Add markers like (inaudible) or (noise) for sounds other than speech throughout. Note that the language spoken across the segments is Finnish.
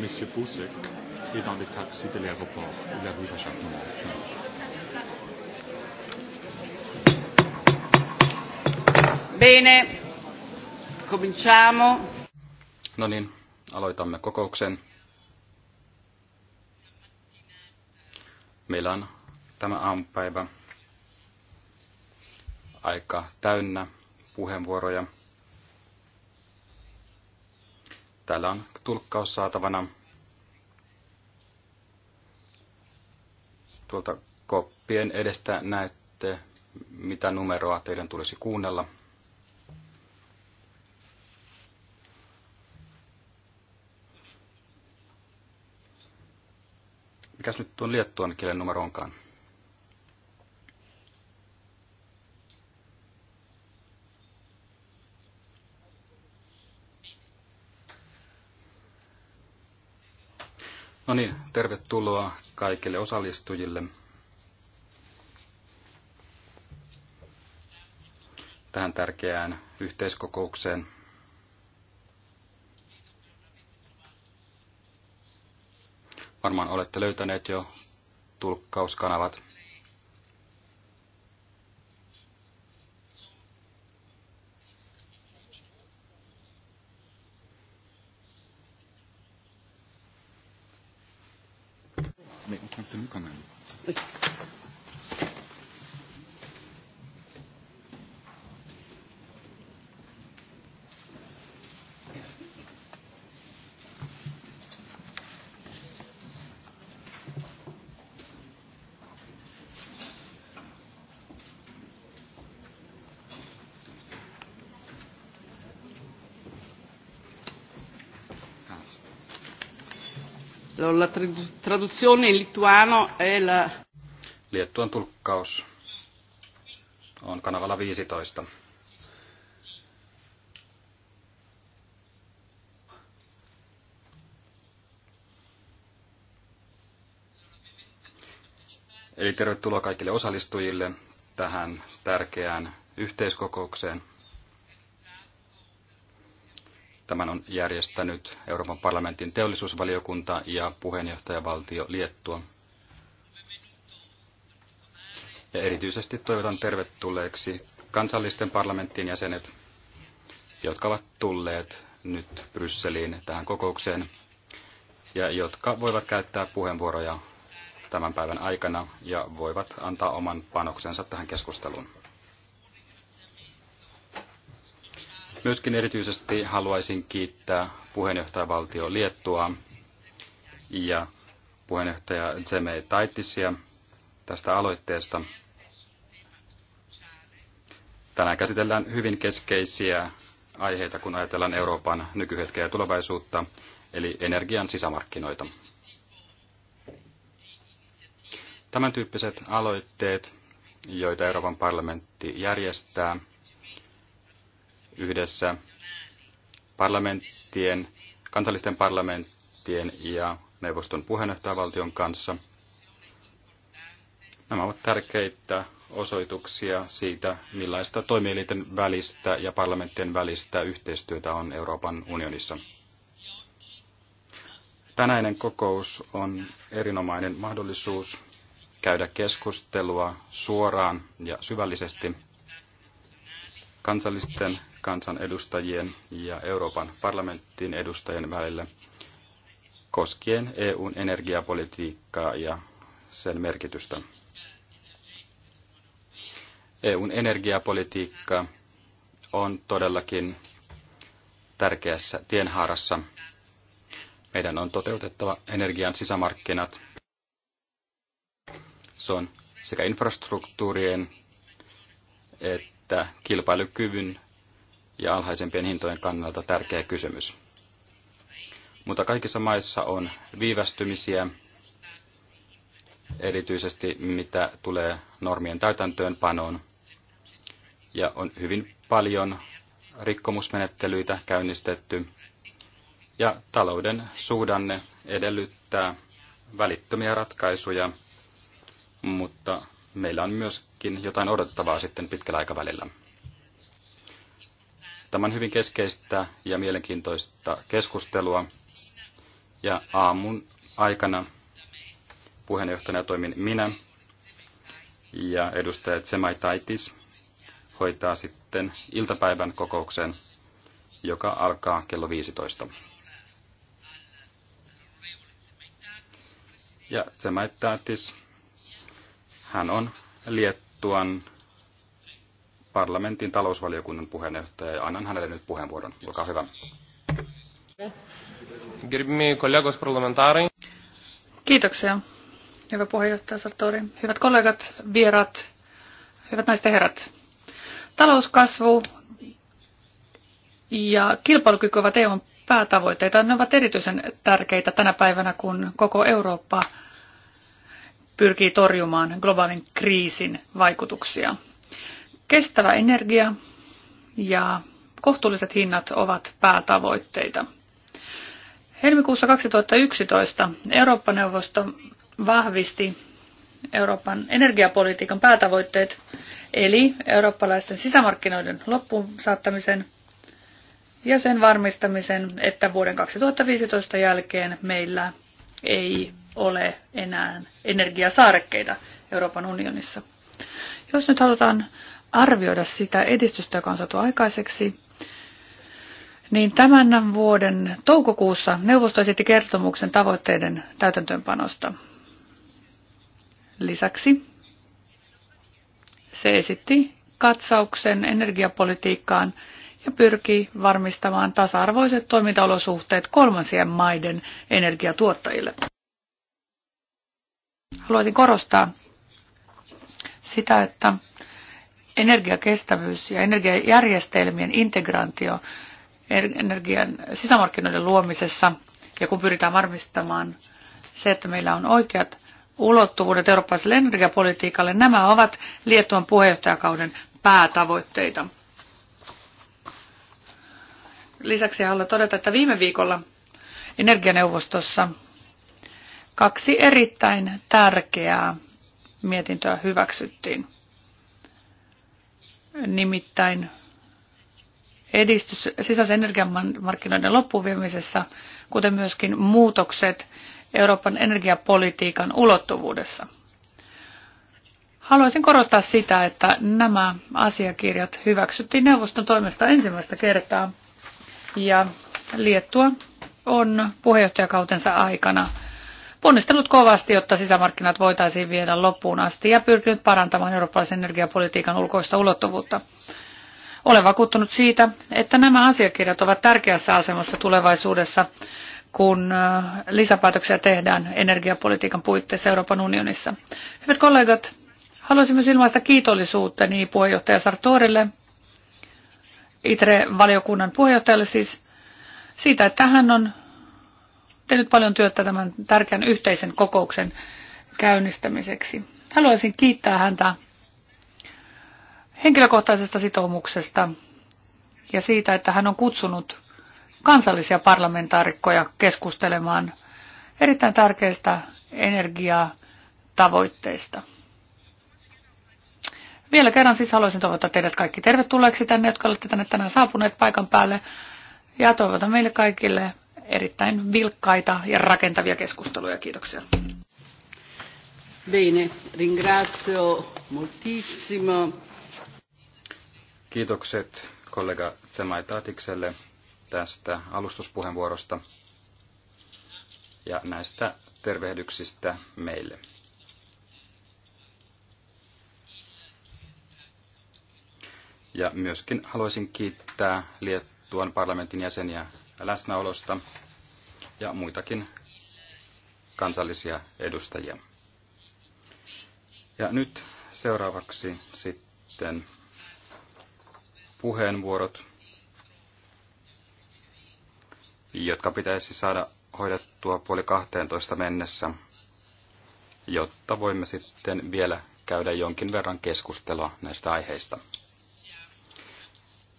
Monsieur Poussek est dans le taxi de l'aéroport. Il arrive à chaque moment. Bene, cominciamo. No niin, aloitamme kokouksen. Meillä on tämä aamupäivä aika täynnä puheenvuoroja. Täällä on tulkkaus saatavana. Tuolta koppien edestä näette, mitä numeroa teidän tulisi kuunnella. Mikäs nyt tuon liettuan kielen numero onkaan? No niin, tervetuloa kaikille osallistujille. tähän tärkeään yhteiskokoukseen. Varmaan olette löytäneet jo tulkkauskanavat. traduzione in lituano è la... Liettuan tulkkaus on kanavalla 15. Eli tervetuloa kaikille osallistujille tähän tärkeään yhteiskokoukseen. Tämän on järjestänyt Euroopan parlamentin teollisuusvaliokunta ja puheenjohtajavaltio Liettua. Ja erityisesti toivotan tervetulleeksi kansallisten parlamenttien jäsenet, jotka ovat tulleet nyt Brysseliin tähän kokoukseen ja jotka voivat käyttää puheenvuoroja tämän päivän aikana ja voivat antaa oman panoksensa tähän keskusteluun. Myöskin erityisesti haluaisin kiittää puheenjohtajavaltio Liettua ja puheenjohtaja Zeme Taittisia tästä aloitteesta. Tänään käsitellään hyvin keskeisiä aiheita, kun ajatellaan Euroopan nykyhetkeä ja tulevaisuutta, eli energian sisämarkkinoita. Tämän tyyppiset aloitteet, joita Euroopan parlamentti järjestää, yhdessä parlamenttien, kansallisten parlamenttien ja neuvoston puheenjohtajavaltion kanssa. Nämä ovat tärkeitä osoituksia siitä, millaista toimielinten välistä ja parlamenttien välistä yhteistyötä on Euroopan unionissa. Tänäinen kokous on erinomainen mahdollisuus käydä keskustelua suoraan ja syvällisesti kansallisten kansanedustajien ja Euroopan parlamenttiin edustajien välillä koskien EUn energiapolitiikkaa ja sen merkitystä. EUn energiapolitiikka on todellakin tärkeässä tienhaarassa. Meidän on toteutettava energian sisämarkkinat. Se on sekä infrastruktuurien että että kilpailukyvyn ja alhaisempien hintojen kannalta tärkeä kysymys. Mutta kaikissa maissa on viivästymisiä, erityisesti mitä tulee normien täytäntöönpanoon. Ja on hyvin paljon rikkomusmenettelyitä käynnistetty. Ja talouden suhdanne edellyttää välittömiä ratkaisuja, mutta meillä on myöskin jotain odottavaa sitten pitkällä aikavälillä. Tämä on hyvin keskeistä ja mielenkiintoista keskustelua. Ja aamun aikana puheenjohtajana toimin minä ja edustaja Taitis hoitaa sitten iltapäivän kokouksen, joka alkaa kello 15. Ja Taitis hän on Liettuan parlamentin talousvaliokunnan puheenjohtaja ja annan hänelle nyt puheenvuoron. Olkaa hyvä. Kiitoksia. Hyvä puheenjohtaja Sartori. Hyvät kollegat, vierat, hyvät naiset ja herrat. Talouskasvu ja kilpailukyky ovat EUn päätavoitteita. Ne ovat erityisen tärkeitä tänä päivänä, kun koko Eurooppa pyrkii torjumaan globaalin kriisin vaikutuksia. Kestävä energia ja kohtuulliset hinnat ovat päätavoitteita. Helmikuussa 2011 Eurooppa-neuvosto vahvisti Euroopan energiapolitiikan päätavoitteet, eli eurooppalaisten sisämarkkinoiden loppuun saattamisen ja sen varmistamisen, että vuoden 2015 jälkeen meillä ei ole enää energiasaarekkeita Euroopan unionissa. Jos nyt halutaan arvioida sitä edistystä, joka on saatu aikaiseksi, niin tämän vuoden toukokuussa neuvosto esitti kertomuksen tavoitteiden täytäntöönpanosta. Lisäksi se esitti katsauksen energiapolitiikkaan ja pyrkii varmistamaan tasa-arvoiset toimintaolosuhteet kolmansien maiden energiatuottajille haluaisin korostaa sitä, että energiakestävyys ja energiajärjestelmien integraatio energian sisämarkkinoiden luomisessa ja kun pyritään varmistamaan se, että meillä on oikeat ulottuvuudet eurooppalaiselle energiapolitiikalle, nämä ovat Liettuan puheenjohtajakauden päätavoitteita. Lisäksi haluan todeta, että viime viikolla energianeuvostossa kaksi erittäin tärkeää mietintöä hyväksyttiin. Nimittäin edistys sisäisen energiamarkkinoiden loppuviemisessä, kuten myöskin muutokset Euroopan energiapolitiikan ulottuvuudessa. Haluaisin korostaa sitä, että nämä asiakirjat hyväksyttiin neuvoston toimesta ensimmäistä kertaa ja Liettua on puheenjohtajakautensa aikana ponnistellut kovasti, jotta sisämarkkinat voitaisiin viedä loppuun asti ja pyrkinyt parantamaan eurooppalaisen energiapolitiikan ulkoista ulottuvuutta. Olen vakuuttunut siitä, että nämä asiakirjat ovat tärkeässä asemassa tulevaisuudessa, kun lisäpäätöksiä tehdään energiapolitiikan puitteissa Euroopan unionissa. Hyvät kollegat, haluaisin myös ilmaista kiitollisuuteni puheenjohtaja Sartorille, ITRE-valiokunnan puheenjohtajalle siis, siitä, että hän on tehnyt paljon työtä tämän tärkeän yhteisen kokouksen käynnistämiseksi. Haluaisin kiittää häntä henkilökohtaisesta sitoumuksesta ja siitä, että hän on kutsunut kansallisia parlamentaarikkoja keskustelemaan erittäin tärkeistä energiatavoitteista. Vielä kerran siis haluaisin toivottaa teidät kaikki tervetulleeksi tänne, jotka olette tänne tänään saapuneet paikan päälle. Ja toivotan meille kaikille erittäin vilkkaita ja rakentavia keskusteluja. Kiitoksia. Bene, ringrazio moltissimo. Kiitokset kollega Tsemaitatikselle tästä alustuspuheenvuorosta ja näistä tervehdyksistä meille. Ja myöskin haluaisin kiittää Liettuan parlamentin jäseniä läsnäolosta ja muitakin kansallisia edustajia. Ja nyt seuraavaksi sitten puheenvuorot, jotka pitäisi saada hoidettua puoli 12 mennessä, jotta voimme sitten vielä käydä jonkin verran keskustelua näistä aiheista.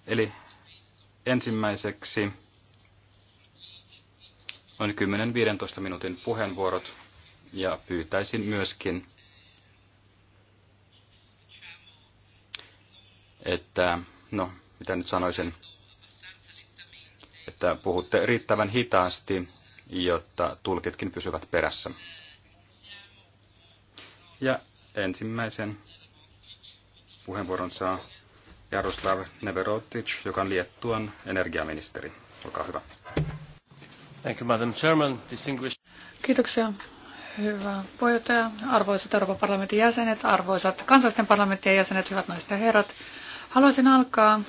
Eli ensimmäiseksi noin 10-15 minuutin puheenvuorot ja pyytäisin myöskin, että, no mitä nyt sanoisin, että puhutte riittävän hitaasti, jotta tulkitkin pysyvät perässä. Ja ensimmäisen puheenvuoron saa Jaroslav Neverotic, joka on Liettuan energiaministeri. Olkaa hyvä. Thank you, Madam Chairman. Distinguished... Kiitoksia, hyvä puheenjohtaja, arvoisat Euroopan parlamentin jäsenet, arvoisat kansallisten parlamenttien jäsenet, hyvät naiset ja herrat. Haluaisin alkaa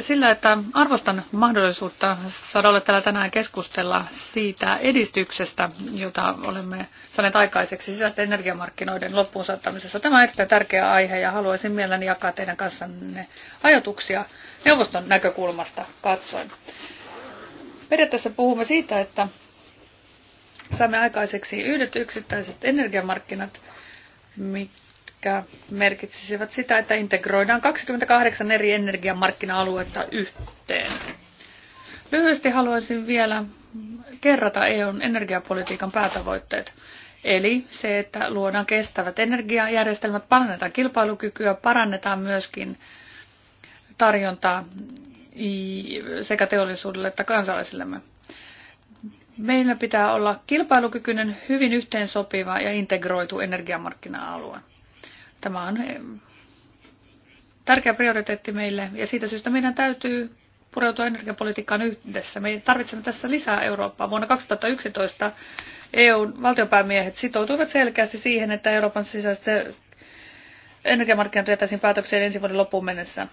sillä, että arvostan mahdollisuutta saada olla täällä tänään keskustella siitä edistyksestä, jota olemme saaneet aikaiseksi sisäisten energiamarkkinoiden loppuun saattamisessa. Tämä on erittäin tärkeä aihe ja haluaisin mielelläni jakaa teidän kanssanne ajatuksia neuvoston näkökulmasta katsoen. Periaatteessa puhumme siitä, että saamme aikaiseksi yhdet yksittäiset energiamarkkinat, mitkä merkitsisivät sitä, että integroidaan 28 eri energiamarkkina-aluetta yhteen. Lyhyesti haluaisin vielä kerrata EUn energiapolitiikan päätavoitteet. Eli se, että luodaan kestävät energiajärjestelmät, parannetaan kilpailukykyä, parannetaan myöskin tarjontaa sekä teollisuudelle että kansalaisillemme. Meillä pitää olla kilpailukykyinen, hyvin yhteensopiva ja integroitu energiamarkkina-alue. Tämä on eh, tärkeä prioriteetti meille ja siitä syystä meidän täytyy pureutua energiapolitiikkaan yhdessä. Me tarvitsemme tässä lisää Eurooppaa. Vuonna 2011 EUn valtiopäämiehet sitoutuivat selkeästi siihen, että Euroopan sisäistä energiamarkkinat jätäisiin päätökseen ensi vuoden loppuun mennessä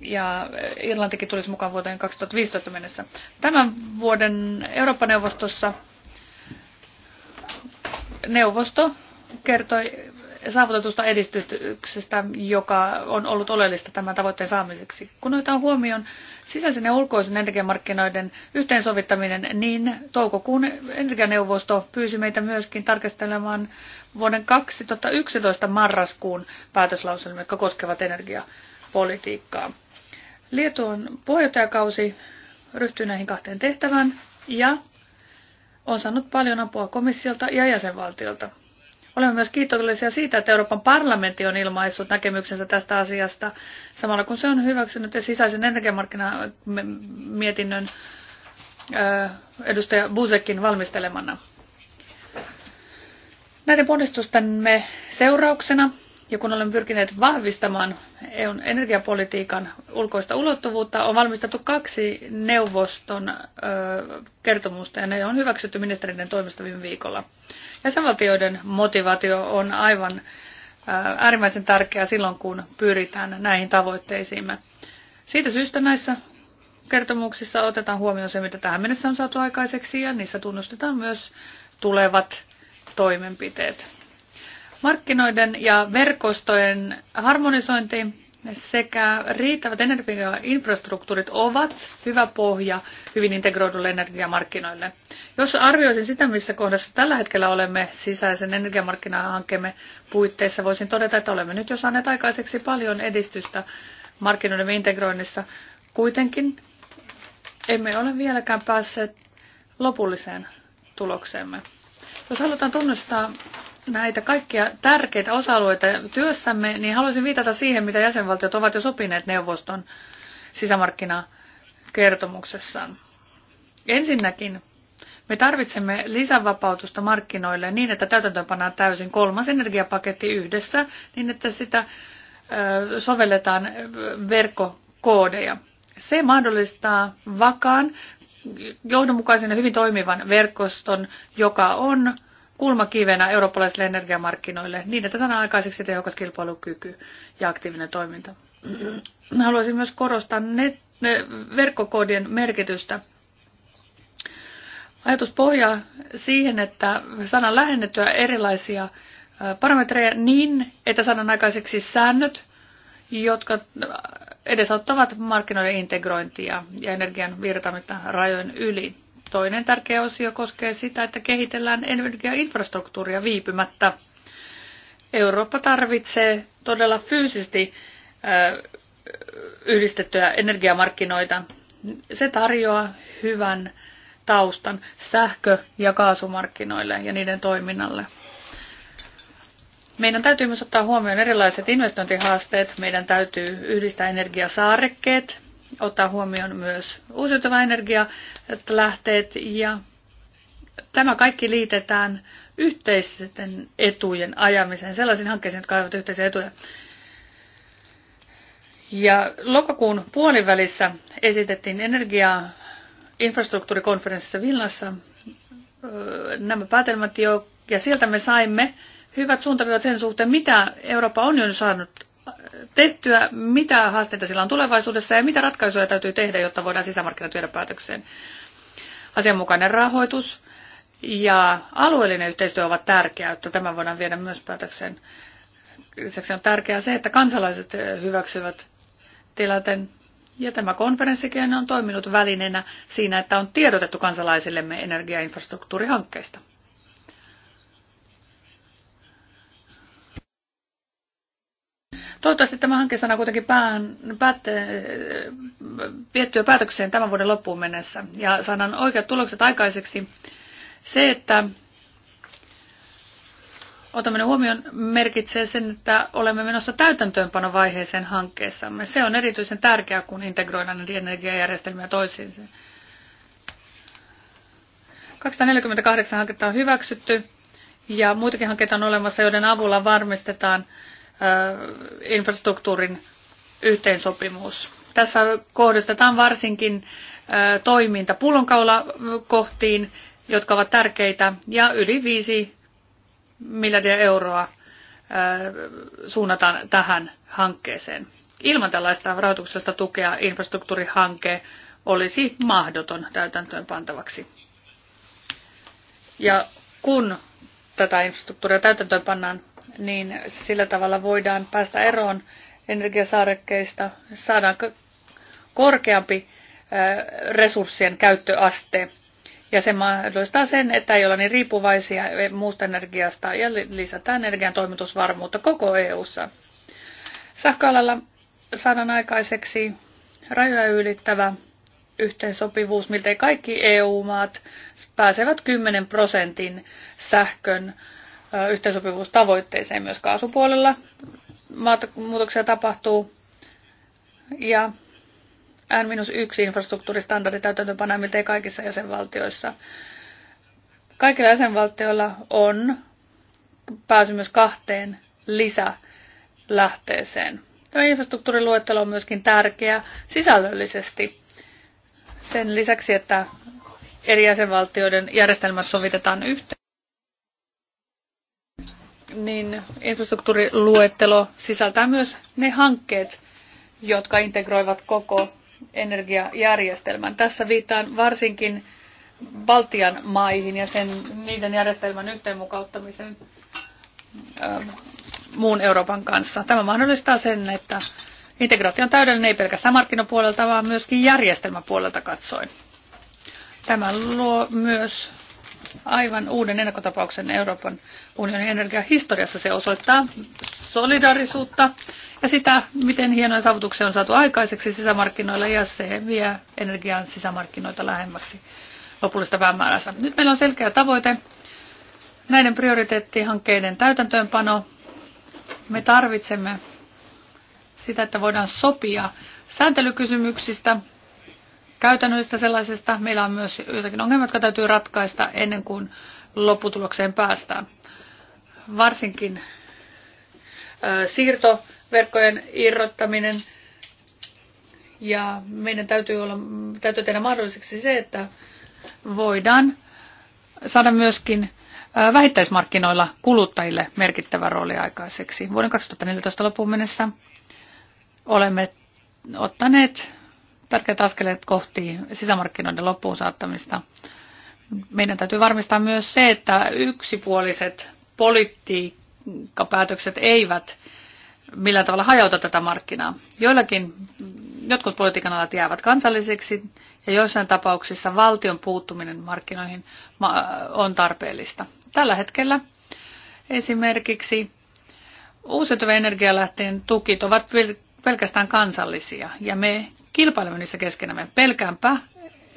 ja Irlantikin tulisi mukaan vuoteen 2015 mennessä. Tämän vuoden Eurooppa-neuvostossa neuvosto kertoi saavutetusta edistyksestä, joka on ollut oleellista tämän tavoitteen saamiseksi. Kun otetaan huomioon sisäisen ja ulkoisen energiamarkkinoiden yhteensovittaminen, niin toukokuun energianeuvosto pyysi meitä myöskin tarkastelemaan vuoden 2011 marraskuun päätöslauselmia, jotka koskevat energiaa politiikkaa. Liettuon puheenjohtajakausi ryhtyy näihin kahteen tehtävään ja on saanut paljon apua komissiolta ja jäsenvaltiolta. Olemme myös kiitollisia siitä, että Euroopan parlamentti on ilmaissut näkemyksensä tästä asiasta, samalla kun se on hyväksynyt sisäisen energiamarkkinamietinnön edustaja Busekin valmistelemana. Näiden ponnistusten seurauksena ja kun olemme pyrkineet vahvistamaan EUn energiapolitiikan ulkoista ulottuvuutta, on valmistettu kaksi neuvoston ö, kertomusta ja ne on hyväksytty ministerien toimesta viime viikolla. Jäsenvaltioiden motivaatio on aivan ö, äärimmäisen tärkeää silloin, kun pyritään näihin tavoitteisiimme. Siitä syystä näissä kertomuksissa otetaan huomioon se, mitä tähän mennessä on saatu aikaiseksi ja niissä tunnustetaan myös tulevat toimenpiteet markkinoiden ja verkostojen harmonisointi sekä riittävät energiainfrastruktuurit ovat hyvä pohja hyvin integroidulle energiamarkkinoille. Jos arvioisin sitä, missä kohdassa tällä hetkellä olemme sisäisen energiamarkkinahankkeemme puitteissa, voisin todeta, että olemme nyt jo saaneet aikaiseksi paljon edistystä markkinoiden integroinnissa. Kuitenkin emme ole vieläkään päässeet lopulliseen tulokseemme. Jos halutaan tunnustaa näitä kaikkia tärkeitä osa-alueita työssämme, niin haluaisin viitata siihen, mitä jäsenvaltiot ovat jo sopineet neuvoston sisämarkkinakertomuksessaan. Ensinnäkin me tarvitsemme lisävapautusta markkinoille niin, että täytäntöönpannaan täysin kolmas energiapaketti yhdessä, niin että sitä sovelletaan verkkokoodeja. Se mahdollistaa vakaan, johdonmukaisen ja hyvin toimivan verkoston, joka on kulmakivenä eurooppalaisille energiamarkkinoille niin, että saadaan aikaiseksi tehokas kilpailukyky ja aktiivinen toiminta. (clears throat) Haluaisin myös korostaa net, verkkokoodien merkitystä. Ajatus pohjaa siihen, että saadaan lähennettyä erilaisia parametreja niin, että saadaan aikaiseksi säännöt, jotka edesauttavat markkinoiden integrointia ja energian virtaamista rajojen yli. Toinen tärkeä osio koskee sitä, että kehitellään energiainfrastruktuuria viipymättä. Eurooppa tarvitsee todella fyysisesti yhdistettyjä energiamarkkinoita. Se tarjoaa hyvän taustan sähkö- ja kaasumarkkinoille ja niiden toiminnalle. Meidän täytyy myös ottaa huomioon erilaiset investointihaasteet. Meidän täytyy yhdistää energiasaarekkeet ottaa huomioon myös uusiutuva lähteet ja tämä kaikki liitetään yhteisten etujen ajamiseen, sellaisiin hankkeisiin, jotka ajavat yhteisiä etuja. Ja lokakuun puolivälissä esitettiin energia infrastruktuurikonferenssissa Vilnassa nämä päätelmät jo, ja sieltä me saimme hyvät suuntaviivat sen suhteen, mitä Euroopan unioni on saanut tehtyä, mitä haasteita sillä on tulevaisuudessa ja mitä ratkaisuja täytyy tehdä, jotta voidaan sisämarkkinat viedä päätökseen. Asianmukainen rahoitus ja alueellinen yhteistyö ovat tärkeää, että tämä voidaan viedä myös päätökseen. Lisäksi on tärkeää se, että kansalaiset hyväksyvät tilanteen. Ja tämä konferenssikin on toiminut välineenä siinä, että on tiedotettu kansalaisillemme energiainfrastruktuurihankkeista. Toivottavasti tämä hanke saadaan kuitenkin pään, päät, eh, viettyä päätökseen tämän vuoden loppuun mennessä ja saadaan oikeat tulokset aikaiseksi. Se, että ottaminen huomioon merkitsee sen, että olemme menossa täytäntöönpanovaiheeseen hankkeessamme. Se on erityisen tärkeää, kun integroidaan näitä energiajärjestelmiä toisiinsa. 248 hanketta on hyväksytty ja muitakin hankkeita on olemassa, joiden avulla varmistetaan infrastruktuurin yhteensopimus. Tässä kohdistetaan varsinkin toiminta pullonkaulakohtiin, jotka ovat tärkeitä, ja yli 5 miljardia euroa suunnataan tähän hankkeeseen. Ilman tällaista rahoituksesta tukea infrastruktuurihanke olisi mahdoton täytäntöön pantavaksi. Ja kun tätä infrastruktuuria täytäntöön pannaan, niin sillä tavalla voidaan päästä eroon energiasaarekkeista, saadaan korkeampi resurssien käyttöaste. Ja se mahdollistaa sen, että ei olla niin riippuvaisia muusta energiasta ja lisätään energian toimitusvarmuutta koko EU:ssa. Sähköalalla saadaan aikaiseksi rajoja ylittävä yhteensopivuus, miltei kaikki EU-maat pääsevät 10 prosentin sähkön yhteensopivuustavoitteeseen myös kaasupuolella. Muutoksia tapahtuu ja N-1 infrastruktuuristandardi täytäntöönpanee miltei kaikissa jäsenvaltioissa. Kaikilla jäsenvaltioilla on pääsy myös kahteen lisälähteeseen. Tämä infrastruktuuriluettelo on myöskin tärkeä sisällöllisesti. Sen lisäksi, että eri jäsenvaltioiden järjestelmät sovitetaan yhteen niin infrastruktuuriluettelo sisältää myös ne hankkeet, jotka integroivat koko energiajärjestelmän. Tässä viittaan varsinkin Baltian maihin ja sen, niiden järjestelmän yhteenmukauttamisen ähm, muun Euroopan kanssa. Tämä mahdollistaa sen, että integraatio on täydellinen ei pelkästään markkinapuolelta, vaan myöskin järjestelmäpuolelta katsoen. Tämä luo myös aivan uuden ennakkotapauksen Euroopan unionin energiahistoriassa. Se osoittaa solidarisuutta ja sitä, miten hienoja saavutuksia on saatu aikaiseksi sisämarkkinoilla ja se vie energian sisämarkkinoita lähemmäksi lopullista päämääränsä. Nyt meillä on selkeä tavoite. Näiden prioriteettihankkeiden täytäntöönpano. Me tarvitsemme sitä, että voidaan sopia sääntelykysymyksistä, käytännöllistä sellaisesta. Meillä on myös joitakin ongelmia, jotka täytyy ratkaista ennen kuin lopputulokseen päästään. Varsinkin siirtoverkkojen irrottaminen. Ja meidän täytyy, olla, täytyy tehdä mahdolliseksi se, että voidaan saada myöskin vähittäismarkkinoilla kuluttajille merkittävä rooli aikaiseksi. Vuoden 2014 loppuun mennessä olemme ottaneet tärkeät askeleet kohti sisämarkkinoiden loppuun saattamista. Meidän täytyy varmistaa myös se, että yksipuoliset politiikkapäätökset eivät millään tavalla hajauta tätä markkinaa. Joillakin jotkut politiikan alat jäävät kansallisiksi ja joissain tapauksissa valtion puuttuminen markkinoihin on tarpeellista. Tällä hetkellä esimerkiksi uusiutuvien energialähteen tukit ovat pelkästään kansallisia ja me kilpailemme niissä keskenämme. Pelkäänpä,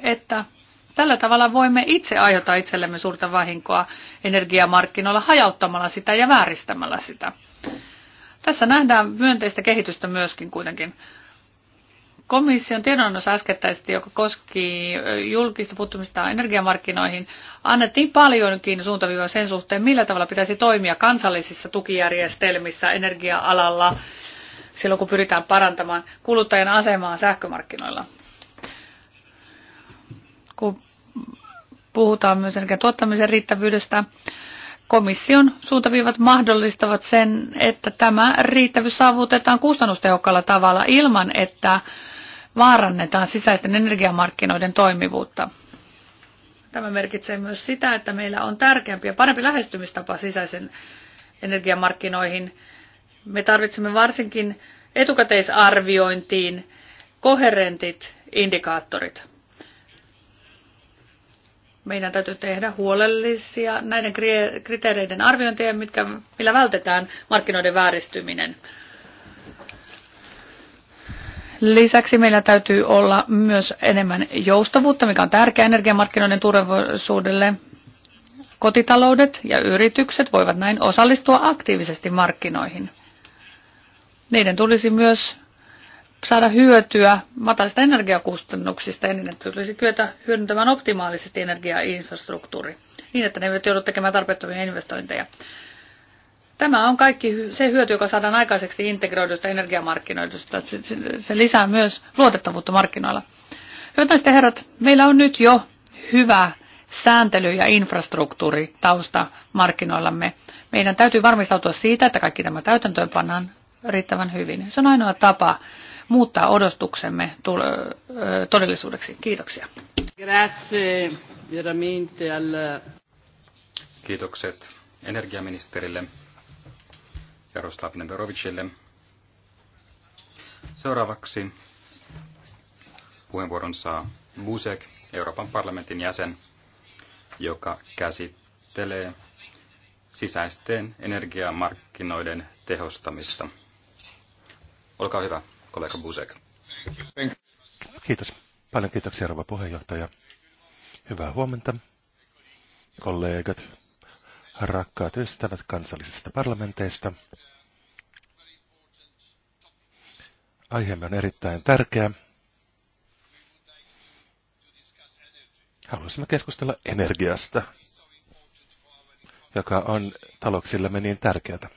että tällä tavalla voimme itse aiheuttaa itsellemme suurta vahinkoa energiamarkkinoilla hajauttamalla sitä ja vääristämällä sitä. Tässä nähdään myönteistä kehitystä myöskin kuitenkin. Komission tiedonannossa äskettäisesti, joka koski julkista puuttumista energiamarkkinoihin, annettiin paljonkin suuntaviivoja sen suhteen, millä tavalla pitäisi toimia kansallisissa tukijärjestelmissä energia-alalla silloin, kun pyritään parantamaan kuluttajan asemaa sähkömarkkinoilla. Kun puhutaan myös tuottamisen riittävyydestä, komission suuntaviivat mahdollistavat sen, että tämä riittävyys saavutetaan kustannustehokkaalla tavalla ilman, että vaarannetaan sisäisten energiamarkkinoiden toimivuutta. Tämä merkitsee myös sitä, että meillä on tärkeämpi ja parempi lähestymistapa sisäisen energiamarkkinoihin me tarvitsemme varsinkin etukäteisarviointiin koherentit indikaattorit. Meidän täytyy tehdä huolellisia näiden kriteereiden arviointia, mitkä, millä vältetään markkinoiden vääristyminen. Lisäksi meillä täytyy olla myös enemmän joustavuutta, mikä on tärkeää energiamarkkinoiden turvallisuudelle. Kotitaloudet ja yritykset voivat näin osallistua aktiivisesti markkinoihin. Niiden tulisi myös saada hyötyä matalista energiakustannuksista ja niiden tulisi kyetä hyödyntämään optimaalisesti energiainfrastruktuuri niin, että ne eivät joudu tekemään tarpeettomia investointeja. Tämä on kaikki se hyöty, joka saadaan aikaiseksi integroidusta energiamarkkinoidusta. Se lisää myös luotettavuutta markkinoilla. Hyvät naiset ja herrat, meillä on nyt jo hyvä sääntely- ja infrastruktuuri tausta markkinoillamme. Meidän täytyy varmistautua siitä, että kaikki tämä täytäntöön pannaan riittävän hyvin. Se on ainoa tapa muuttaa odotuksemme todellisuudeksi. Kiitoksia. Grazie Kiitokset energiaministerille Jaroslav Neverovicille. Seuraavaksi puheenvuoron saa Busek, Euroopan parlamentin jäsen, joka käsittelee sisäisten energiamarkkinoiden tehostamista. Olkaa hyvä, kollega Busek. Kiitos. Paljon kiitoksia, rouva puheenjohtaja. Hyvää huomenta, kollegat, rakkaat ystävät kansallisista parlamenteista. Aiheemme on erittäin tärkeä. Haluaisimme keskustella energiasta, joka on talouksillemme niin tärkeää.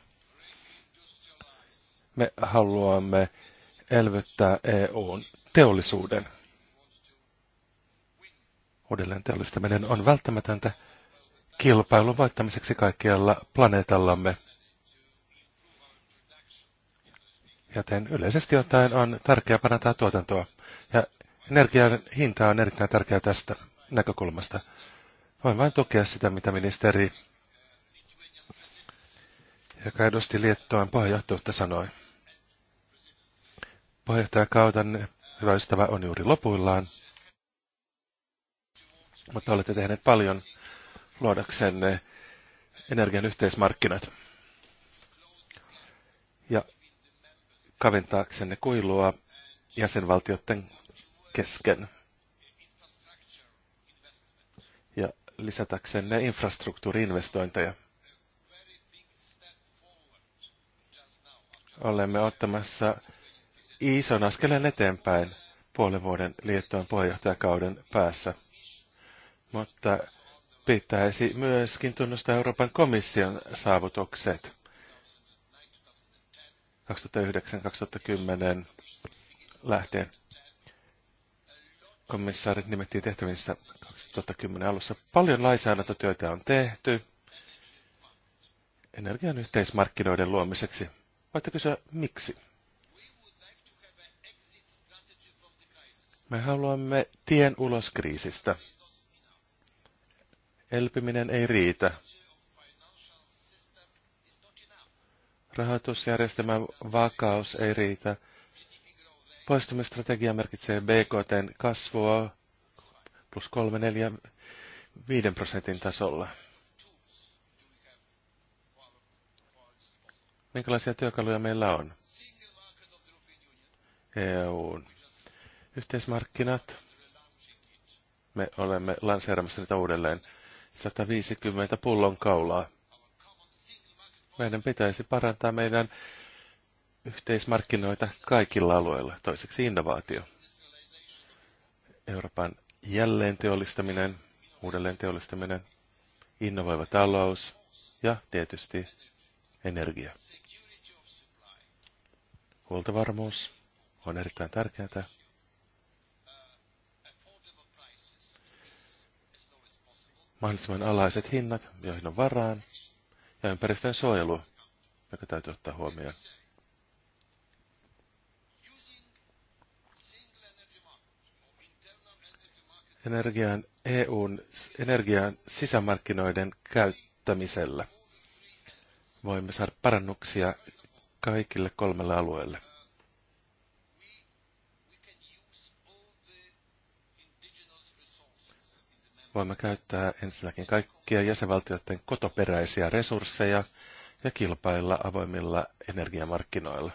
Me haluamme elvyttää EUn teollisuuden. Uudelleen teollistaminen on välttämätöntä kilpailun voittamiseksi kaikkialla planeetallamme. Joten yleisesti ottaen on tärkeää parantaa tuotantoa. Ja energian hinta on erittäin tärkeää tästä näkökulmasta. Voin vain tukea sitä, mitä ministeri, joka edusti Liettuan puheenjohtajuutta, sanoi. Puheenjohtajakautanne, hyvä ystävä, on juuri lopuillaan. Mutta olette tehneet paljon luodaksenne energian yhteismarkkinat ja kaventaaksenne kuilua jäsenvaltioiden kesken ja lisätäksenne infrastruktuuriinvestointeja. Olemme ottamassa ison askeleen eteenpäin puolen vuoden liittoon puheenjohtajakauden päässä. Mutta pitäisi myöskin tunnustaa Euroopan komission saavutukset 2009-2010 lähtien. Komissaarit nimettiin tehtävissä 2010 alussa. Paljon lainsäädäntötyötä on tehty energian yhteismarkkinoiden luomiseksi. Voitte kysyä, miksi? Me haluamme tien ulos kriisistä. Elpyminen ei riitä. Rahoitusjärjestelmän vakaus ei riitä. Poistumistrategia merkitsee BKTn kasvua plus 3, 4, 5 prosentin tasolla. Minkälaisia työkaluja meillä on? EUn Yhteismarkkinat. Me olemme lanseeramassa niitä uudelleen. 150 pullon kaulaa. Meidän pitäisi parantaa meidän yhteismarkkinoita kaikilla alueilla. Toiseksi innovaatio. Euroopan jälleen teollistaminen, uudelleen teollistaminen, innovoiva talous ja tietysti energia. Huoltovarmuus on erittäin tärkeää. mahdollisimman alhaiset hinnat, joihin on varaan, ja ympäristön suojelu, joka täytyy ottaa huomioon. Energian, EUn energian sisämarkkinoiden käyttämisellä voimme saada parannuksia kaikille kolmelle alueelle. voimme käyttää ensinnäkin kaikkia jäsenvaltioiden kotoperäisiä resursseja ja kilpailla avoimilla energiamarkkinoilla.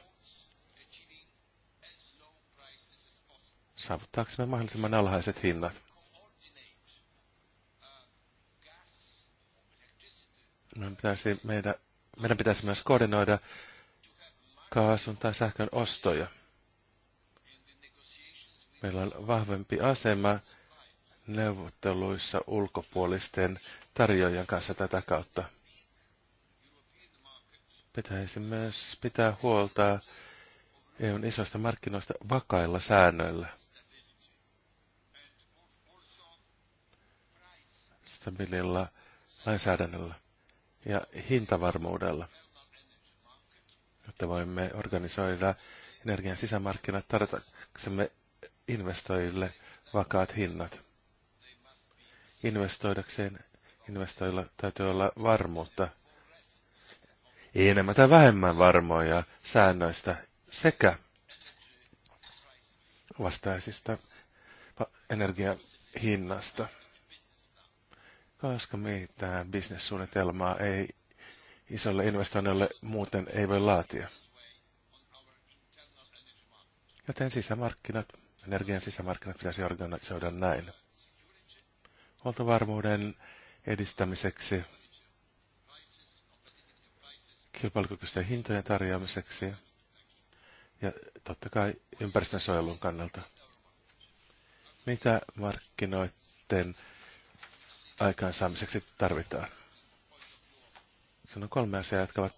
Saavuttaaksemme mahdollisimman alhaiset hinnat. Meidän pitäisi, meidän, meidän pitäisi myös koordinoida kaasun tai sähkön ostoja. Meillä on vahvempi asema neuvotteluissa ulkopuolisten tarjoajan kanssa tätä kautta. Pitäisi myös pitää huolta EUn isoista markkinoista vakailla säännöillä. Stabililla lainsäädännöllä ja hintavarmuudella, jotta voimme organisoida energian sisämarkkinat tarjotaksemme investoijille vakaat hinnat investoidakseen investoilla täytyy olla varmuutta. Ei enemmän tai vähemmän varmoja säännöistä sekä vastaisista energiahinnasta, koska mitään bisnessuunnitelmaa ei isolle investoinnille muuten ei voi laatia. Joten sisämarkkinat, energian sisämarkkinat pitäisi organisoida näin huoltovarmuuden edistämiseksi, kilpailukykyisten hintojen tarjoamiseksi ja totta kai ympäristönsuojelun kannalta. Mitä markkinoiden aikaansaamiseksi tarvitaan? Se on kolme asiaa, jotka ovat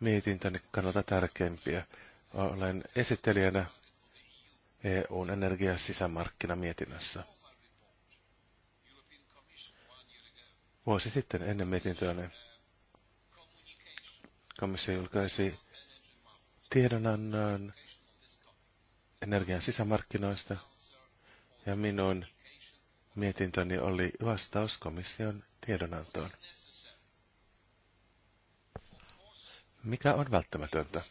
mietintäni kannalta tärkeimpiä. Olen esittelijänä EUn energia- ja vuosi sitten ennen mietintöäni. Niin komissio julkaisi tiedonannon energian sisämarkkinoista ja minun mietintöni oli vastaus komission tiedonantoon. Mikä on välttämätöntä?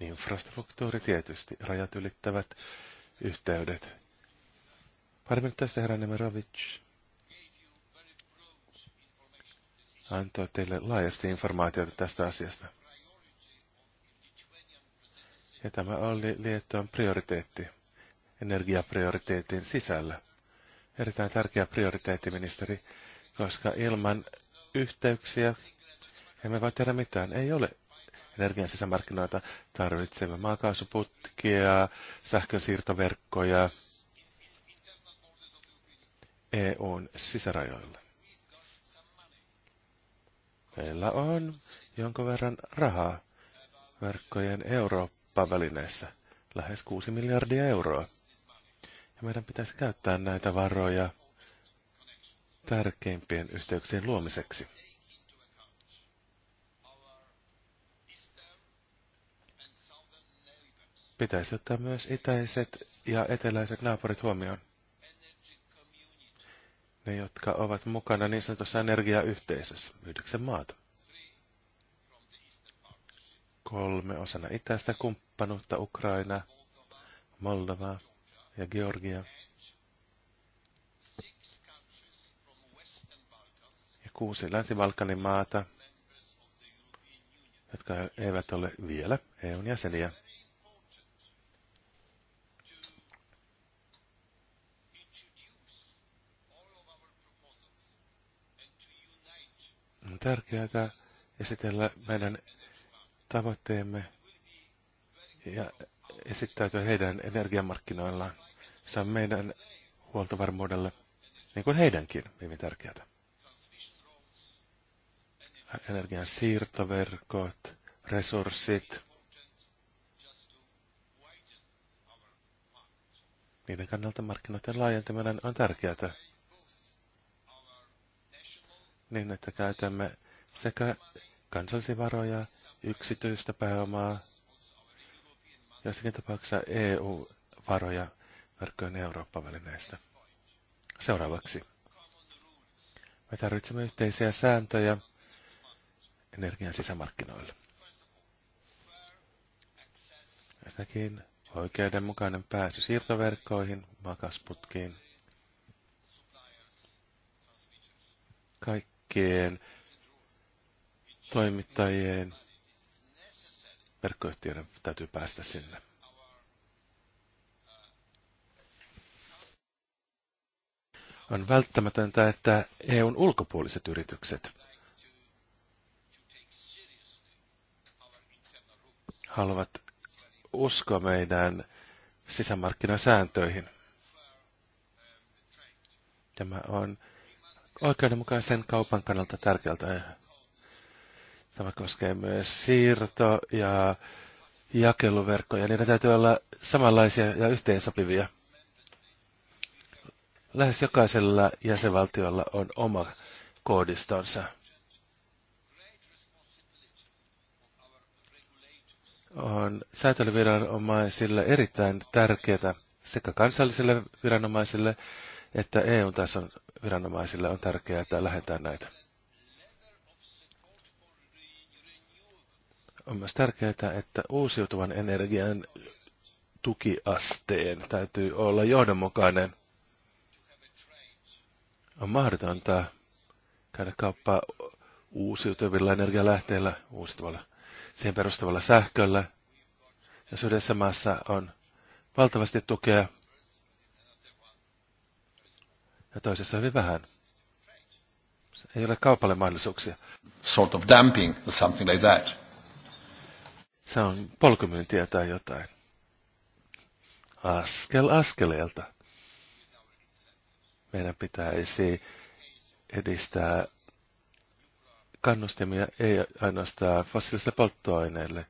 Infrastruktuuri tietysti, rajat ylittävät yhteydet. Pari minuuttia sitten herra Nemerovic. antoi teille laajasti informaatiota tästä asiasta. Ja tämä oli Liettuan prioriteetti, energiaprioriteetin sisällä. Erittäin tärkeä prioriteetti, ministeri, koska ilman yhteyksiä emme voi tehdä mitään. Ei ole energian sisämarkkinoita. Tarvitsemme maakaasuputkia, sähkön siirtoverkkoja EUn sisärajoilla. Meillä on jonkun verran rahaa verkkojen Eurooppa-välineessä, lähes 6 miljardia euroa. Ja meidän pitäisi käyttää näitä varoja tärkeimpien yhteyksien luomiseksi. Pitäisi ottaa myös itäiset ja eteläiset naapurit huomioon ne, jotka ovat mukana niin sanotussa energiayhteisössä, yhdeksän maata. Kolme osana itäistä kumppanuutta Ukraina, Moldova ja Georgia. Ja kuusi Länsi-Balkanin maata, jotka eivät ole vielä EUn jäseniä. On tärkeää esitellä meidän tavoitteemme ja esittäytyä heidän energiamarkkinoillaan. Se on meidän huoltovarmuudelle, niin kuin heidänkin, hyvin tärkeää. Energian siirtoverkot, resurssit, niiden kannalta markkinoiden laajentaminen on tärkeää niin, että käytämme sekä kansallisia varoja, yksityistä pääomaa, jossakin tapauksessa EU-varoja verkkojen Eurooppa-välineistä. Seuraavaksi. Me tarvitsemme yhteisiä sääntöjä energian sisämarkkinoille. Ensinnäkin oikeudenmukainen pääsy siirtoverkkoihin, makasputkiin, kaik- pankkien, toimittajien, verkkoyhtiöiden täytyy päästä sinne. On välttämätöntä, että EUn ulkopuoliset yritykset haluavat uskoa meidän sisämarkkinasääntöihin. Tämä on oikeudenmukaisen kaupan kannalta tärkeältä. Tämä koskee myös siirto- ja jakeluverkkoja. Niitä täytyy olla samanlaisia ja yhteensopivia. Lähes jokaisella jäsenvaltiolla on oma koodistonsa. On säätelyviranomaisille erittäin tärkeää sekä kansallisille viranomaisille että EU-tason viranomaisille on tärkeää, että lähetään näitä. On myös tärkeää, että uusiutuvan energian tukiasteen täytyy olla johdonmukainen. On mahdotonta käydä kauppaa uusiutuvilla energialähteillä, uusiutuvalla, siihen perustuvalla sähköllä. Ja yhdessä maassa on valtavasti tukea ja toisessa hyvin vähän. Ei ole kaupalle mahdollisuuksia. Sort of dumping or something like that. Se on polkumyyntiä tai jotain. Askel askeleelta. Meidän pitäisi edistää kannustimia ei ainoastaan fossiilisille polttoaineille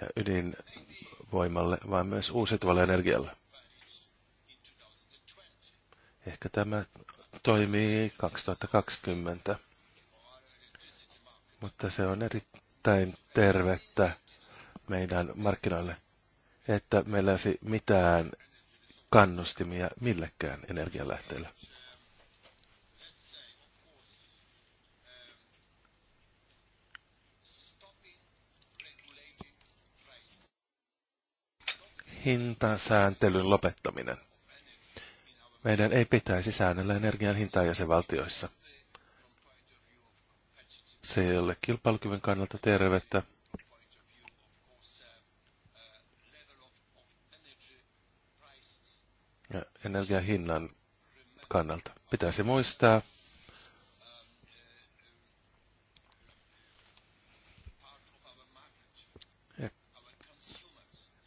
ja ydinvoimalle, vaan myös uusiutuvalle energialle. Ehkä tämä toimii 2020, mutta se on erittäin tervettä meidän markkinoille, että meillä ei mitään kannustimia millekään energialähteelle. hintasääntelyn lopettaminen. Meidän ei pitäisi säännellä energian hintaa jäsenvaltioissa. Se ei ole kilpailukyvyn kannalta tervettä. Ja energian hinnan kannalta. Pitäisi muistaa,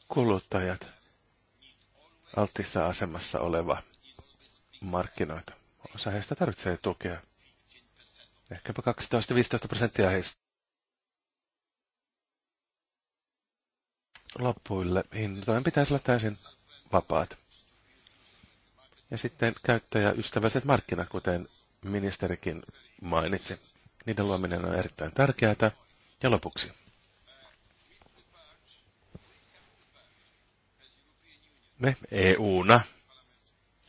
kuluttajat altissa asemassa oleva markkinoita. Osa heistä tarvitsee tukea. Ehkäpä 12-15 prosenttia heistä. Loppuille hintojen pitäisi olla täysin vapaat. Ja sitten käyttäjäystävälliset markkinat, kuten ministerikin mainitsi. Niiden luominen on erittäin tärkeää. Ja lopuksi. Me EU-na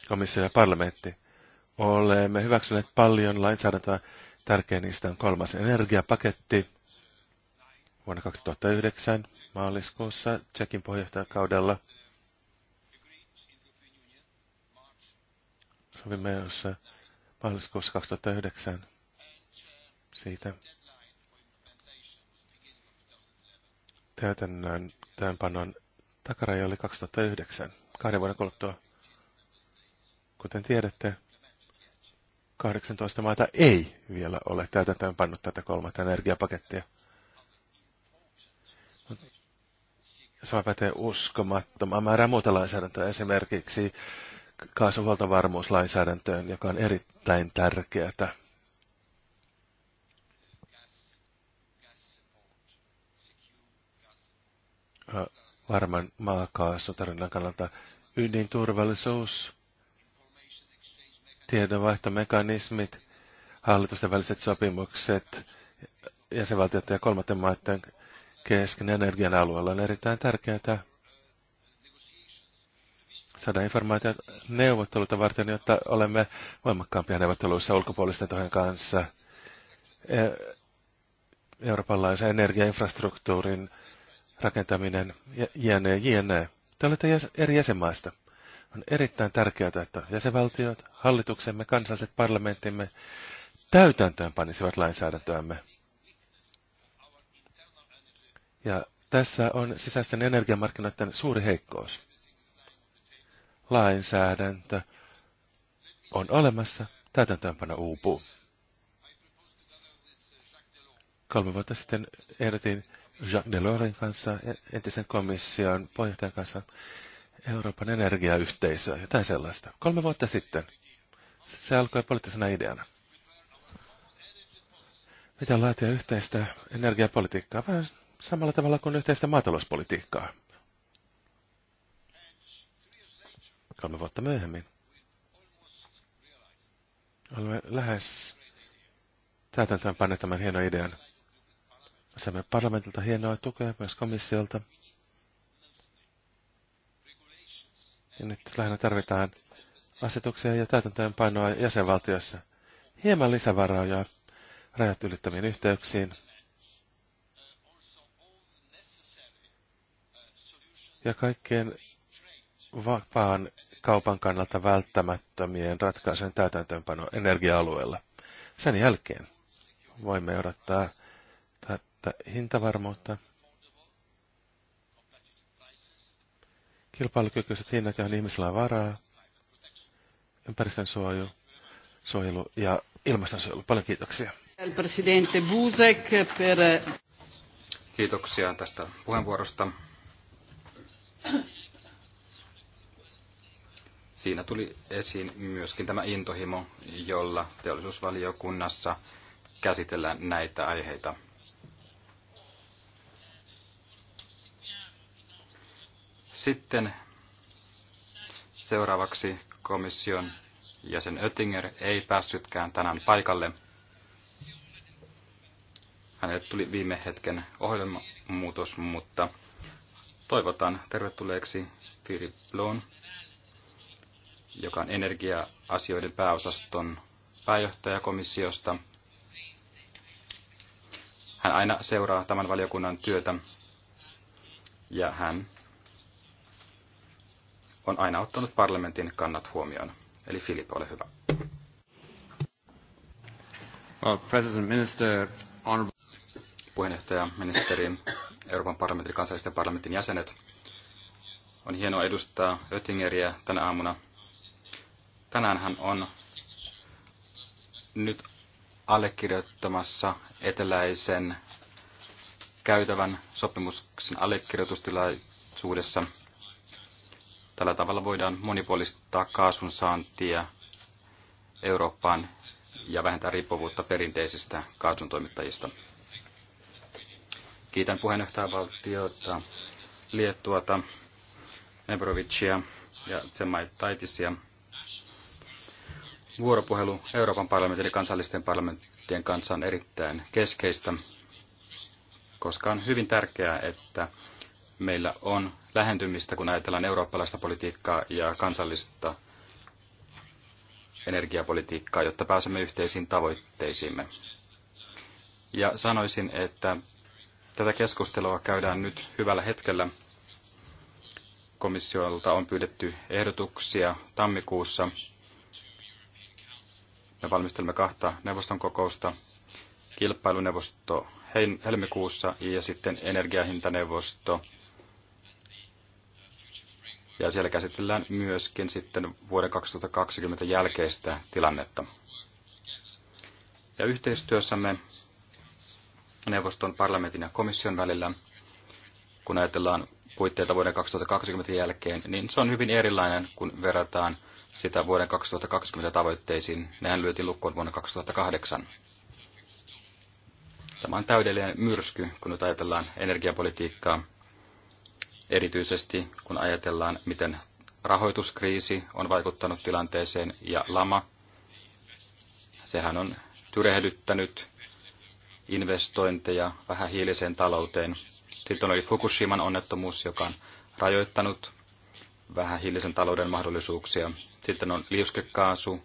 komissio ja parlamentti. Olemme hyväksyneet paljon lainsäädäntöä. Tärkein niistä on kolmas energiapaketti vuonna 2009 maaliskuussa Tsekin puheenjohtajakaudella. Sovimme jossa maaliskuussa 2009 siitä täytännön täytäntöönpanon takaraja oli 2009, kahden vuoden kuluttua. Kuten tiedätte, 18 maata ei vielä ole täytäntöön pannut tätä kolmatta energiapakettia. Sama pätee uskomattomaan määrään muuta lainsäädäntöä, esimerkiksi kaasuhuoltovarmuuslainsäädäntöön, joka on erittäin tärkeää. Varman maakaasutarinnan kannalta ydinturvallisuus tiedonvaihtomekanismit, hallitusten väliset sopimukset jäsenvaltioiden ja kolmatten maiden kesken energian alueella on erittäin tärkeää saada informaatiot neuvotteluita varten, jotta olemme voimakkaampia neuvotteluissa ulkopuolisten tohen kanssa. E, Euroopan laajuisen energiainfrastruktuurin rakentaminen, jne, jne. Te olette eri jäsenmaista. On erittäin tärkeää, että jäsenvaltiot, hallituksemme, kansalliset parlamenttimme täytäntöön panisivat lainsäädäntöämme. Ja tässä on sisäisten energiamarkkinoiden suuri heikkous. Lainsäädäntö on olemassa, täytäntöönpano uupuu. Kolme vuotta sitten ehdotin Jacques Delorsin kanssa, entisen komission puheenjohtajan kanssa, Euroopan energiayhteisöä, jotain sellaista. Kolme vuotta sitten. Se alkoi poliittisena ideana. Mitä laatia yhteistä energiapolitiikkaa? Vähän samalla tavalla kuin yhteistä maatalouspolitiikkaa. Kolme vuotta myöhemmin. Olemme lähes täytäntöön panneet tämän hienon idean. Saamme parlamentilta hienoa tukea myös komissiolta. Ja nyt lähinnä tarvitaan asetuksia ja painoa jäsenvaltiossa. Hieman lisävaroja rajat ylittäviin yhteyksiin. Ja kaikkien vapaan kaupan kannalta välttämättömien ratkaisujen täytäntöönpano energia-alueella. Sen jälkeen voimme odottaa tätä hintavarmuutta kilpailukykyiset hinnat, joihin ihmisillä on varaa, ympäristön suojelu ja ilmastonsuojelu. Paljon kiitoksia. Presidente per... Kiitoksia tästä puheenvuorosta. Siinä tuli esiin myöskin tämä intohimo, jolla teollisuusvaliokunnassa käsitellään näitä aiheita. Sitten seuraavaksi komission jäsen Oettinger ei päässytkään tänään paikalle. Hänelle tuli viime hetken ohjelmamuutos, mutta toivotan tervetulleeksi Philip Blon, joka on energia-asioiden pääosaston pääjohtaja komissiosta. Hän aina seuraa tämän valiokunnan työtä ja hän on aina ottanut parlamentin kannat huomioon. Eli Filip, ole hyvä. Well, President, Minister, Puheenjohtaja, ministeri, Euroopan parlamentin kansallisten parlamentin jäsenet. On hienoa edustaa Oettingeriä tänä aamuna. Tänään hän on nyt allekirjoittamassa eteläisen käytävän sopimuksen allekirjoitustilaisuudessa – Tällä tavalla voidaan monipuolistaa kaasun saantia Eurooppaan ja vähentää riippuvuutta perinteisistä kaasun toimittajista. Kiitän puheenjohtajavaltiota Liettuata, Nebrovicia ja Tsemmaitaitisia. Vuoropuhelu Euroopan parlamentin ja kansallisten parlamenttien kanssa on erittäin keskeistä, koska on hyvin tärkeää, että meillä on lähentymistä, kun ajatellaan eurooppalaista politiikkaa ja kansallista energiapolitiikkaa, jotta pääsemme yhteisiin tavoitteisiimme. Ja sanoisin, että tätä keskustelua käydään nyt hyvällä hetkellä. Komissiolta on pyydetty ehdotuksia tammikuussa. Me valmistelemme kahta neuvoston kokousta, kilpailuneuvosto helmikuussa ja sitten energiahintaneuvosto ja siellä käsitellään myöskin sitten vuoden 2020 jälkeistä tilannetta. Ja yhteistyössämme neuvoston, parlamentin ja komission välillä, kun ajatellaan puitteita vuoden 2020 jälkeen, niin se on hyvin erilainen, kun verrataan sitä vuoden 2020 tavoitteisiin. Nehän lyötiin lukkoon vuonna 2008. Tämä on täydellinen myrsky, kun nyt ajatellaan energiapolitiikkaa, erityisesti kun ajatellaan, miten rahoituskriisi on vaikuttanut tilanteeseen ja lama. Sehän on tyrehdyttänyt investointeja vähähiiliseen talouteen. Sitten oli Fukushiman onnettomuus, joka on rajoittanut vähähiilisen talouden mahdollisuuksia. Sitten on liuskekaasu,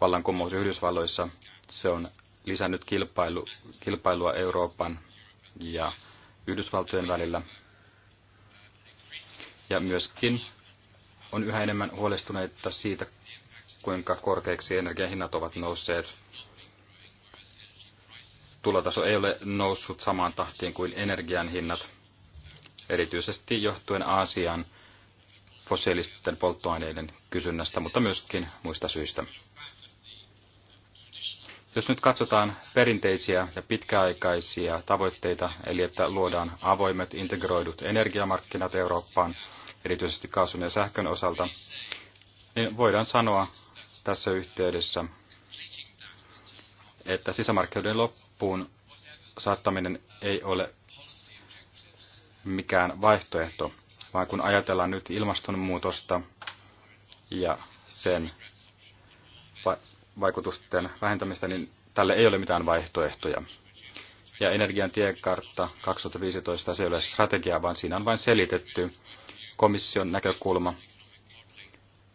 vallankumous Yhdysvalloissa. Se on lisännyt kilpailu, kilpailua Euroopan ja Yhdysvaltojen välillä. Ja myöskin on yhä enemmän huolestuneita siitä, kuinka korkeiksi energiahinnat ovat nousseet. Tulotaso ei ole noussut samaan tahtiin kuin energian hinnat, erityisesti johtuen Aasian fossiilisten polttoaineiden kysynnästä, mutta myöskin muista syistä. Jos nyt katsotaan perinteisiä ja pitkäaikaisia tavoitteita, eli että luodaan avoimet integroidut energiamarkkinat Eurooppaan – erityisesti kaasun ja sähkön osalta, niin voidaan sanoa tässä yhteydessä, että sisämarkkinoiden loppuun saattaminen ei ole mikään vaihtoehto, vaan kun ajatellaan nyt ilmastonmuutosta ja sen vaikutusten vähentämistä, niin tälle ei ole mitään vaihtoehtoja. Ja energian tiekartta 2015 se ei ole strategia, vaan siinä on vain selitetty, komission näkökulma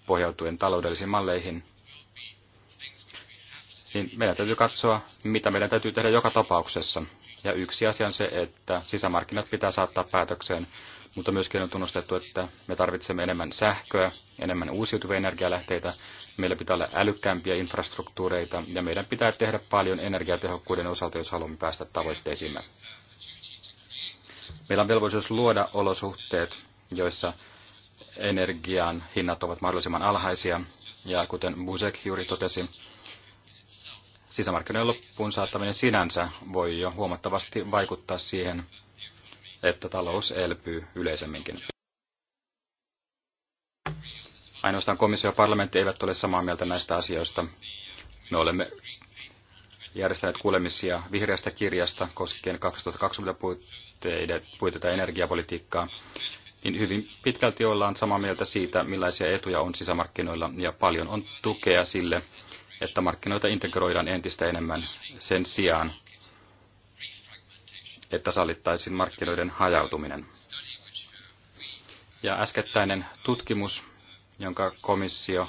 pohjautuen taloudellisiin malleihin, niin meidän täytyy katsoa, mitä meidän täytyy tehdä joka tapauksessa. Ja yksi asia on se, että sisämarkkinat pitää saattaa päätökseen, mutta myöskin on tunnustettu, että me tarvitsemme enemmän sähköä, enemmän uusiutuvia energialähteitä, meillä pitää olla älykkäämpiä infrastruktuureita ja meidän pitää tehdä paljon energiatehokkuuden osalta, jos haluamme päästä tavoitteisiimme. Meillä on velvollisuus luoda olosuhteet, joissa energian hinnat ovat mahdollisimman alhaisia. Ja kuten Buzek juuri totesi, sisämarkkinoiden loppuun saattaminen sinänsä voi jo huomattavasti vaikuttaa siihen, että talous elpyy yleisemminkin. Ainoastaan komissio ja parlamentti eivät ole samaa mieltä näistä asioista. Me olemme järjestäneet kuulemisia vihreästä kirjasta koskien 2020 puitteita energiapolitiikkaa niin hyvin pitkälti ollaan samaa mieltä siitä, millaisia etuja on sisämarkkinoilla, ja paljon on tukea sille, että markkinoita integroidaan entistä enemmän sen sijaan, että sallittaisiin markkinoiden hajautuminen. Ja äskettäinen tutkimus, jonka komissio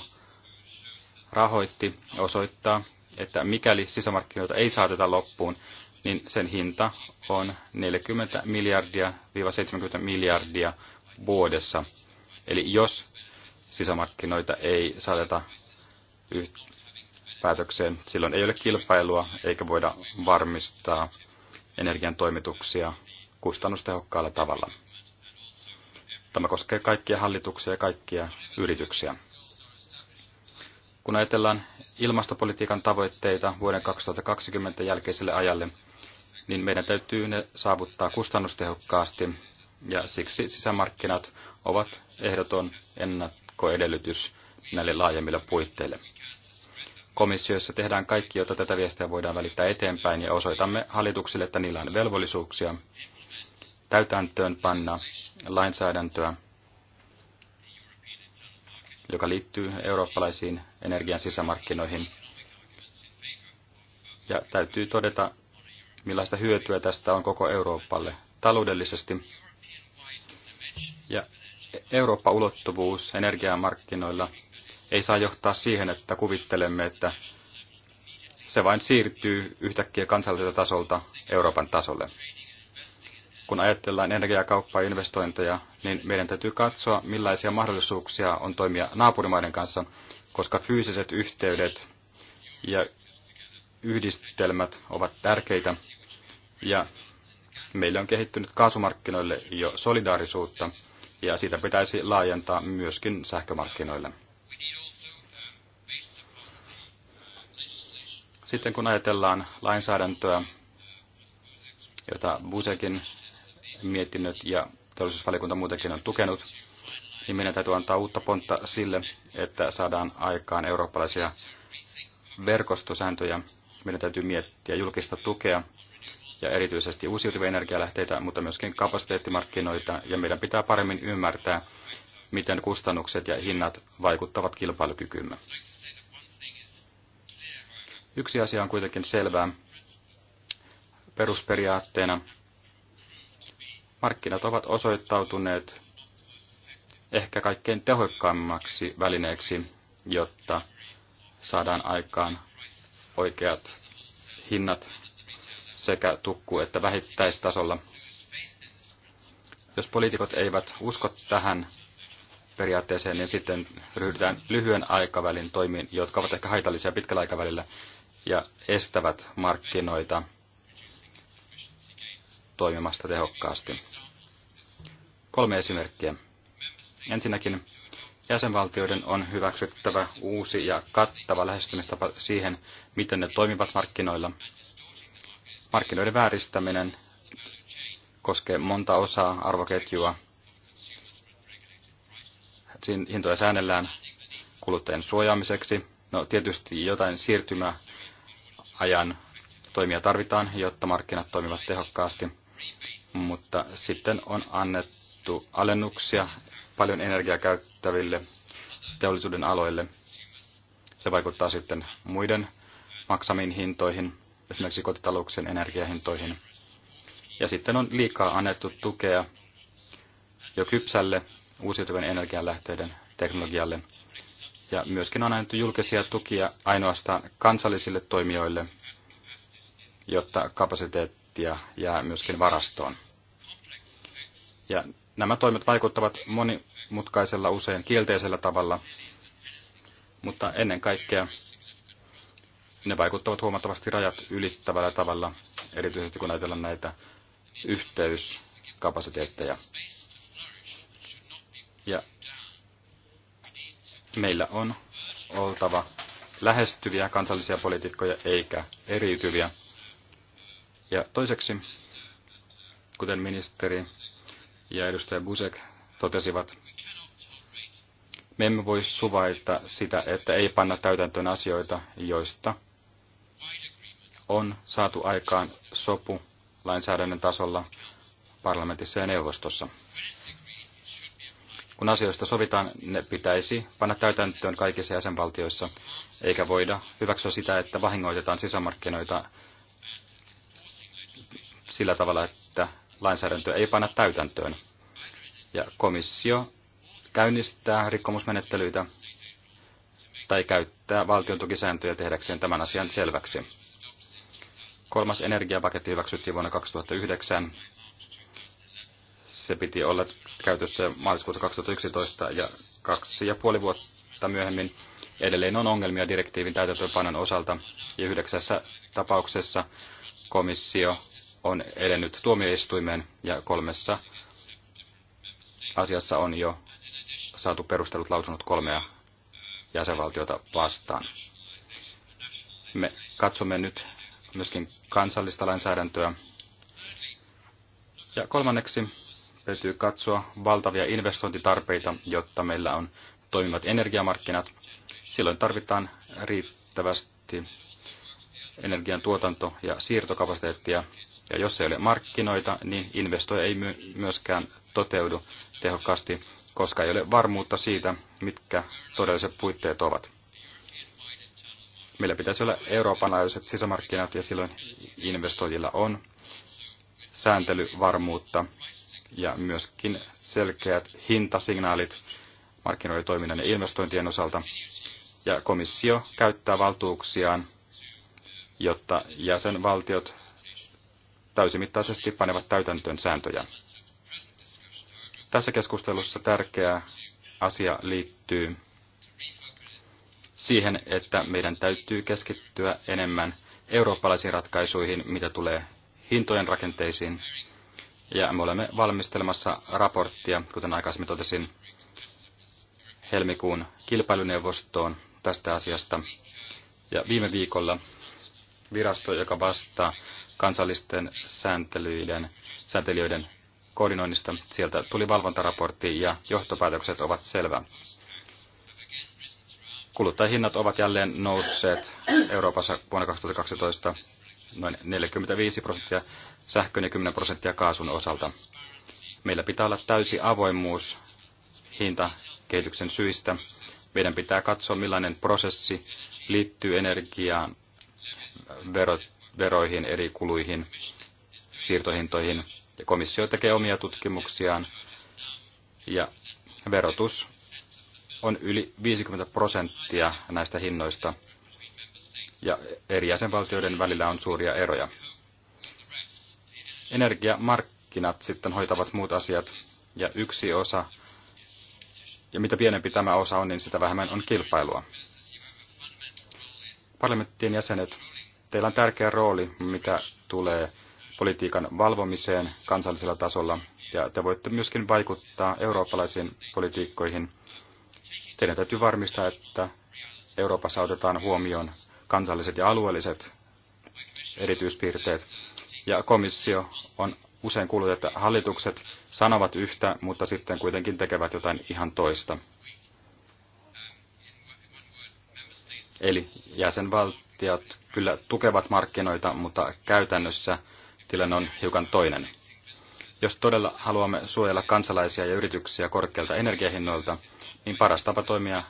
rahoitti, osoittaa, että mikäli sisämarkkinoita ei saateta loppuun, niin sen hinta on 40 miljardia-70 miljardia vuodessa. Eli jos sisämarkkinoita ei saateta päätökseen, silloin ei ole kilpailua eikä voida varmistaa energian toimituksia kustannustehokkaalla tavalla. Tämä koskee kaikkia hallituksia ja kaikkia yrityksiä. Kun ajatellaan ilmastopolitiikan tavoitteita vuoden 2020 jälkeiselle ajalle, niin meidän täytyy ne saavuttaa kustannustehokkaasti ja siksi sisämarkkinat ovat ehdoton ennakkoedellytys näille laajemmille puitteille. Komissiossa tehdään kaikki, jotta tätä viestiä voidaan välittää eteenpäin ja osoitamme hallituksille, että niillä on velvollisuuksia täytäntöön panna lainsäädäntöä, joka liittyy eurooppalaisiin energian sisämarkkinoihin. Ja täytyy todeta, millaista hyötyä tästä on koko Euroopalle taloudellisesti ja Eurooppa-ulottuvuus energiamarkkinoilla ei saa johtaa siihen, että kuvittelemme, että se vain siirtyy yhtäkkiä kansalliselta tasolta Euroopan tasolle. Kun ajatellaan energiakauppaa ja investointeja, niin meidän täytyy katsoa, millaisia mahdollisuuksia on toimia naapurimaiden kanssa, koska fyysiset yhteydet ja yhdistelmät ovat tärkeitä. Ja Meillä on kehittynyt kaasumarkkinoille jo solidaarisuutta, ja sitä pitäisi laajentaa myöskin sähkömarkkinoille. Sitten kun ajatellaan lainsäädäntöä, jota Busekin miettinyt ja teollisuusvaliokunta muutenkin on tukenut, niin meidän täytyy antaa uutta pontta sille, että saadaan aikaan eurooppalaisia verkostosääntöjä. Meidän täytyy miettiä julkista tukea ja erityisesti uusiutuvia energialähteitä, mutta myöskin kapasiteettimarkkinoita, ja meidän pitää paremmin ymmärtää, miten kustannukset ja hinnat vaikuttavat kilpailukykyymme. Yksi asia on kuitenkin selvää. Perusperiaatteena markkinat ovat osoittautuneet ehkä kaikkein tehokkaimmaksi välineeksi, jotta saadaan aikaan oikeat hinnat sekä tukku- että vähittäistasolla. Jos poliitikot eivät usko tähän periaatteeseen, niin sitten ryhdytään lyhyen aikavälin toimiin, jotka ovat ehkä haitallisia pitkällä aikavälillä ja estävät markkinoita toimimasta tehokkaasti. Kolme esimerkkiä. Ensinnäkin jäsenvaltioiden on hyväksyttävä uusi ja kattava lähestymistapa siihen, miten ne toimivat markkinoilla markkinoiden vääristäminen koskee monta osaa arvoketjua. Siin hintoja säännellään kuluttajien suojaamiseksi. No tietysti jotain siirtymäajan toimia tarvitaan, jotta markkinat toimivat tehokkaasti, mutta sitten on annettu alennuksia paljon energiaa käyttäville teollisuuden aloille. Se vaikuttaa sitten muiden maksamiin hintoihin esimerkiksi kotitalouksien energiahintoihin. Ja sitten on liikaa annettu tukea jo kypsälle uusiutuvien energialähteiden teknologialle. Ja myöskin on annettu julkisia tukia ainoastaan kansallisille toimijoille, jotta kapasiteettia jää myöskin varastoon. Ja nämä toimet vaikuttavat monimutkaisella, usein kielteisellä tavalla, mutta ennen kaikkea ne vaikuttavat huomattavasti rajat ylittävällä tavalla, erityisesti kun ajatellaan näitä yhteyskapasiteetteja. Ja meillä on oltava lähestyviä kansallisia poliitikkoja eikä eriytyviä. Ja toiseksi, kuten ministeri ja edustaja Busek totesivat, me emme voi suvaita sitä, että ei panna täytäntöön asioita, joista – on saatu aikaan sopu lainsäädännön tasolla parlamentissa ja neuvostossa. Kun asioista sovitaan, ne pitäisi panna täytäntöön kaikissa jäsenvaltioissa, eikä voida hyväksyä sitä, että vahingoitetaan sisämarkkinoita sillä tavalla, että lainsäädäntö ei panna täytäntöön. Ja komissio käynnistää rikkomusmenettelyitä tai käyttää valtion tukisääntöjä tehdäkseen tämän asian selväksi. Kolmas energiapaketti hyväksyttiin vuonna 2009. Se piti olla käytössä maaliskuussa 2011 ja kaksi ja puoli vuotta myöhemmin edelleen on ongelmia direktiivin täytäntöönpanon osalta ja yhdeksässä tapauksessa komissio on edennyt tuomioistuimeen ja kolmessa asiassa on jo saatu perustelut lausunnot kolmea jäsenvaltiota vastaan. Me katsomme nyt myöskin kansallista lainsäädäntöä. Ja kolmanneksi täytyy katsoa valtavia investointitarpeita, jotta meillä on toimivat energiamarkkinat. Silloin tarvitaan riittävästi energian tuotanto- ja siirtokapasiteettia, ja jos ei ole markkinoita, niin investoja ei myöskään toteudu tehokkaasti, koska ei ole varmuutta siitä, mitkä todelliset puitteet ovat. Meillä pitäisi olla Euroopan laajuiset sisämarkkinat ja silloin investoijilla on sääntelyvarmuutta ja myöskin selkeät hintasignaalit markkinoiden toiminnan ja investointien osalta. Ja komissio käyttää valtuuksiaan, jotta jäsenvaltiot täysimittaisesti panevat täytäntöön sääntöjä. Tässä keskustelussa tärkeä asia liittyy siihen, että meidän täytyy keskittyä enemmän eurooppalaisiin ratkaisuihin, mitä tulee hintojen rakenteisiin. Ja me olemme valmistelemassa raporttia, kuten aikaisemmin totesin, helmikuun kilpailuneuvostoon tästä asiasta. Ja viime viikolla virasto, joka vastaa kansallisten sääntelyiden, sääntelijöiden koordinoinnista. Sieltä tuli valvontaraportti ja johtopäätökset ovat selvä. Kuluttajahinnat ovat jälleen nousseet Euroopassa vuonna 2012 noin 45 prosenttia sähkön ja 10 prosenttia kaasun osalta. Meillä pitää olla täysi avoimuus hintakehityksen syistä. Meidän pitää katsoa, millainen prosessi liittyy energiaan, vero, veroihin, eri kuluihin, siirtohintoihin. Ja komissio tekee omia tutkimuksiaan. Ja verotus on yli 50 prosenttia näistä hinnoista. Ja eri jäsenvaltioiden välillä on suuria eroja. Energiamarkkinat sitten hoitavat muut asiat. Ja yksi osa, ja mitä pienempi tämä osa on, niin sitä vähemmän on kilpailua. Parlamenttien jäsenet, teillä on tärkeä rooli, mitä tulee politiikan valvomiseen kansallisella tasolla, ja te voitte myöskin vaikuttaa eurooppalaisiin politiikkoihin. Teidän täytyy varmistaa, että Euroopassa otetaan huomioon kansalliset ja alueelliset erityispiirteet. Ja komissio on usein kuullut, että hallitukset sanovat yhtä, mutta sitten kuitenkin tekevät jotain ihan toista. Eli jäsenvaltiot kyllä tukevat markkinoita, mutta käytännössä tilanne on hiukan toinen. Jos todella haluamme suojella kansalaisia ja yrityksiä korkeilta energiahinnoilta, niin paras tapa toimia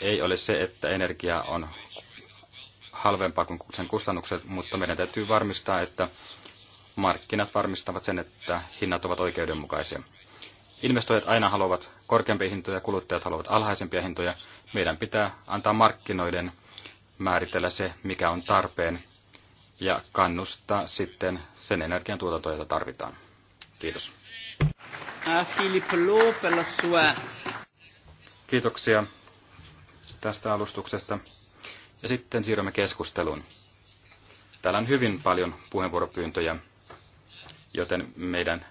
ei ole se, että energia on halvempaa kuin sen kustannukset, mutta meidän täytyy varmistaa, että markkinat varmistavat sen, että hinnat ovat oikeudenmukaisia. Investoijat aina haluavat korkeampia hintoja, kuluttajat haluavat alhaisempia hintoja. Meidän pitää antaa markkinoiden määritellä se, mikä on tarpeen ja kannustaa sitten sen energiantuotantoa, jota tarvitaan. Kiitos. Ah, Kiitoksia tästä alustuksesta. Ja sitten siirrymme keskusteluun. Täällä on hyvin paljon puheenvuoropyyntöjä, joten meidän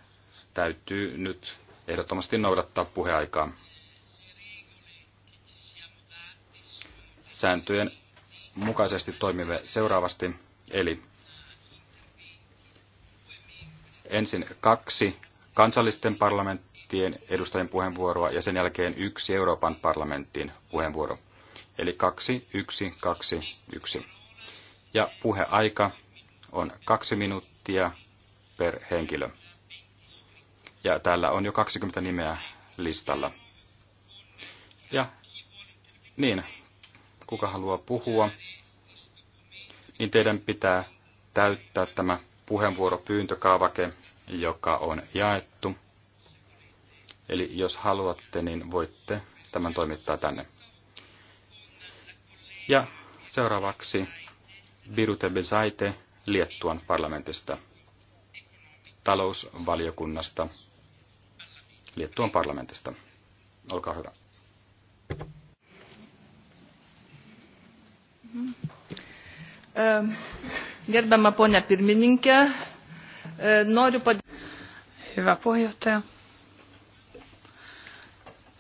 täytyy nyt ehdottomasti noudattaa puheaikaa. Sääntöjen mukaisesti toimimme seuraavasti. Eli ensin kaksi kansallisten parlamenttien edustajien puheenvuoroa ja sen jälkeen yksi Euroopan parlamenttiin puheenvuoro. Eli kaksi, yksi, kaksi, yksi. Ja puheaika on kaksi minuuttia per henkilö. Ja täällä on jo 20 nimeä listalla. Ja niin, kuka haluaa puhua, niin teidän pitää täyttää tämä puheenvuoropyyntökaavake, joka on jaettu. Eli jos haluatte, niin voitte tämän toimittaa tänne. Ja seuraavaksi Birute Besaite Liettuan parlamentista, talousvaliokunnasta, Liettuan parlamentista. Olkaa hyvä. Mm-hmm. Gerbiamä ponia pirmininkė, e, noriu Hyvä puheenjohtaja.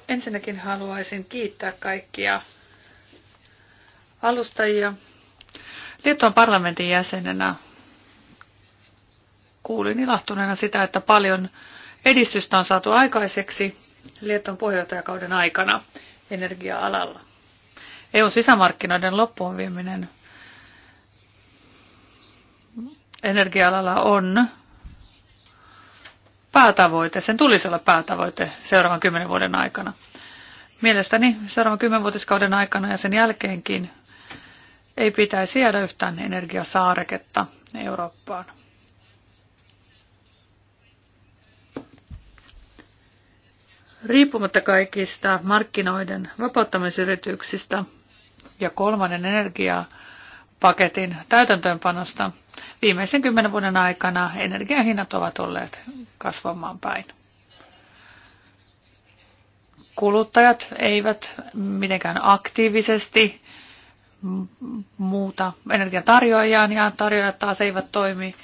Ensinnäkin haluaisin kiittää kaikkia alustajia. Liettuan parlamentin jäsenenä kuulin ilahtuneena sitä, että paljon edistystä on saatu aikaiseksi Liettuan puheenjohtajakauden aikana energia-alalla. eu sisämarkkinoiden loppuun vieminen energia-alalla on päätavoite, sen tulisi olla päätavoite seuraavan kymmenen vuoden aikana. Mielestäni seuraavan kymmenvuotiskauden aikana ja sen jälkeenkin ei pitäisi jäädä yhtään energiasaareketta Eurooppaan. Riippumatta kaikista markkinoiden vapauttamisyrityksistä ja kolmannen energiaa paketin täytäntöönpanosta. Viimeisen kymmenen vuoden aikana energiahinnat ovat olleet kasvamaan päin. Kuluttajat eivät mitenkään aktiivisesti muuta energiatarjoajiaan ja tarjoajat taas eivät toimi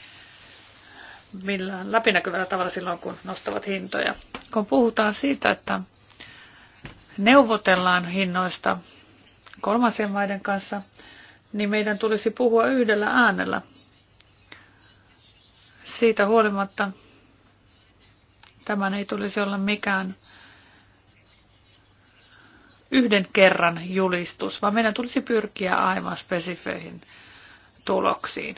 millään läpinäkyvällä tavalla silloin, kun nostavat hintoja. Kun puhutaan siitä, että neuvotellaan hinnoista kolmansien maiden kanssa, niin meidän tulisi puhua yhdellä äänellä. Siitä huolimatta tämän ei tulisi olla mikään yhden kerran julistus, vaan meidän tulisi pyrkiä aivan spesifeihin tuloksiin.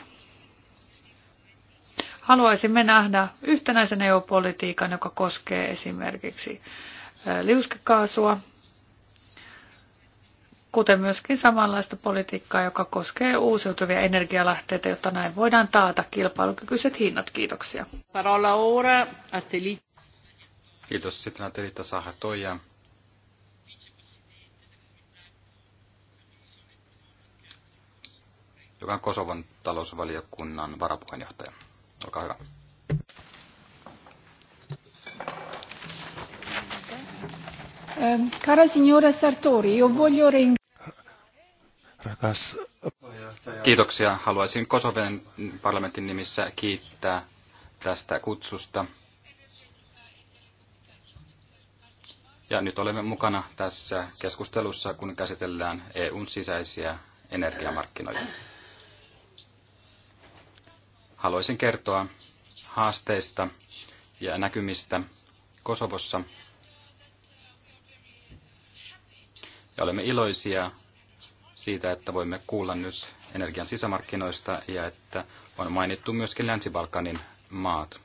Haluaisimme nähdä yhtenäisen EU-politiikan, joka koskee esimerkiksi liuskekaasua, kuten myöskin samanlaista politiikkaa, joka koskee uusiutuvia energialähteitä, jotta näin voidaan taata kilpailukykyiset hinnat. Kiitoksia. Parola ora, Atteli. Kiitos. Sitten Atelita Sahatoja. joka on Kosovon talousvaliokunnan varapuheenjohtaja. Olkaa hyvä. Ehm, cara signora Sartori, io voglio Rakas Kiitoksia. Haluaisin Kosoven parlamentin nimissä kiittää tästä kutsusta. Ja nyt olemme mukana tässä keskustelussa, kun käsitellään EUn sisäisiä energiamarkkinoita. Haluaisin kertoa haasteista ja näkymistä Kosovossa Ja olemme iloisia siitä, että voimme kuulla nyt energian sisämarkkinoista ja että on mainittu myöskin Länsi-Balkanin maat.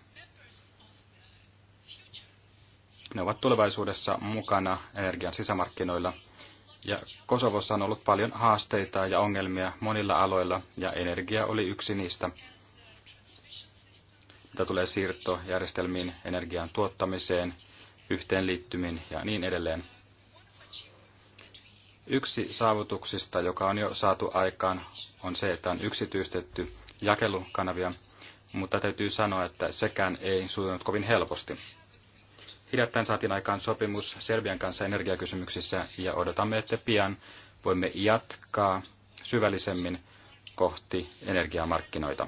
Ne ovat tulevaisuudessa mukana energian sisämarkkinoilla. Ja Kosovossa on ollut paljon haasteita ja ongelmia monilla aloilla, ja energia oli yksi niistä. Mitä tulee siirtojärjestelmiin, energian tuottamiseen, yhteenliittymiin ja niin edelleen. Yksi saavutuksista, joka on jo saatu aikaan, on se, että on yksityistetty jakelukanavia, mutta täytyy sanoa, että sekään ei sujunut kovin helposti. Hiljattain saatiin aikaan sopimus Serbian kanssa energiakysymyksissä ja odotamme, että pian voimme jatkaa syvällisemmin kohti energiamarkkinoita.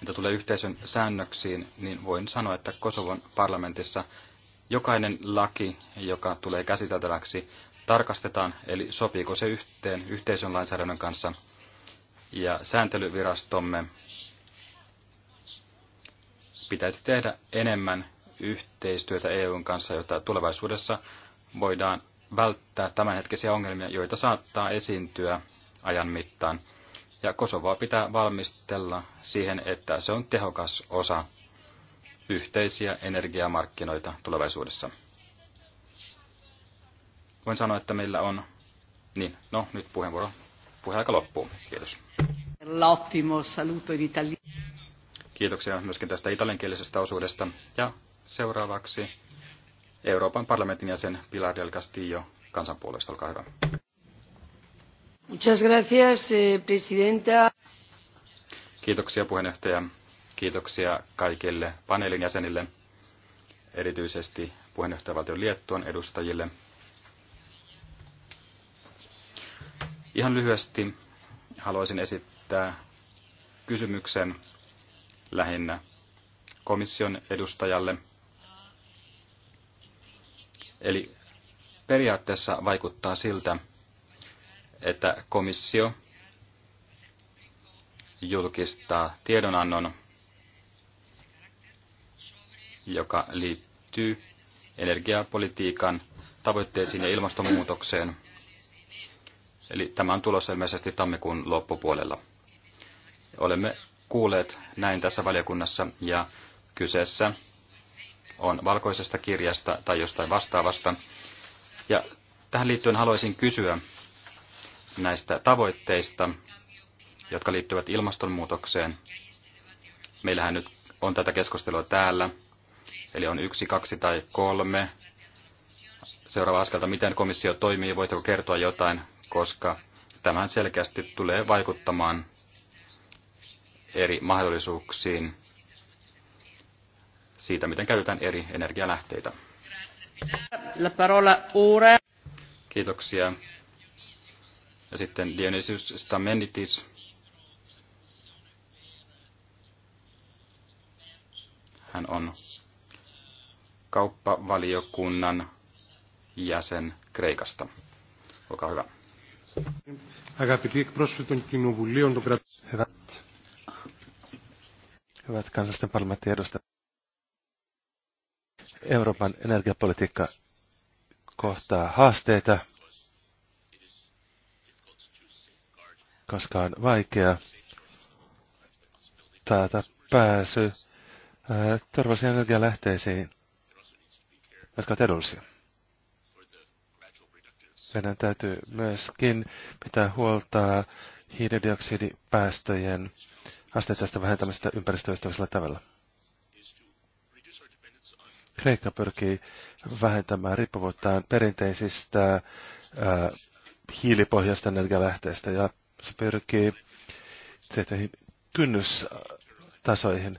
Mitä tulee yhteisön säännöksiin, niin voin sanoa, että Kosovon parlamentissa jokainen laki, joka tulee käsiteltäväksi, tarkastetaan, eli sopiiko se yhteen yhteisön lainsäädännön kanssa. Ja sääntelyvirastomme pitäisi tehdä enemmän yhteistyötä EUn kanssa, jotta tulevaisuudessa voidaan välttää tämänhetkisiä ongelmia, joita saattaa esiintyä ajan mittaan. Ja Kosovoa pitää valmistella siihen, että se on tehokas osa yhteisiä energiamarkkinoita tulevaisuudessa. Voin sanoa, että meillä on... Niin, no nyt puheenvuoro. Puheaika loppuu. Kiitos. L'ottimo saluto in Kiitoksia myöskin tästä italiankielisestä osuudesta. Ja seuraavaksi Euroopan parlamentin jäsen Pilar del Castillo kansanpuolesta. Olkaa hyvä. Muchas gracias, eh, presidenta. Kiitoksia puheenjohtaja. Kiitoksia kaikille paneelin jäsenille, erityisesti puheenjohtajavaltion Liettuan edustajille. Ihan lyhyesti haluaisin esittää kysymyksen lähinnä komission edustajalle. Eli periaatteessa vaikuttaa siltä, että komissio julkistaa tiedonannon joka liittyy energiapolitiikan tavoitteisiin ja ilmastonmuutokseen. Eli tämä on tulossa ilmeisesti tammikuun loppupuolella. Olemme kuulleet näin tässä valiokunnassa ja kyseessä on valkoisesta kirjasta tai jostain vastaavasta. Ja tähän liittyen haluaisin kysyä näistä tavoitteista, jotka liittyvät ilmastonmuutokseen. Meillähän nyt on tätä keskustelua täällä Eli on yksi, kaksi tai kolme seuraava askelta, miten komissio toimii, voitteko kertoa jotain, koska tämähän selkeästi tulee vaikuttamaan eri mahdollisuuksiin siitä, miten käytetään eri energialähteitä. La Kiitoksia. Ja sitten Dionysius Stamenitis. Hän on kauppavaliokunnan jäsen Kreikasta. Olkaa hyvä. Hyvät, hyvät kansallisten parlamentin edustajat. Euroopan energiapolitiikka kohtaa haasteita, koska on vaikea taata pääsy turvallisiin energialähteisiin – jotka ovat edullisia. Meidän täytyy myöskin pitää huolta hiilidioksidipäästöjen asteittaista vähentämisestä ympäristöystävällisellä tavalla. Kreikka pyrkii vähentämään riippuvuuttaan perinteisistä ää, hiilipohjaisista energialähteistä ja se pyrkii tiettyihin kynnystasoihin.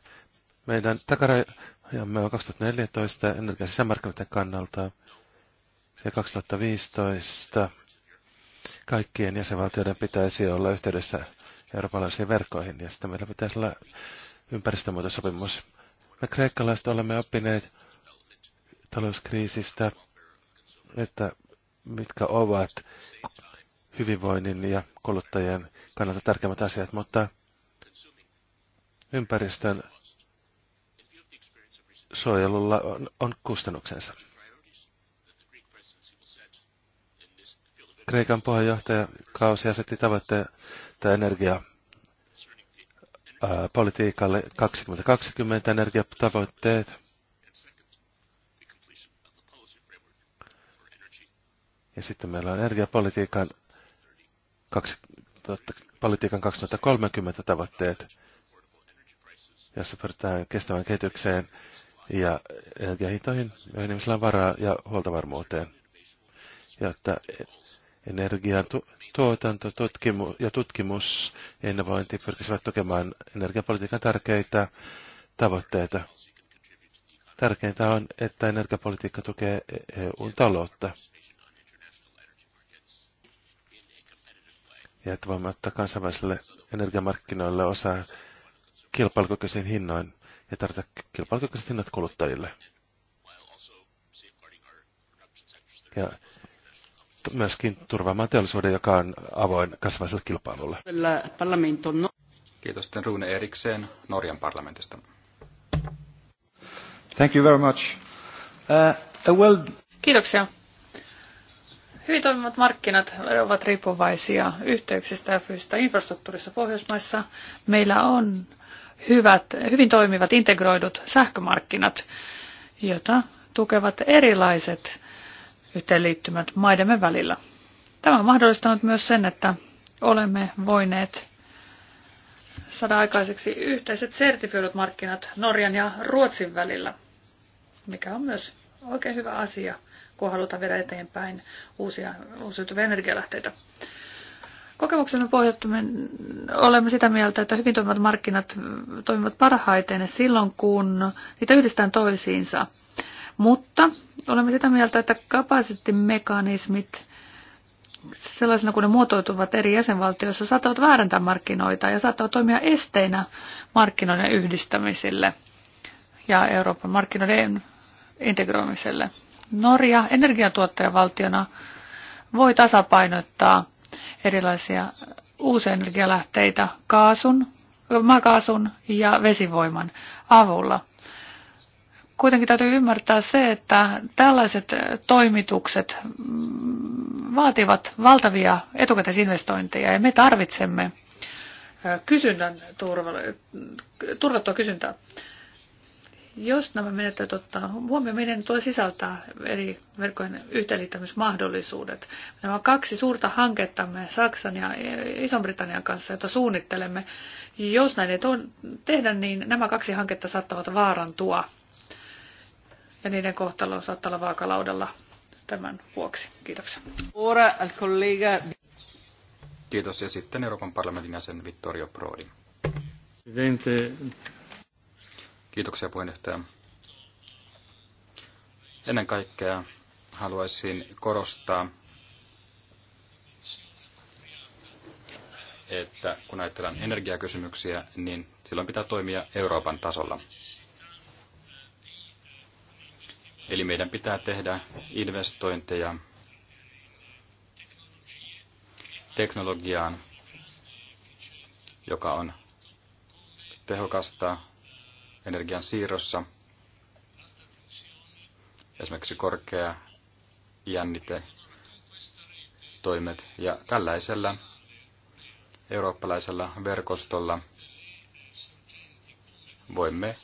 Meidän takara. Ja me on 2014 energian sisämarkkinoiden kannalta ja 2015 kaikkien jäsenvaltioiden pitäisi olla yhteydessä eurooppalaisiin verkkoihin ja sitten meillä pitäisi olla ympäristömuutosopimus. Me kreikkalaiset olemme oppineet talouskriisistä, että mitkä ovat hyvinvoinnin ja kuluttajien kannalta tärkeimmät asiat, mutta ympäristön suojelulla on, on kustannuksensa. Kreikan puheenjohtaja Kausi asetti tavoitteita energia politiikalle 2020 energiatavoitteet. Ja sitten meillä on energiapolitiikan 2000, politiikan 2030 tavoitteet, jossa pyritään kestävään kehitykseen ja energiahintoihin, joihin ihmisillä on varaa ja huoltovarmuuteen. Ja että energian tu- tuotanto tutkimu- ja tutkimus ja innovointi pyrkisivät tukemaan energiapolitiikan tärkeitä tavoitteita. Tärkeintä on, että energiapolitiikka tukee e EUn taloutta. Ja että voimme ottaa kansainvälisille energiamarkkinoille osaa kilpailukykyisiin hinnoin ja tarjota kilpailukykyiset hinnat kuluttajille. Ja myöskin turvaamaan teollisuuden, joka on avoin kasvaiselle kilpailulle. Kiitos Rune Erikseen Norjan parlamentista. Thank you very much. Uh, well... Kiitoksia. Hyvin toimivat markkinat ovat riippuvaisia yhteyksistä ja fyysistä infrastruktuurissa Pohjoismaissa. Meillä on hyvät, hyvin toimivat integroidut sähkömarkkinat, jota tukevat erilaiset yhteenliittymät maidemme välillä. Tämä on mahdollistanut myös sen, että olemme voineet saada aikaiseksi yhteiset sertifioidut markkinat Norjan ja Ruotsin välillä, mikä on myös oikein hyvä asia, kun halutaan viedä eteenpäin uusia uusiutuvia energialähteitä. Kokemuksen pohjattuminen olemme sitä mieltä, että hyvin toimivat markkinat toimivat parhaiten silloin, kun niitä yhdistetään toisiinsa. Mutta olemme sitä mieltä, että kapasiteettimekanismit sellaisena kuin ne muotoituvat eri jäsenvaltioissa saattavat väärentää markkinoita ja saattavat toimia esteinä markkinoiden yhdistämiselle ja Euroopan markkinoiden integroimiselle. Norja energiantuottajavaltiona voi tasapainottaa erilaisia uusenergialähteitä kaasun, maakaasun ja vesivoiman avulla. Kuitenkin täytyy ymmärtää se, että tällaiset toimitukset vaativat valtavia etukäteisinvestointeja ja me tarvitsemme kysynnän turvattua kysyntää. Jos nämä menettelyt ottaa huomioon, miten tulee sisältää eri verkkojen yhteenliittämismahdollisuudet. Nämä kaksi suurta hankettamme Saksan ja iso britannian kanssa, joita suunnittelemme, jos näin ei tehdä, niin nämä kaksi hanketta saattavat vaarantua. Ja niiden kohtalo saattaa olla vaakalaudalla tämän vuoksi. Kiitoksia. Kiitos. Ja sitten Euroopan parlamentin jäsen Vittorio Prodi. Presidente, Kiitoksia puheenjohtaja. Ennen kaikkea haluaisin korostaa, että kun ajatellaan energiakysymyksiä, niin silloin pitää toimia Euroopan tasolla. Eli meidän pitää tehdä investointeja teknologiaan, joka on tehokasta, energian siirrossa. Esimerkiksi korkea jännite toimet ja tällaisella eurooppalaisella verkostolla voimme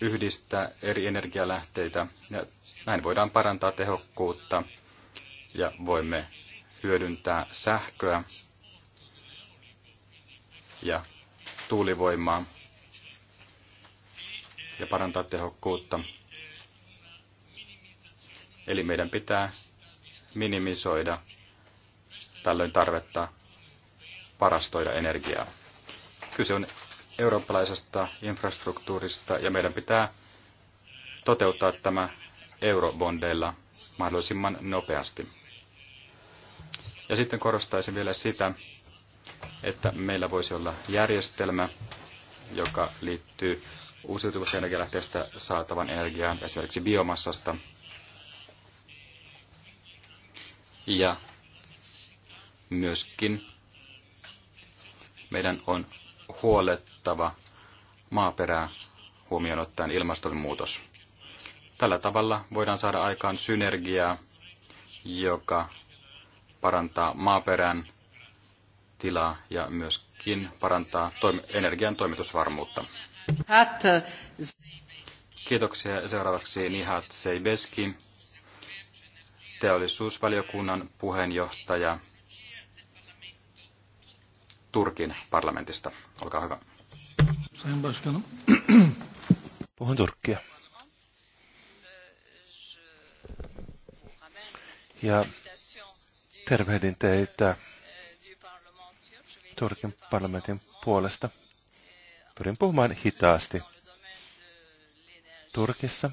yhdistää eri energialähteitä ja näin voidaan parantaa tehokkuutta ja voimme hyödyntää sähköä ja tuulivoimaa ja parantaa tehokkuutta. Eli meidän pitää minimisoida tällöin tarvetta parastoida energiaa. Kyse on eurooppalaisesta infrastruktuurista ja meidän pitää toteuttaa tämä eurobondeilla mahdollisimman nopeasti. Ja sitten korostaisin vielä sitä, että meillä voisi olla järjestelmä, joka liittyy uusiutuvasta energialähteestä saatavan energiaan, esimerkiksi biomassasta. Ja myöskin meidän on huolettava maaperää huomioon ottaen ilmastonmuutos. Tällä tavalla voidaan saada aikaan synergiaa, joka parantaa maaperän tilaa ja myöskin parantaa energian toimitusvarmuutta. Kiitoksia. Seuraavaksi Nihat Seibeski, teollisuusvaliokunnan puheenjohtaja Turkin parlamentista. Olkaa hyvä. Puhun turkkia. Ja tervehdin teitä Turkin parlamentin puolesta. Pyrin puhumaan hitaasti. Turkissa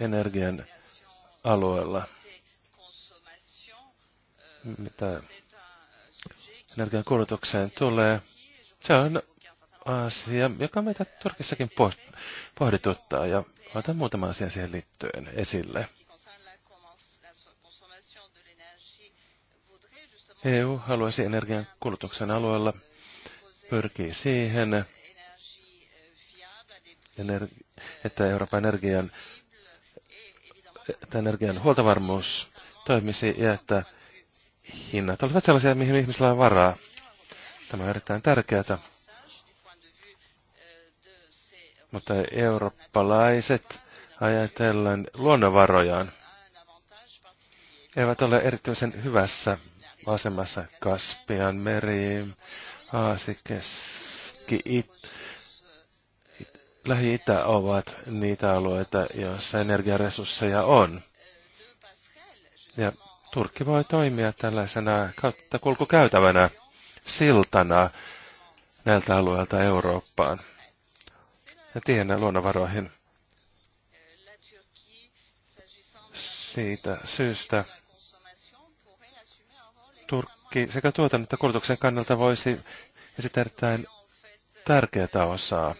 energian alueella, mitä energian kulutukseen tulee, se on asia, joka meitä Turkissakin pohdituttaa ja otan muutama asia siihen liittyen esille. EU haluaisi energian kulutuksen alueella pyrkii siihen, että Euroopan energian, että energian huoltovarmuus toimisi ja että hinnat olivat sellaisia, mihin ihmisillä on varaa. Tämä on erittäin tärkeää. Mutta eurooppalaiset ajatellen luonnonvarojaan eivät ole erityisen hyvässä asemassa Kaspian meri, Aasi, Keski, It, It, Lähi-Itä ovat niitä alueita, joissa energiaresursseja on. Ja Turkki voi toimia tällaisena kautta kulkukäytävänä siltana näiltä alueilta Eurooppaan ja tiennä luonnonvaroihin. Siitä syystä kaikki sekä tuotannon että kulutuksen kannalta voisi esittää erittäin tärkeää osaa.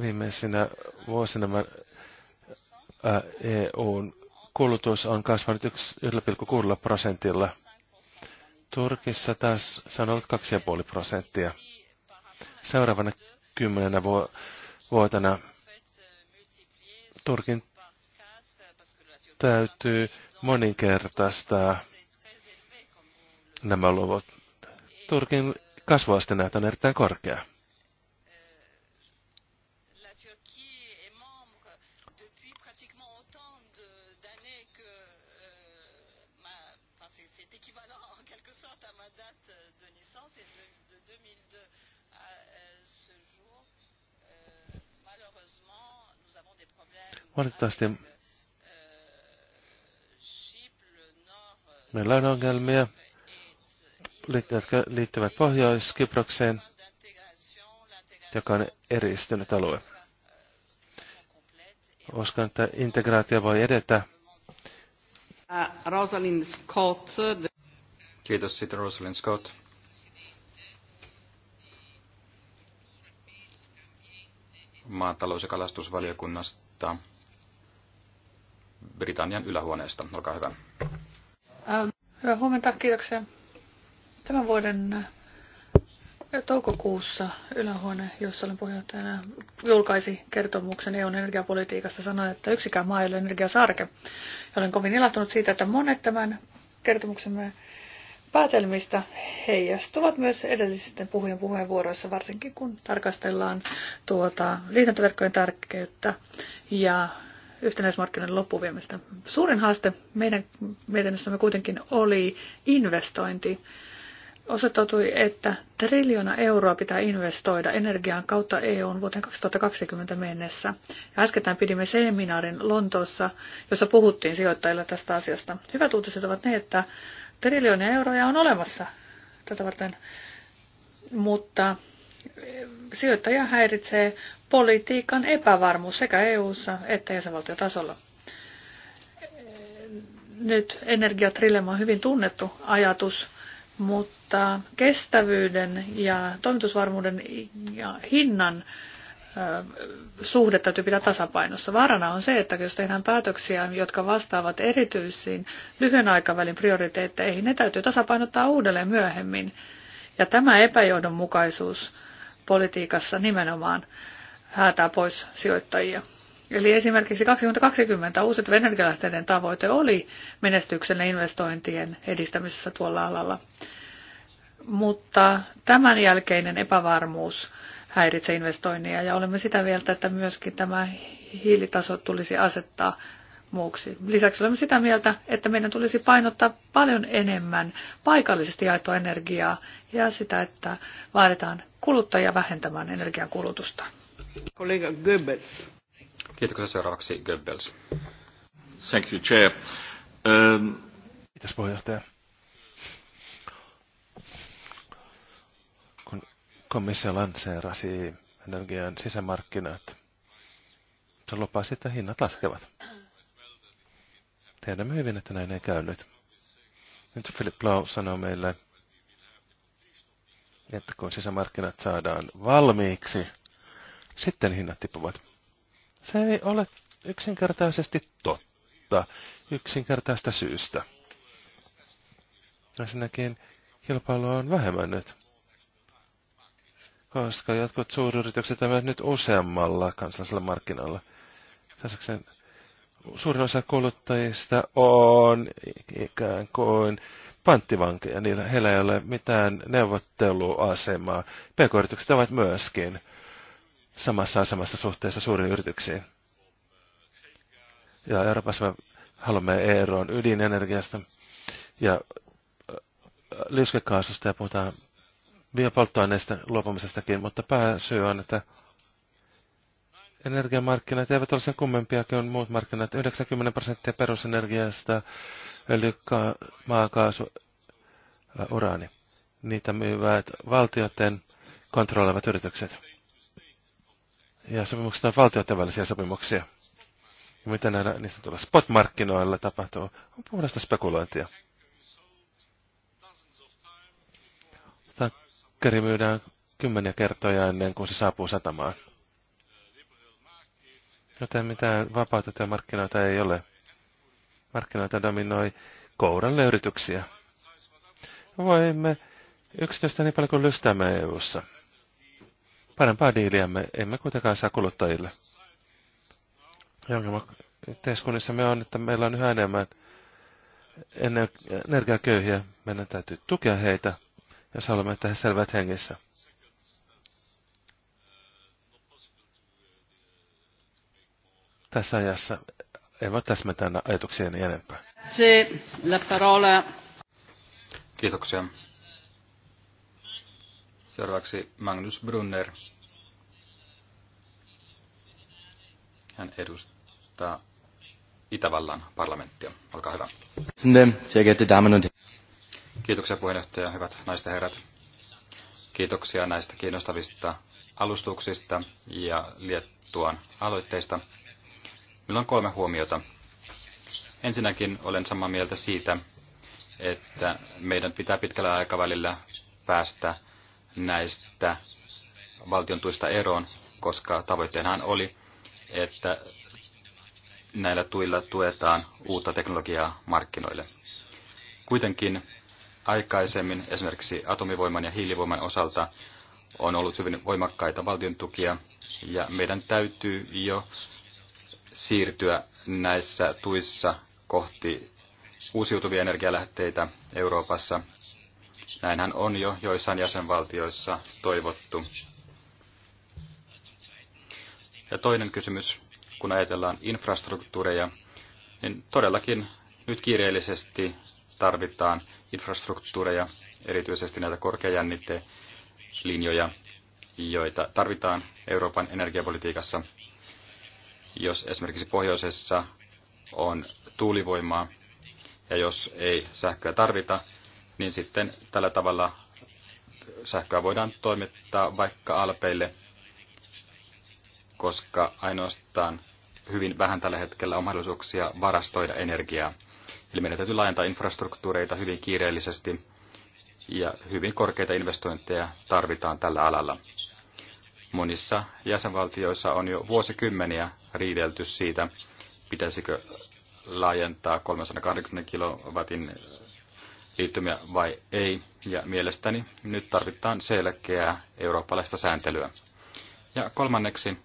Viimeisinä vuosina EUn kulutus on kasvanut 1,6 prosentilla. Turkissa taas se on ollut 2,5 prosenttia. Seuraavana kymmenenä vuotena Turkin täytyy moninkertaistaa nämä luvut. Turkin kasvuaste näyttää erittäin korkea. Valitettavasti Meillä on ongelmia, jotka liittyvät Pohjois-Kyprokseen, joka on eristynyt alue. Uskon, että integraatio voi edetä. Rosalind Scott. Kiitos siitä, Rosalind Scott. maatalous- ja kalastusvaliokunnasta Britannian ylähuoneesta. Olkaa hyvä. Hyvää huomenta, kiitoksia. Tämän vuoden eh, toukokuussa ylähuone, jossa olen puheenjohtajana, julkaisi kertomuksen EUn energiapolitiikasta sanoi, että yksikään maa ei ole energiasarke. Ja olen kovin ilahtunut siitä, että monet tämän kertomuksemme päätelmistä heijastuvat myös edellisten puhujien puheenvuoroissa, varsinkin kun tarkastellaan tuota liitäntöverkkojen tärkeyttä ja yhtenäismarkkinoiden loppuviemistä. Suurin haaste meidän mietinnössämme kuitenkin oli investointi. Osoittautui, että triljoona euroa pitää investoida energiaan kautta EUn vuoteen 2020 mennessä. Ja äskettäin pidimme seminaarin Lontoossa, jossa puhuttiin sijoittajille tästä asiasta. Hyvät uutiset ovat ne, että triljoonia euroja on olemassa tätä varten, mutta sijoittajia häiritsee politiikan epävarmuus sekä EU-ssa että jäsenvaltiotasolla. Nyt energiatrilema on hyvin tunnettu ajatus, mutta kestävyyden ja toimitusvarmuuden ja hinnan suhde täytyy pitää tasapainossa. Vaarana on se, että jos tehdään päätöksiä, jotka vastaavat erityisiin lyhyen aikavälin prioriteetteihin, ne täytyy tasapainottaa uudelleen myöhemmin. Ja tämä epäjohdonmukaisuus politiikassa nimenomaan häätää pois sijoittajia. Eli esimerkiksi 2020 uusiutuvien energialähteiden tavoite oli menestyksen investointien edistämisessä tuolla alalla. Mutta tämän jälkeinen epävarmuus häiritsee investoinnia ja olemme sitä mieltä, että myöskin tämä hiilitaso tulisi asettaa muuksi. Lisäksi olemme sitä mieltä, että meidän tulisi painottaa paljon enemmän paikallisesti jaettua energiaa ja sitä, että vaaditaan kuluttajia vähentämään energian kulutusta. Kollega Goebbels. Kiitoksia seuraavaksi Goebbels. Thank you, Chair. Um... Kiitos puheenjohtaja. Kun komissio lanseerasi energian sisämarkkinat, se lupasi, että hinnat laskevat Tiedämme hyvin, että näin ei käynyt. Nyt Philip Lau sanoo meille, että kun sisämarkkinat saadaan valmiiksi, sitten hinnat tippuvat. Se ei ole yksinkertaisesti totta, yksinkertaista syystä. Ensinnäkin kilpailua on vähemmän nyt, koska jotkut suuryritykset ovat nyt useammalla kansallisella markkinoilla. Tässä suurin osa kuluttajista on ikään kuin panttivankeja. Niillä heillä ei ole mitään neuvotteluasemaa. PK-yritykset ovat myöskin samassa asemassa suhteessa suuriin yrityksiin. Ja Euroopassa me haluamme eroon ydinenergiasta ja äh, liuskekaasusta ja puhutaan biopolttoaineista luopumisestakin, mutta pääsyy on, että energiamarkkinat eivät ole sen kummempia kuin muut markkinat. 90 prosenttia perusenergiasta, öljy, maakaasu, äh, uraani. Niitä myyvät valtioiden kontrolloivat yritykset. Ja sopimukset ovat valtioiden välisiä sopimuksia. Ja mitä näillä niin sanotuilla spot-markkinoilla tapahtuu, on puhdasta spekulointia. Tankkeri myydään kymmeniä kertoja ennen kuin se saapuu satamaan. Joten no mitään vapaata työmarkkinoita ei ole. Markkinoita dominoi kouralle yrityksiä. Voimme yksityistä niin paljon kuin lystämme EU-ssa. Parempaa diiliämme emme kuitenkaan saa kuluttajille. Ja ongelma yhteiskunnissamme on, että meillä on yhä enemmän energiaköyhiä. Meidän täytyy tukea heitä, jos haluamme, että he selvät hengissä. tässä ajassa. En voi täsmentää ajatuksia niin enempää. Se, la parola. Kiitoksia. Seuraavaksi Magnus Brunner. Hän edustaa Itävallan parlamenttia. Olkaa hyvä. Kiitoksia puheenjohtaja, hyvät naiset ja herrat. Kiitoksia näistä kiinnostavista alustuksista ja Liettuan aloitteista. Meillä on kolme huomiota. Ensinnäkin olen samaa mieltä siitä, että meidän pitää pitkällä aikavälillä päästä näistä valtion tuista eroon, koska tavoitteenhan oli, että näillä tuilla tuetaan uutta teknologiaa markkinoille. Kuitenkin aikaisemmin esimerkiksi atomivoiman ja hiilivoiman osalta on ollut hyvin voimakkaita valtion tukia, ja meidän täytyy jo siirtyä näissä tuissa kohti uusiutuvia energialähteitä Euroopassa. Näinhän on jo joissain jäsenvaltioissa toivottu. Ja toinen kysymys, kun ajatellaan infrastruktuureja, niin todellakin nyt kiireellisesti tarvitaan infrastruktuureja, erityisesti näitä linjoja, joita tarvitaan Euroopan energiapolitiikassa. Jos esimerkiksi pohjoisessa on tuulivoimaa ja jos ei sähköä tarvita, niin sitten tällä tavalla sähköä voidaan toimittaa vaikka alpeille, koska ainoastaan hyvin vähän tällä hetkellä on mahdollisuuksia varastoida energiaa. Eli meidän täytyy laajentaa infrastruktuureita hyvin kiireellisesti ja hyvin korkeita investointeja tarvitaan tällä alalla. Monissa jäsenvaltioissa on jo vuosikymmeniä riidelty siitä, pitäisikö laajentaa 320 kilowatin liittymiä vai ei, ja mielestäni nyt tarvitaan selkeää eurooppalaista sääntelyä. Ja kolmanneksi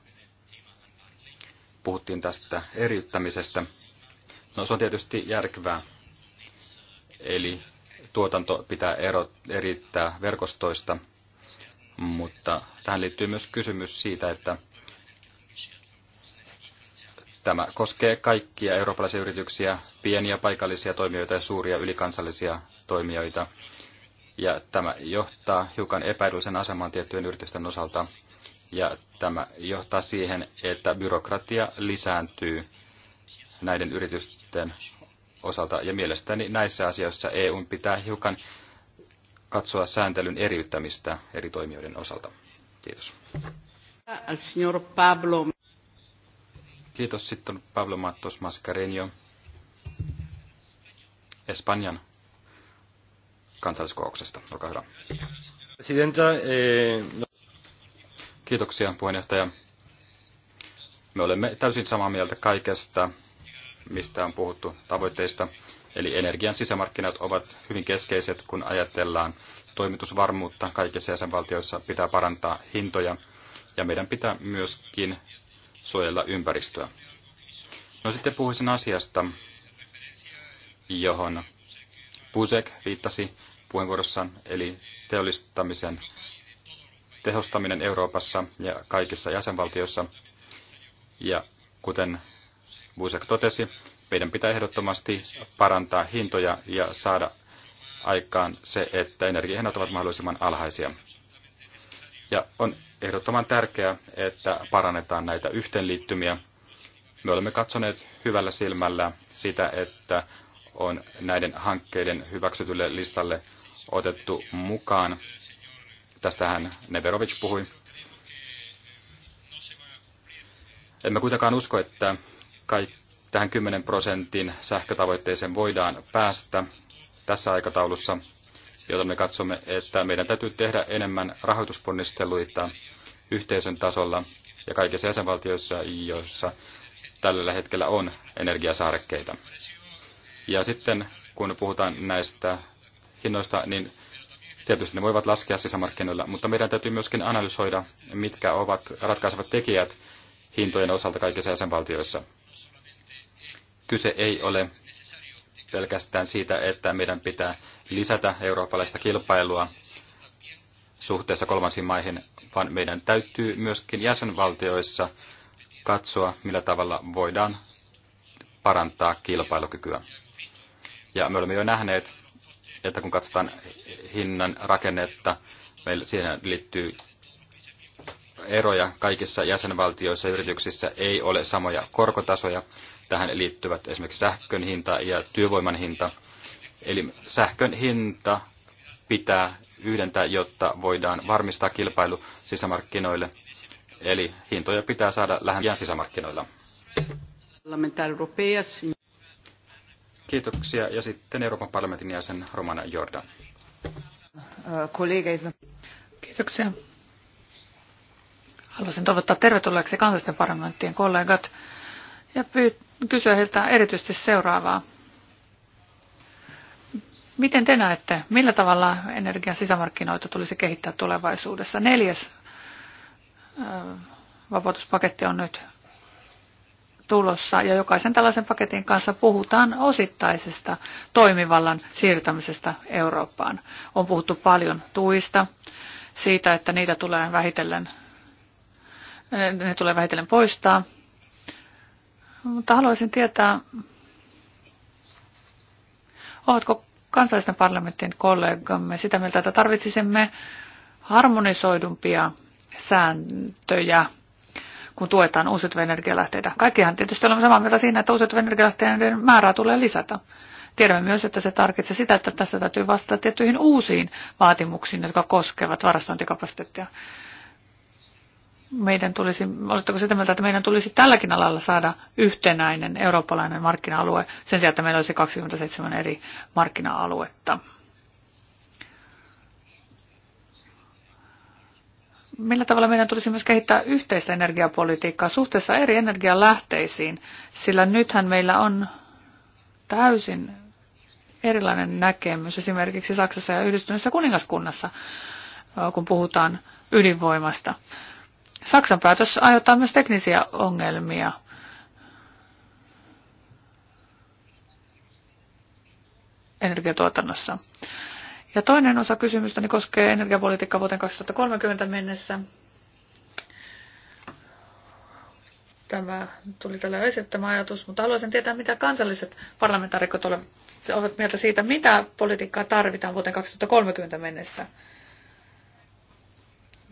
puhuttiin tästä eriyttämisestä. No se on tietysti järkevää, eli tuotanto pitää erot, erittää verkostoista – mutta tähän liittyy myös kysymys siitä, että tämä koskee kaikkia eurooppalaisia yrityksiä, pieniä paikallisia toimijoita ja suuria ylikansallisia toimijoita. Ja tämä johtaa hiukan epäedullisen asemaan tiettyjen yritysten osalta. Ja tämä johtaa siihen, että byrokratia lisääntyy näiden yritysten osalta. Ja mielestäni näissä asioissa EU pitää hiukan katsoa sääntelyn eriyttämistä eri toimijoiden osalta. Kiitos. Pablo. Kiitos sitten Pablo Matos Mascarenio, Espanjan kansalliskokouksesta. Olkaa hyvä. Eh, no- Kiitoksia puheenjohtaja. Me olemme täysin samaa mieltä kaikesta, mistä on puhuttu tavoitteista. Eli energian sisämarkkinat ovat hyvin keskeiset, kun ajatellaan toimitusvarmuutta kaikissa jäsenvaltioissa pitää parantaa hintoja ja meidän pitää myöskin suojella ympäristöä. No sitten puhuisin asiasta, johon Pusek viittasi puheenvuorossaan, eli teollistamisen tehostaminen Euroopassa ja kaikissa jäsenvaltioissa. Ja kuten Busek totesi, meidän pitää ehdottomasti parantaa hintoja ja saada aikaan se, että energiahinnat ovat mahdollisimman alhaisia. Ja on ehdottoman tärkeää, että parannetaan näitä yhteenliittymiä. Me olemme katsoneet hyvällä silmällä sitä, että on näiden hankkeiden hyväksytylle listalle otettu mukaan. Tästähän Neverovic puhui. Emme kuitenkaan usko, että kaikki Tähän 10 prosentin sähkötavoitteeseen voidaan päästä tässä aikataulussa, joten me katsomme, että meidän täytyy tehdä enemmän rahoitusponnisteluita yhteisön tasolla ja kaikissa jäsenvaltioissa, joissa tällä hetkellä on energiasaarekkeita. Ja sitten kun puhutaan näistä hinnoista, niin tietysti ne voivat laskea sisämarkkinoilla, mutta meidän täytyy myöskin analysoida, mitkä ovat ratkaisevat tekijät hintojen osalta kaikissa jäsenvaltioissa. Kyse ei ole pelkästään siitä, että meidän pitää lisätä eurooppalaista kilpailua suhteessa kolmansiin maihin, vaan meidän täytyy myöskin jäsenvaltioissa katsoa, millä tavalla voidaan parantaa kilpailukykyä. Ja me olemme jo nähneet, että kun katsotaan hinnan rakennetta, meillä siihen liittyy eroja kaikissa jäsenvaltioissa ja yrityksissä ei ole samoja korkotasoja, Tähän liittyvät esimerkiksi sähkön hinta ja työvoiman hinta. Eli sähkön hinta pitää yhdentää, jotta voidaan varmistaa kilpailu sisämarkkinoille. Eli hintoja pitää saada lähemmin sisämarkkinoilla. Kiitoksia. Ja sitten Euroopan parlamentin jäsen Romana Jordan. Kiitoksia. Haluaisin toivottaa tervetulleeksi kansallisten parlamenttien kollegat ja pyytää kysyä heiltä erityisesti seuraavaa. Miten te näette, millä tavalla energian sisämarkkinoita tulisi kehittää tulevaisuudessa? Neljäs vapautuspaketti on nyt tulossa ja jokaisen tällaisen paketin kanssa puhutaan osittaisesta toimivallan siirtämisestä Eurooppaan. On puhuttu paljon tuista, siitä, että niitä tulee vähitellen, ne tulee vähitellen poistaa mutta haluaisin tietää, ovatko kansallisten parlamentin kollegamme sitä mieltä, että tarvitsisimme harmonisoidumpia sääntöjä, kun tuetaan uusiutuvia energialähteitä. Kaikkihan tietysti olemme samaa mieltä siinä, että uusiutuvia energialähteiden määrää tulee lisätä. Tiedämme myös, että se tarkoittaa sitä, että tässä täytyy vastata tiettyihin uusiin vaatimuksiin, jotka koskevat varastointikapasiteettia meidän tulisi, oletteko sitä mieltä, että meidän tulisi tälläkin alalla saada yhtenäinen eurooppalainen markkina-alue sen sijaan, että meillä olisi 27 eri markkina-aluetta? Millä tavalla meidän tulisi myös kehittää yhteistä energiapolitiikkaa suhteessa eri energialähteisiin, sillä nythän meillä on täysin erilainen näkemys esimerkiksi Saksassa ja Yhdistyneessä kuningaskunnassa, kun puhutaan ydinvoimasta. Saksan päätös aiheuttaa myös teknisiä ongelmia. energiatuotannossa. Ja toinen osa kysymystä, niin koskee energiapolitiikkaa vuoteen 2030 mennessä. Tämä tuli tällä esittämä ajatus, mutta haluaisin tietää, mitä kansalliset parlamentaarikot ovat mieltä siitä, mitä politiikkaa tarvitaan vuoteen 2030 mennessä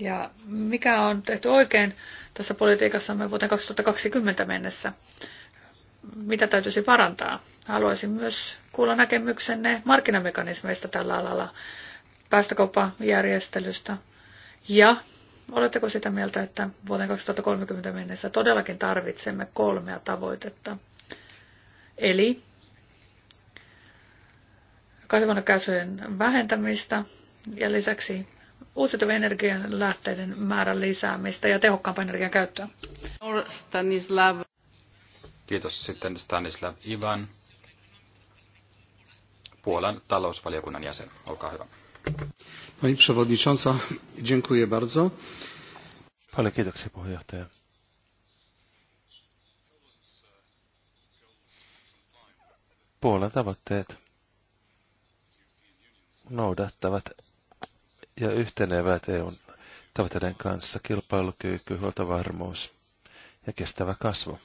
ja mikä on tehty oikein tässä politiikassamme vuoteen 2020 mennessä. Mitä täytyisi parantaa? Haluaisin myös kuulla näkemyksenne markkinamekanismeista tällä alalla, päästökauppajärjestelystä. Ja oletteko sitä mieltä, että vuoteen 2030 mennessä todellakin tarvitsemme kolmea tavoitetta? Eli kasvanut vähentämistä ja lisäksi uusiutuvien energian lähteiden määrän lisäämistä ja tehokkaampaa energian käyttöä. Stanislav. Kiitos sitten Stanislav Ivan, Puolan talousvaliokunnan jäsen. Olkaa hyvä. Pani przewodnicząca, dziękuję bardzo. Paljon kiitoksia puheenjohtaja. Puolan tavoitteet noudattavat ja yhtenevät EUn tavoitteiden kanssa kilpailukyky, huoltovarmuus ja kestävä kasvu.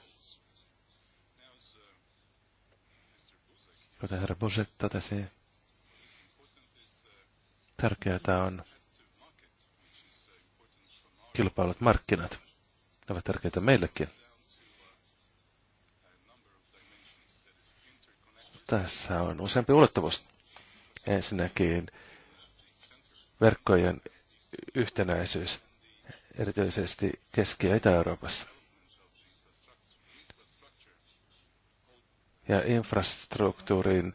Kuten herra Busek totesi, tärkeää on kilpailut markkinat. Ne ovat tärkeitä meillekin. Tässä on useampi ulottuvuus. Ensinnäkin verkkojen yhtenäisyys, erityisesti Keski- ja Itä-Euroopassa. Ja infrastruktuurin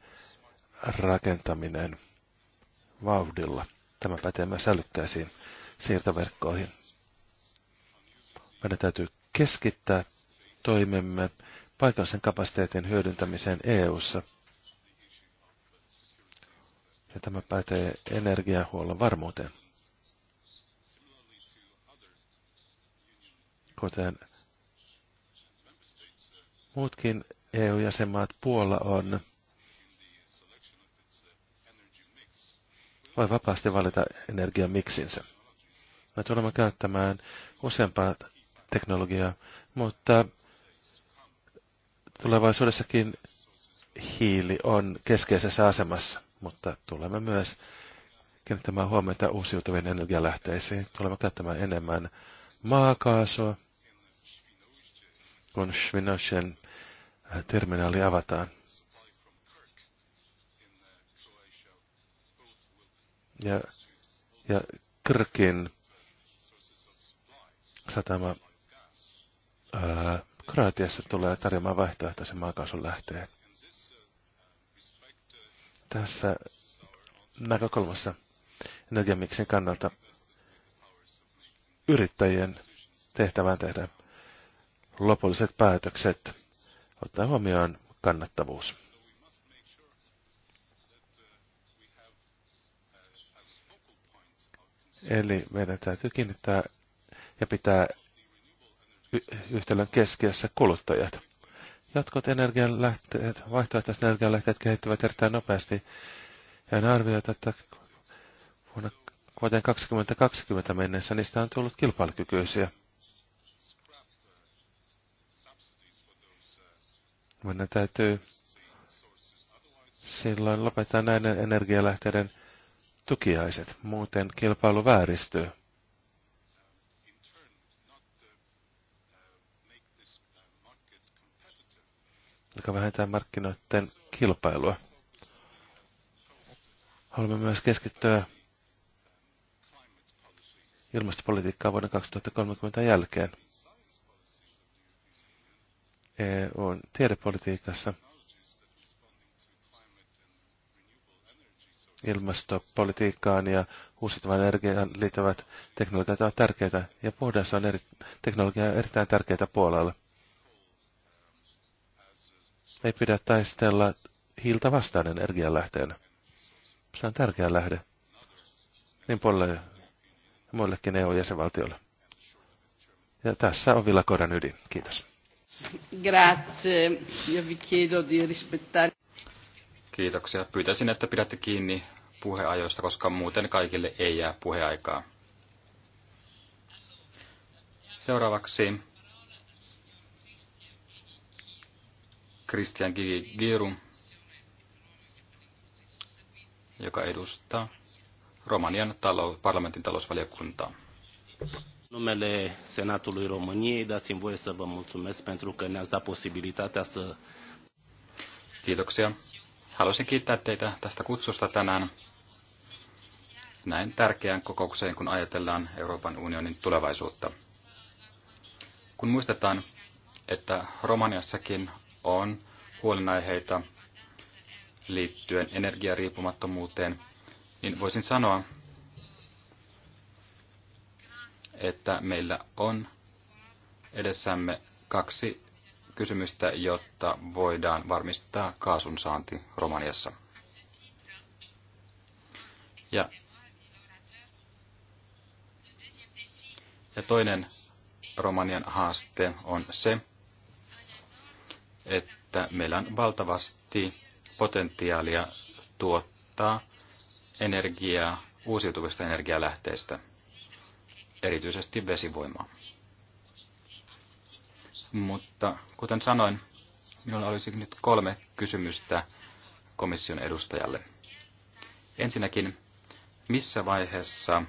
rakentaminen vauhdilla. Tämä pätee myös älykkäisiin siirtoverkkoihin. Meidän täytyy keskittää toimemme paikallisen kapasiteetin hyödyntämiseen EU:ssa ja tämä pätee energiahuollon varmuuteen. Kuten muutkin EU-jäsenmaat, Puola on voi vapaasti valita energian miksinsä. Me tulemme käyttämään useampaa teknologiaa, mutta tulevaisuudessakin hiili on keskeisessä asemassa mutta tulemme myös kiinnittämään huomiota uusiutuvien energialähteisiin. Tulemme käyttämään enemmän maakaasua, kun Schwinoisen äh, terminaali avataan. Ja, ja Kirkin satama ää, äh, Kroatiassa tulee tarjoamaan vaihtoehtoisen maakaasun lähteen tässä näkökulmassa energiamiksin kannalta yrittäjien tehtävään tehdä lopulliset päätökset, ottaa huomioon kannattavuus. Eli meidän täytyy kiinnittää ja pitää yhtälön keskiössä kuluttajat. Jotkut energialähteet, vaihtoehtoiset energialähteet kehittyvät erittäin nopeasti. Ja on arvioitu, että vuonna, vuoteen 2020 mennessä niistä on tullut kilpailukykyisiä. Meidän täytyy silloin lopettaa näiden energialähteiden tukiaiset, muuten kilpailu vääristyy. joka vähentää markkinoiden kilpailua. Haluamme myös keskittyä ilmastopolitiikkaa vuoden 2030 jälkeen. EUn tiedepolitiikassa ilmastopolitiikkaan ja uusiutuvan energian liittyvät teknologiat ovat tärkeitä ja puhdas on eri, teknologia on erittäin tärkeitä puolella. Ei pidä taistella hiiltä vastaan energianlähteenä. Se on tärkeä lähde. Niin puolelle ja muillekin EU-jäsenvaltioille. Ja tässä on villakoiran ydin. Kiitos. Grazie. Io vi chiedo di rispettare. Kiitoksia. Pyytäisin, että pidätte kiinni puheajoista, koska muuten kaikille ei jää puheaikaa. Seuraavaksi Christian Giru, joka edustaa Romanian talo, parlamentin talousvaliokuntaa. Numele Senatului României, dați-mi voie să vă mulțumesc pentru că ne-ați dat posibilitatea să... Kiitoksia. Haluaisin kiittää teitä tästä kutsusta tänään näin tärkeään kokoukseen, kun ajatellaan Euroopan unionin tulevaisuutta. Kun muistetaan, että Romaniassakin on huolenaiheita liittyen energiariippumattomuuteen, niin voisin sanoa, että meillä on edessämme kaksi kysymystä, jotta voidaan varmistaa kaasun saanti Romaniassa. Ja, ja toinen Romanian haaste on se, että meillä on valtavasti potentiaalia tuottaa energiaa uusiutuvista energialähteistä, erityisesti vesivoimaa. Mutta kuten sanoin, minulla olisi nyt kolme kysymystä komission edustajalle. Ensinnäkin, missä vaiheessa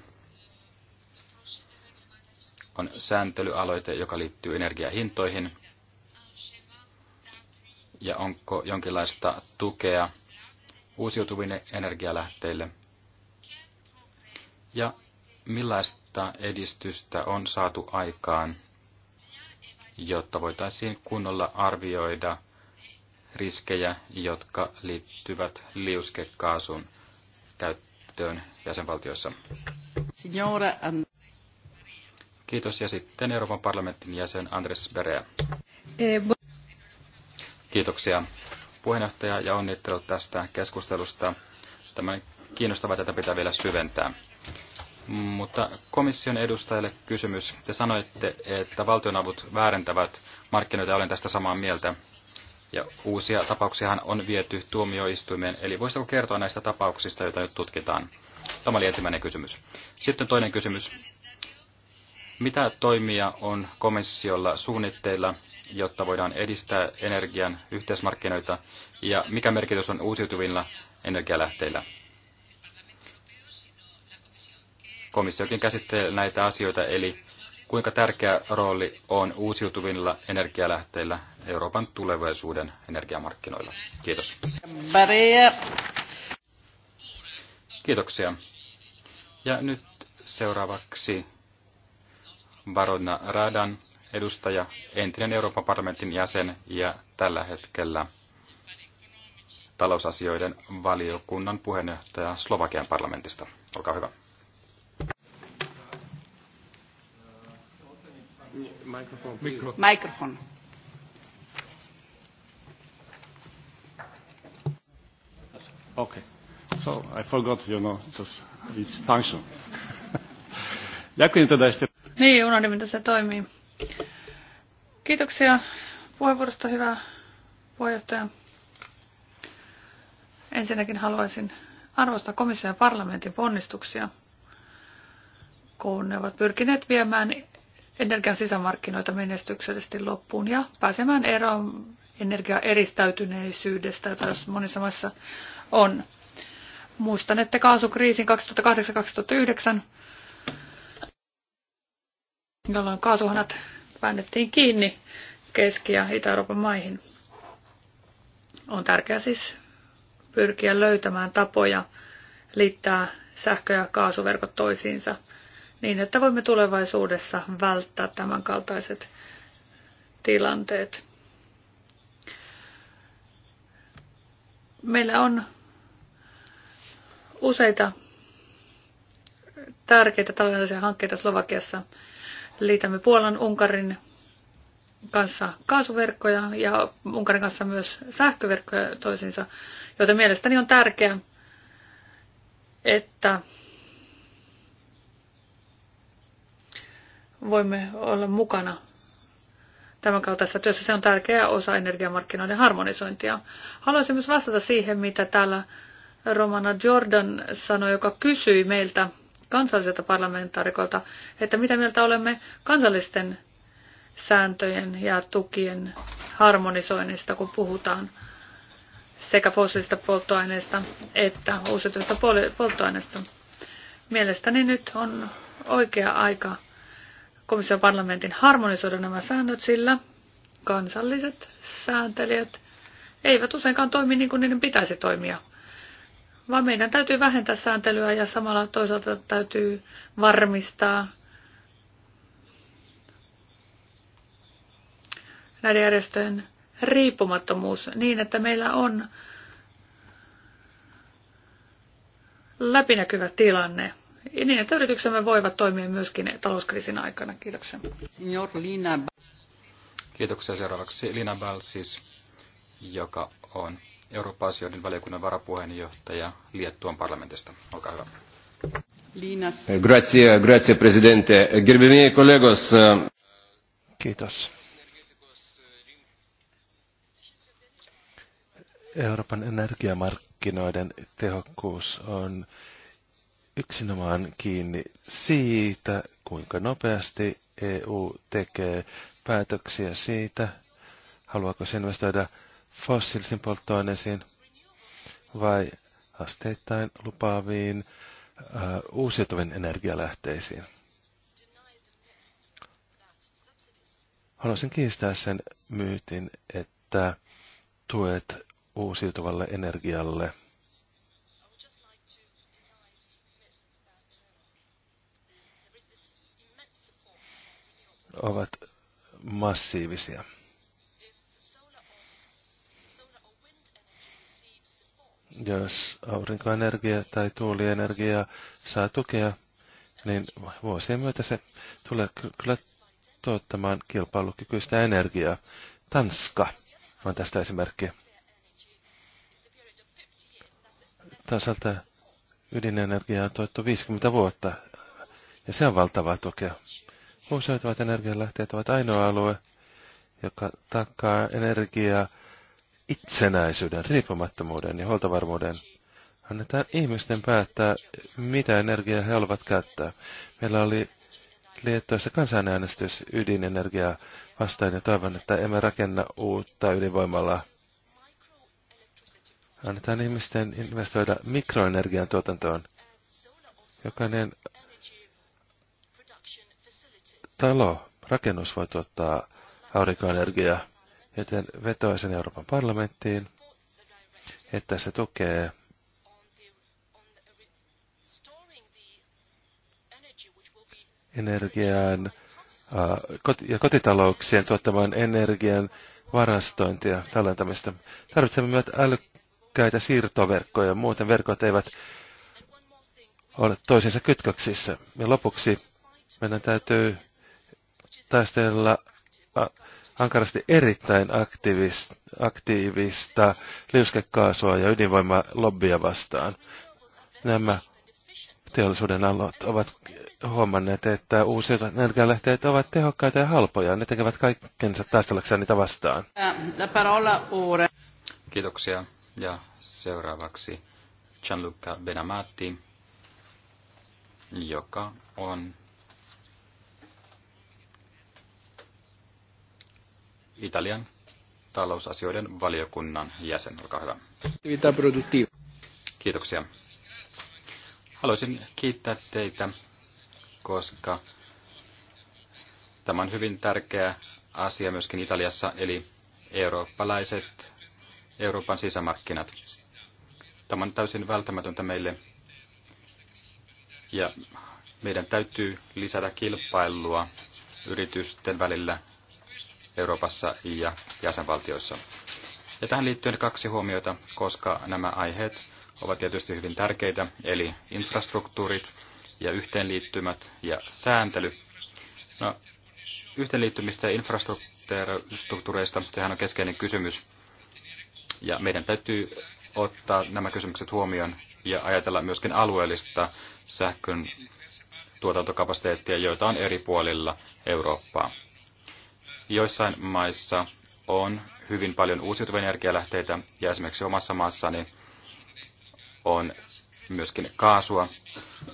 on sääntelyaloite, joka liittyy energiahintoihin – ja onko jonkinlaista tukea uusiutuville energialähteille? Ja millaista edistystä on saatu aikaan, jotta voitaisiin kunnolla arvioida riskejä, jotka liittyvät liuskekaasun käyttöön jäsenvaltioissa? Signora Kiitos ja sitten Euroopan parlamentin jäsen Andres Berea. Eh, Kiitoksia puheenjohtaja ja onnittelut tästä keskustelusta. Tämä kiinnostavaa tätä pitää vielä syventää. Mutta komission edustajalle kysymys. Te sanoitte, että valtionavut väärentävät markkinoita ja olen tästä samaa mieltä. Ja uusia tapauksiahan on viety tuomioistuimeen. Eli voisitko kertoa näistä tapauksista, joita nyt tutkitaan? Tämä oli ensimmäinen kysymys. Sitten toinen kysymys. Mitä toimia on komissiolla suunnitteilla, jotta voidaan edistää energian yhteismarkkinoita ja mikä merkitys on uusiutuvilla energialähteillä. Komissiokin käsittelee näitä asioita, eli kuinka tärkeä rooli on uusiutuvilla energialähteillä Euroopan tulevaisuuden energiamarkkinoilla. Kiitos. Kiitoksia. Ja nyt seuraavaksi Varona Radan edustaja, entinen Euroopan parlamentin jäsen ja tällä hetkellä talousasioiden valiokunnan puheenjohtaja Slovakian parlamentista. Olkaa hyvä. Mikrofon. Mikrofon. Okay. So I forgot, you know, just its function. (laughs) Ďakujem teda ešte. Niin, unohdin, miten se toimii. Kiitoksia puheenvuorosta, hyvä puheenjohtaja. Ensinnäkin haluaisin arvostaa komission ja parlamentin ponnistuksia, kun ne ovat pyrkineet viemään energian sisämarkkinoita menestyksellisesti loppuun ja pääsemään eroon energiaeristäytyneisyydestä, jota monissa maissa on. Muistan, että kaasukriisin 2008-2009 jolloin kaasuhanat väännettiin kiinni Keski- ja Itä-Euroopan maihin. On tärkeää siis pyrkiä löytämään tapoja liittää sähkö- ja kaasuverkot toisiinsa niin, että voimme tulevaisuudessa välttää tämän kaltaiset tilanteet. Meillä on useita tärkeitä tällaisia hankkeita Slovakiassa, liitämme Puolan, Unkarin kanssa kaasuverkkoja ja Unkarin kanssa myös sähköverkkoja toisiinsa, joten mielestäni on tärkeää, että voimme olla mukana tämän kaltaisessa työssä. Se on tärkeä osa energiamarkkinoiden harmonisointia. Haluaisin myös vastata siihen, mitä täällä Romana Jordan sanoi, joka kysyi meiltä kansallisilta parlamentaarikolta, että mitä mieltä olemme kansallisten sääntöjen ja tukien harmonisoinnista, kun puhutaan sekä fossiilisista polttoaineista että uusiutuvista polttoaineista. Mielestäni nyt on oikea aika komission parlamentin harmonisoida nämä säännöt, sillä kansalliset sääntelijät eivät useinkaan toimi niin kuin niiden pitäisi toimia vaan meidän täytyy vähentää sääntelyä ja samalla toisaalta täytyy varmistaa näiden järjestöjen riippumattomuus niin, että meillä on läpinäkyvä tilanne. Ja niin, että yrityksemme voivat toimia myöskin talouskriisin aikana. Kiitoksia. Signor Lina. Kiitoksia seuraavaksi Lina Balsis, joka on Eurooppa-asioiden valiokunnan varapuheenjohtaja Liettuan parlamentista. Olkaa hyvä. Linas. Eh, grazie, grazie presidente. Eh, Gerbimie kollegos. Eh. Kiitos. Euroopan energiamarkkinoiden tehokkuus on yksinomaan kiinni siitä, kuinka nopeasti EU tekee päätöksiä siitä, haluaako se investoida fossiilisiin polttoaineisiin vai asteittain lupaaviin uh, äh, uusiutuvien energialähteisiin. Haluaisin kiistää sen myytin, että tuet uusiutuvalle energialle ovat massiivisia. Jos aurinkoenergia tai tuulienergia saa tukea, niin vuosien myötä se tulee kyllä tuottamaan kilpailukykyistä energiaa. Tanska on tästä esimerkki. Tasalta ydinenergiaa on tuettu 50 vuotta, ja se on valtavaa tukea. Uusiutuvat energialähteet ovat ainoa alue, joka takaa energiaa itsenäisyyden, riippumattomuuden ja huoltovarmuuden. Annetaan ihmisten päättää, mitä energiaa he haluavat käyttää. Meillä oli Liettuessa kansanäänestys ydinenergiaa vastaan ja toivon, että emme rakenna uutta ydinvoimalla. Annetaan ihmisten investoida mikroenergian tuotantoon. Jokainen talo, rakennus voi tuottaa aurinkoenergiaa joten vetoaisin Euroopan parlamenttiin, että se tukee energian ja kotitalouksien tuottaman energian varastointia tallentamista. Tarvitsemme myös älykkäitä siirtoverkkoja, muuten verkot eivät ole toisensa kytköksissä. Ja lopuksi meidän täytyy taistella ankarasti erittäin aktiivista, aktiivista liuskekaasua ja ydinvoimalobbia vastaan. Nämä teollisuuden alot ovat huomanneet, että uusiutuvat energialähteet ovat tehokkaita ja halpoja. Ne tekevät kaikkensa taistellakseen niitä vastaan. Kiitoksia. Ja seuraavaksi Gianluca Benamatti, joka on Italian talousasioiden valiokunnan jäsen. Olkaa hyvä. Kiitoksia. Haluaisin kiittää teitä, koska tämä on hyvin tärkeä asia myöskin Italiassa, eli eurooppalaiset Euroopan sisämarkkinat. Tämä on täysin välttämätöntä meille ja meidän täytyy lisätä kilpailua yritysten välillä Euroopassa ja jäsenvaltioissa. Ja tähän liittyen kaksi huomiota, koska nämä aiheet ovat tietysti hyvin tärkeitä, eli infrastruktuurit ja yhteenliittymät ja sääntely. No, yhteenliittymistä ja infrastruktuureista, sehän on keskeinen kysymys. Ja meidän täytyy ottaa nämä kysymykset huomioon ja ajatella myöskin alueellista sähkön tuotantokapasiteettia, joita on eri puolilla Eurooppaa. Joissain maissa on hyvin paljon uusiutuvia energialähteitä ja esimerkiksi omassa maassani on myöskin kaasua,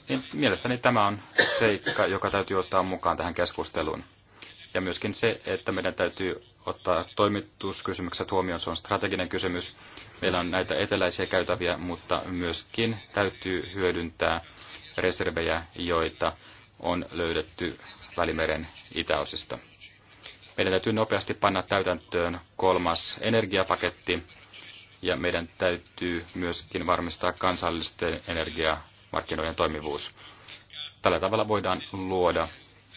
niin mielestäni tämä on seikka, joka täytyy ottaa mukaan tähän keskusteluun. Ja myöskin se, että meidän täytyy ottaa toimituskysymykset huomioon, se on strateginen kysymys. Meillä on näitä eteläisiä käytäviä, mutta myöskin täytyy hyödyntää reservejä, joita on löydetty Välimeren itäosista. Meidän täytyy nopeasti panna täytäntöön kolmas energiapaketti ja meidän täytyy myöskin varmistaa kansallisten energiamarkkinoiden toimivuus. Tällä tavalla voidaan luoda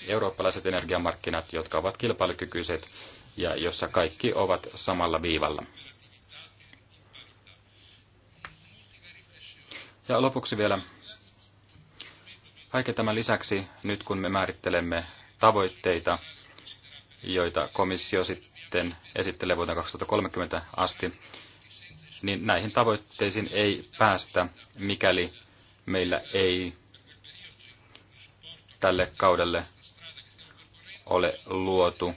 eurooppalaiset energiamarkkinat, jotka ovat kilpailukykyiset ja jossa kaikki ovat samalla viivalla. Ja lopuksi vielä kaiken tämän lisäksi, nyt kun me määrittelemme tavoitteita joita komissio sitten esittelee vuoteen 2030 asti, niin näihin tavoitteisiin ei päästä, mikäli meillä ei tälle kaudelle ole luotu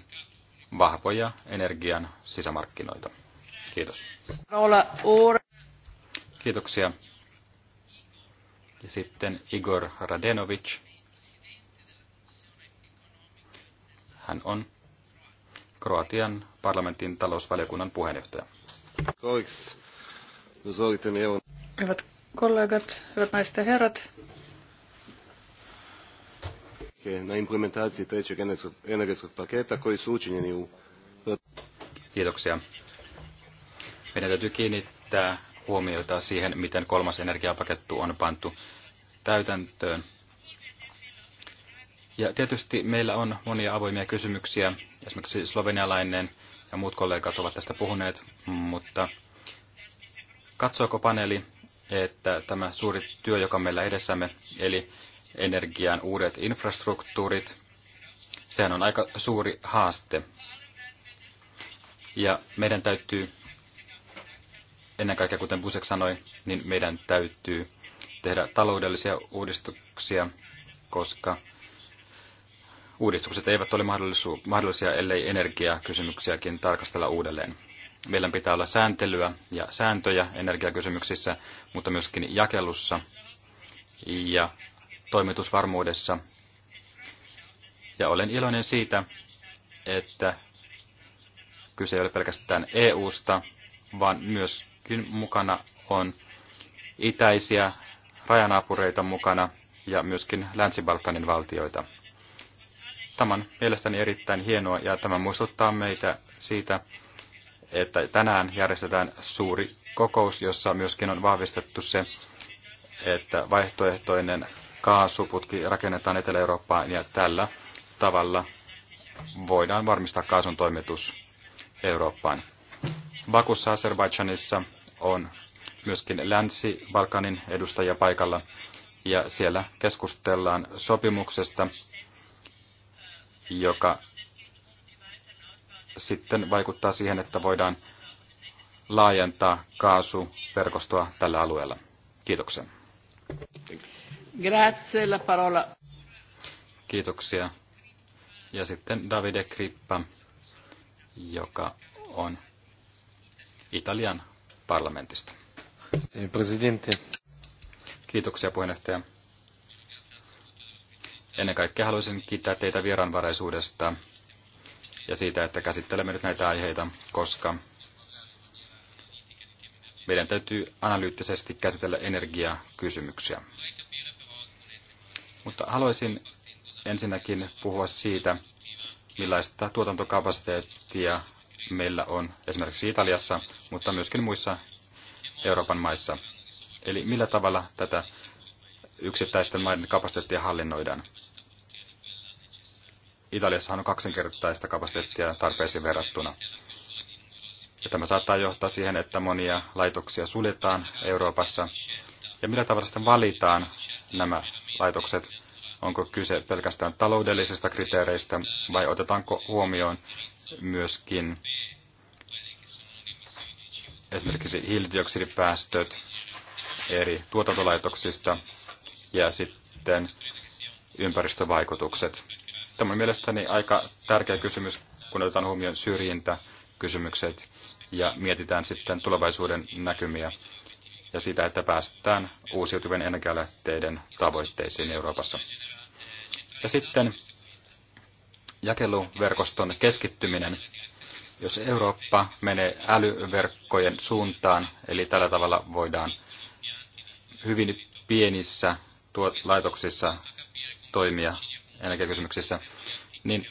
vahvoja energian sisämarkkinoita. Kiitos. Kiitoksia. Ja sitten Igor Radenovic. Hän on Kroatian parlamentin talousvaliokunnan puheenjohtaja. Hyvät kollegat, hyvät naiset ja herrat. Kiitoksia. Meidän täytyy kiinnittää huomiota siihen, miten kolmas energiapaketti on pantu täytäntöön. Ja tietysti meillä on monia avoimia kysymyksiä, Esimerkiksi slovenialainen ja muut kollegat ovat tästä puhuneet, mutta katsoako paneeli, että tämä suuri työ, joka meillä edessämme, eli energian uudet infrastruktuurit, sehän on aika suuri haaste. Ja meidän täytyy, ennen kaikkea kuten Busek sanoi, niin meidän täytyy tehdä taloudellisia uudistuksia, koska uudistukset eivät ole mahdollisia, ellei energiakysymyksiäkin tarkastella uudelleen. Meillä pitää olla sääntelyä ja sääntöjä energiakysymyksissä, mutta myöskin jakelussa ja toimitusvarmuudessa. Ja olen iloinen siitä, että kyse ei ole pelkästään EU-sta, vaan myöskin mukana on itäisiä rajanaapureita mukana ja myöskin Länsi-Balkanin valtioita. Tämän mielestäni erittäin hienoa ja tämä muistuttaa meitä siitä, että tänään järjestetään suuri kokous, jossa myöskin on vahvistettu se, että vaihtoehtoinen kaasuputki rakennetaan Etelä-Eurooppaan ja tällä tavalla voidaan varmistaa kaasun toimitus Eurooppaan. Bakussa Azerbaidžanissa on myöskin Länsi-Balkanin edustajia paikalla ja siellä keskustellaan sopimuksesta, joka sitten vaikuttaa siihen, että voidaan laajentaa kaasuverkostoa tällä alueella. Kiitoksia. Grazie, la parola. Kiitoksia. Ja sitten Davide Krippa, joka on Italian parlamentista. Eh, presidente. Kiitoksia puheenjohtaja. Ennen kaikkea haluaisin kiittää teitä vieraanvaraisuudesta ja siitä, että käsittelemme nyt näitä aiheita, koska meidän täytyy analyyttisesti käsitellä energiakysymyksiä. Mutta haluaisin ensinnäkin puhua siitä, millaista tuotantokapasiteettia meillä on esimerkiksi Italiassa, mutta myöskin muissa Euroopan maissa. Eli millä tavalla tätä yksittäisten maiden kapasiteettia hallinnoidaan. Italiassa on kaksinkertaista kapasiteettia tarpeisiin verrattuna. Ja tämä saattaa johtaa siihen, että monia laitoksia suljetaan Euroopassa. Ja millä tavalla sitten valitaan nämä laitokset? Onko kyse pelkästään taloudellisista kriteereistä vai otetaanko huomioon myöskin esimerkiksi hiilidioksidipäästöt eri tuotantolaitoksista ja sitten ympäristövaikutukset. Tämä on mielestäni aika tärkeä kysymys, kun otetaan huomioon syrjintäkysymykset ja mietitään sitten tulevaisuuden näkymiä ja sitä, että päästään uusiutuvien energialähteiden tavoitteisiin Euroopassa. Ja sitten jakeluverkoston keskittyminen. Jos Eurooppa menee älyverkkojen suuntaan, eli tällä tavalla voidaan hyvin pienissä tuot laitoksissa toimia energiakysymyksissä, niin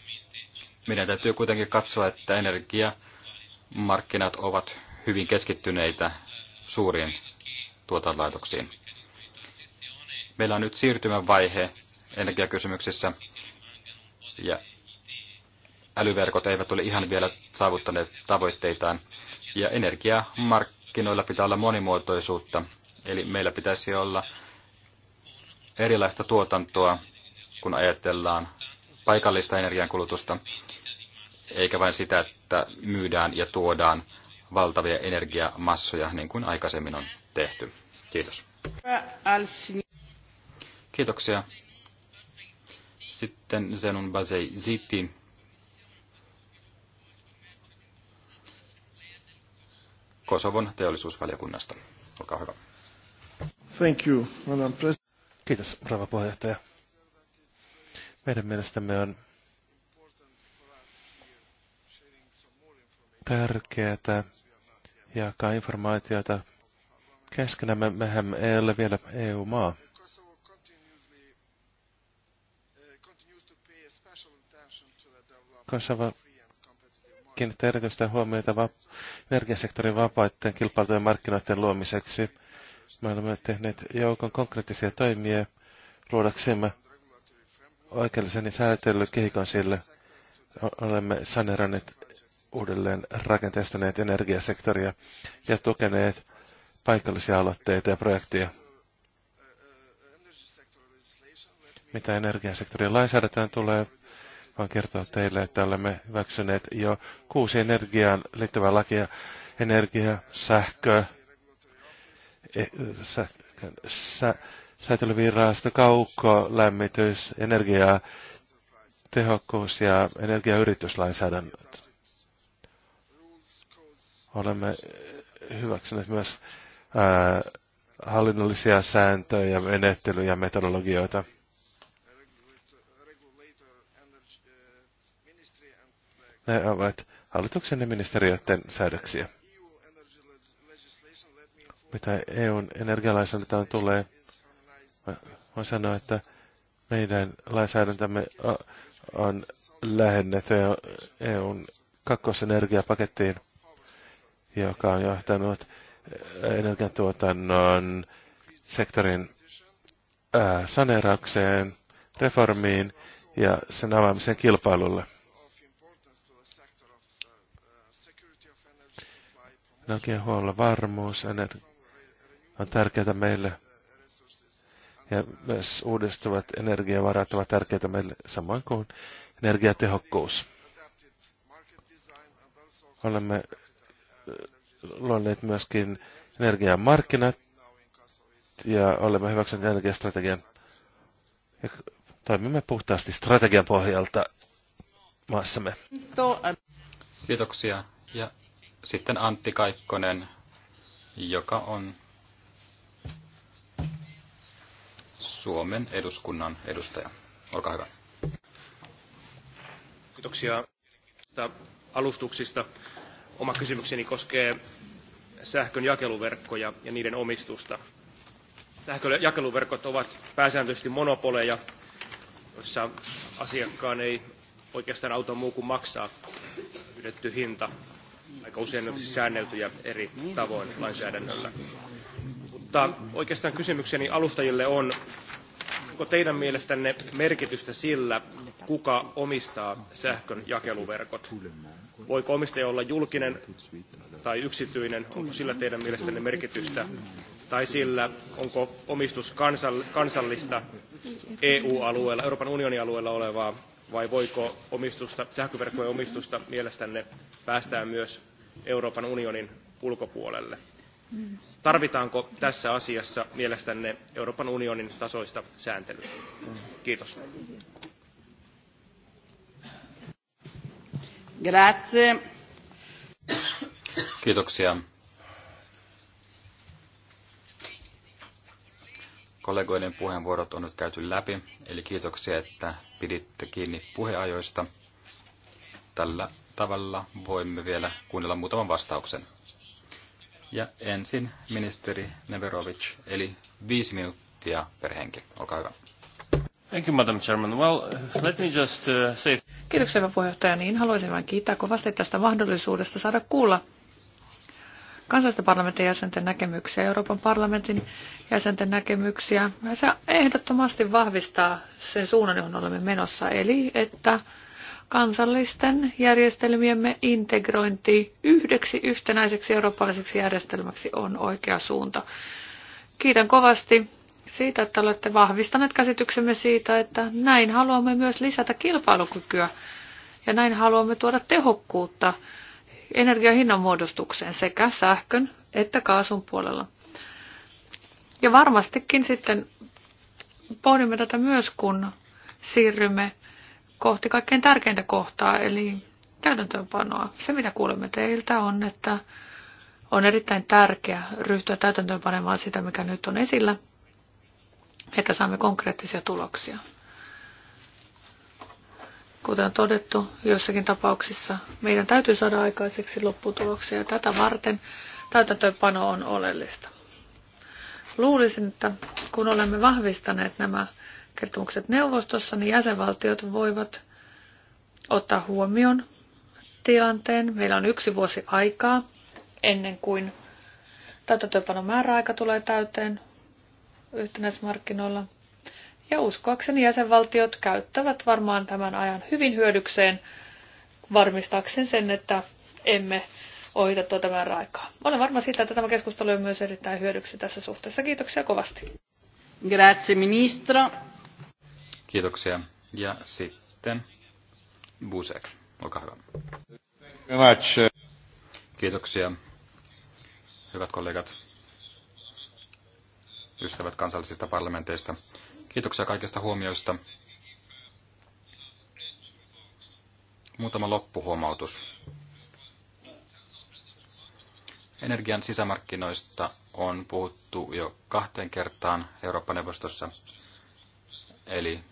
meidän täytyy kuitenkin katsoa, että energiamarkkinat ovat hyvin keskittyneitä suuriin tuotantolaitoksiin. Meillä on nyt siirtymävaihe energiakysymyksissä ja älyverkot eivät ole ihan vielä saavuttaneet tavoitteitaan. Ja energiamarkkinoilla pitää olla monimuotoisuutta, eli meillä pitäisi olla erilaista tuotantoa, kun ajatellaan paikallista energiankulutusta, eikä vain sitä, että myydään ja tuodaan valtavia energiamassoja, niin kuin aikaisemmin on tehty. Kiitos. Kiitoksia. Sitten Zenon Basei Ziti. Kosovon teollisuusvaliokunnasta. Olkaa hyvä. Thank you, Madam Kiitos, rouva puheenjohtaja. Meidän mielestämme on tärkeää jakaa informaatiota keskenämme. Mehän ei ole vielä EU-maa. Kosovo kiinnittää erityistä huomiota energiasektorin vapaiden kilpailujen markkinoiden luomiseksi me olemme tehneet joukon konkreettisia toimia luodaksemme oikeellisen säätelyn kehikon sille. Olemme saneranneet uudelleen rakenteistaneet energiasektoria ja tukeneet paikallisia aloitteita ja projekteja. Mitä energiasektorin lainsäädäntöön tulee, vaan kertoa teille, että olemme hyväksyneet jo kuusi energiaan liittyvää lakia. Energia, sähkö, sä, sä, säätelyvirasto, kaukko, lämmitys, energia, tehokkuus ja energiayrityslainsäädännöt. Olemme hyväksyneet myös ää, hallinnollisia sääntöjä, menettelyjä ja metodologioita. Ne ovat hallituksen ja ministeriöiden säädöksiä mitä EUn energialainsäädäntöön tulee, voin sanoa, että meidän lainsäädäntömme on lähennetty EUn kakkosenergiapakettiin, joka on johtanut energiantuotannon sektorin saneeraukseen, reformiin ja sen avaamisen kilpailulle. Energiahuollon varmuus, energia on tärkeää meille. Ja myös uudistuvat energiavarat ovat tärkeitä meille, samoin kuin energiatehokkuus. Olemme äh, luonneet myöskin energian ja olemme hyväksyneet energiastrategian ja toimimme puhtaasti strategian pohjalta maassamme. Kiitoksia. Ja sitten Antti Kaikkonen, joka on Suomen eduskunnan edustaja. Olkaa hyvä. Kiitoksia alustuksista. Oma kysymykseni koskee sähkön jakeluverkkoja ja niiden omistusta. Sähkön jakeluverkot ovat pääsääntöisesti monopoleja, joissa asiakkaan ei oikeastaan auta muu kuin maksaa yletty hinta. Aika usein on siis säänneltyjä eri tavoin lainsäädännöllä. Mutta oikeastaan kysymykseni alustajille on, onko teidän mielestänne merkitystä sillä, kuka omistaa sähkön jakeluverkot? Voiko omistaja olla julkinen tai yksityinen? Onko sillä teidän mielestänne merkitystä? Tai sillä, onko omistus kansallista EU-alueella, Euroopan unionin alueella olevaa, vai voiko omistusta, sähköverkkojen omistusta mielestänne päästää myös Euroopan unionin ulkopuolelle? Tarvitaanko tässä asiassa mielestänne Euroopan unionin tasoista sääntelyä? Kiitos. Grazie. Kiitoksia. Kollegoiden puheenvuorot on nyt käyty läpi, eli kiitoksia, että piditte kiinni puheajoista. Tällä tavalla voimme vielä kuunnella muutaman vastauksen. Ja ensin ministeri Neverovic, eli viisi minuuttia per henki. Olkaa hyvä. Thank you, Madam Chairman. Well, let me just uh, say... Kiitoksia, hyvä puheenjohtaja. Niin, haluaisin vain kiittää kovasti tästä mahdollisuudesta saada kuulla kansallisten parlamentin jäsenten näkemyksiä, Euroopan parlamentin jäsenten näkemyksiä. Se ehdottomasti vahvistaa sen suunnan, johon olemme menossa, eli että kansallisten järjestelmiemme integrointi yhdeksi yhtenäiseksi eurooppalaiseksi järjestelmäksi on oikea suunta. Kiitän kovasti siitä, että olette vahvistaneet käsityksemme siitä, että näin haluamme myös lisätä kilpailukykyä ja näin haluamme tuoda tehokkuutta energiahinnan muodostukseen sekä sähkön että kaasun puolella. Ja varmastikin sitten pohdimme tätä myös, kun siirrymme kohti kaikkein tärkeintä kohtaa, eli täytäntöönpanoa. Se, mitä kuulemme teiltä, on, että on erittäin tärkeää ryhtyä täytäntöönpanemaan sitä, mikä nyt on esillä, että saamme konkreettisia tuloksia. Kuten on todettu, joissakin tapauksissa meidän täytyy saada aikaiseksi lopputuloksia ja tätä varten täytäntöönpano on oleellista. Luulisin, että kun olemme vahvistaneet nämä kertomukset neuvostossa, niin jäsenvaltiot voivat ottaa huomioon tilanteen. Meillä on yksi vuosi aikaa ennen kuin täytäntöönpanon määräaika tulee täyteen yhtenäismarkkinoilla. Ja uskoakseni jäsenvaltiot käyttävät varmaan tämän ajan hyvin hyödykseen varmistaakseen sen, että emme ohita tuota määräaikaa. Olen varma siitä, että tämä keskustelu on myös erittäin hyödyksi tässä suhteessa. Kiitoksia kovasti. Grazie, ministro. Kiitoksia. Ja sitten Busek, olkaa hyvä. Kiitoksia, hyvät kollegat, ystävät kansallisista parlamenteista. Kiitoksia kaikista huomioista. Muutama loppuhuomautus. Energian sisämarkkinoista on puhuttu jo kahteen kertaan Eurooppa-neuvostossa, eli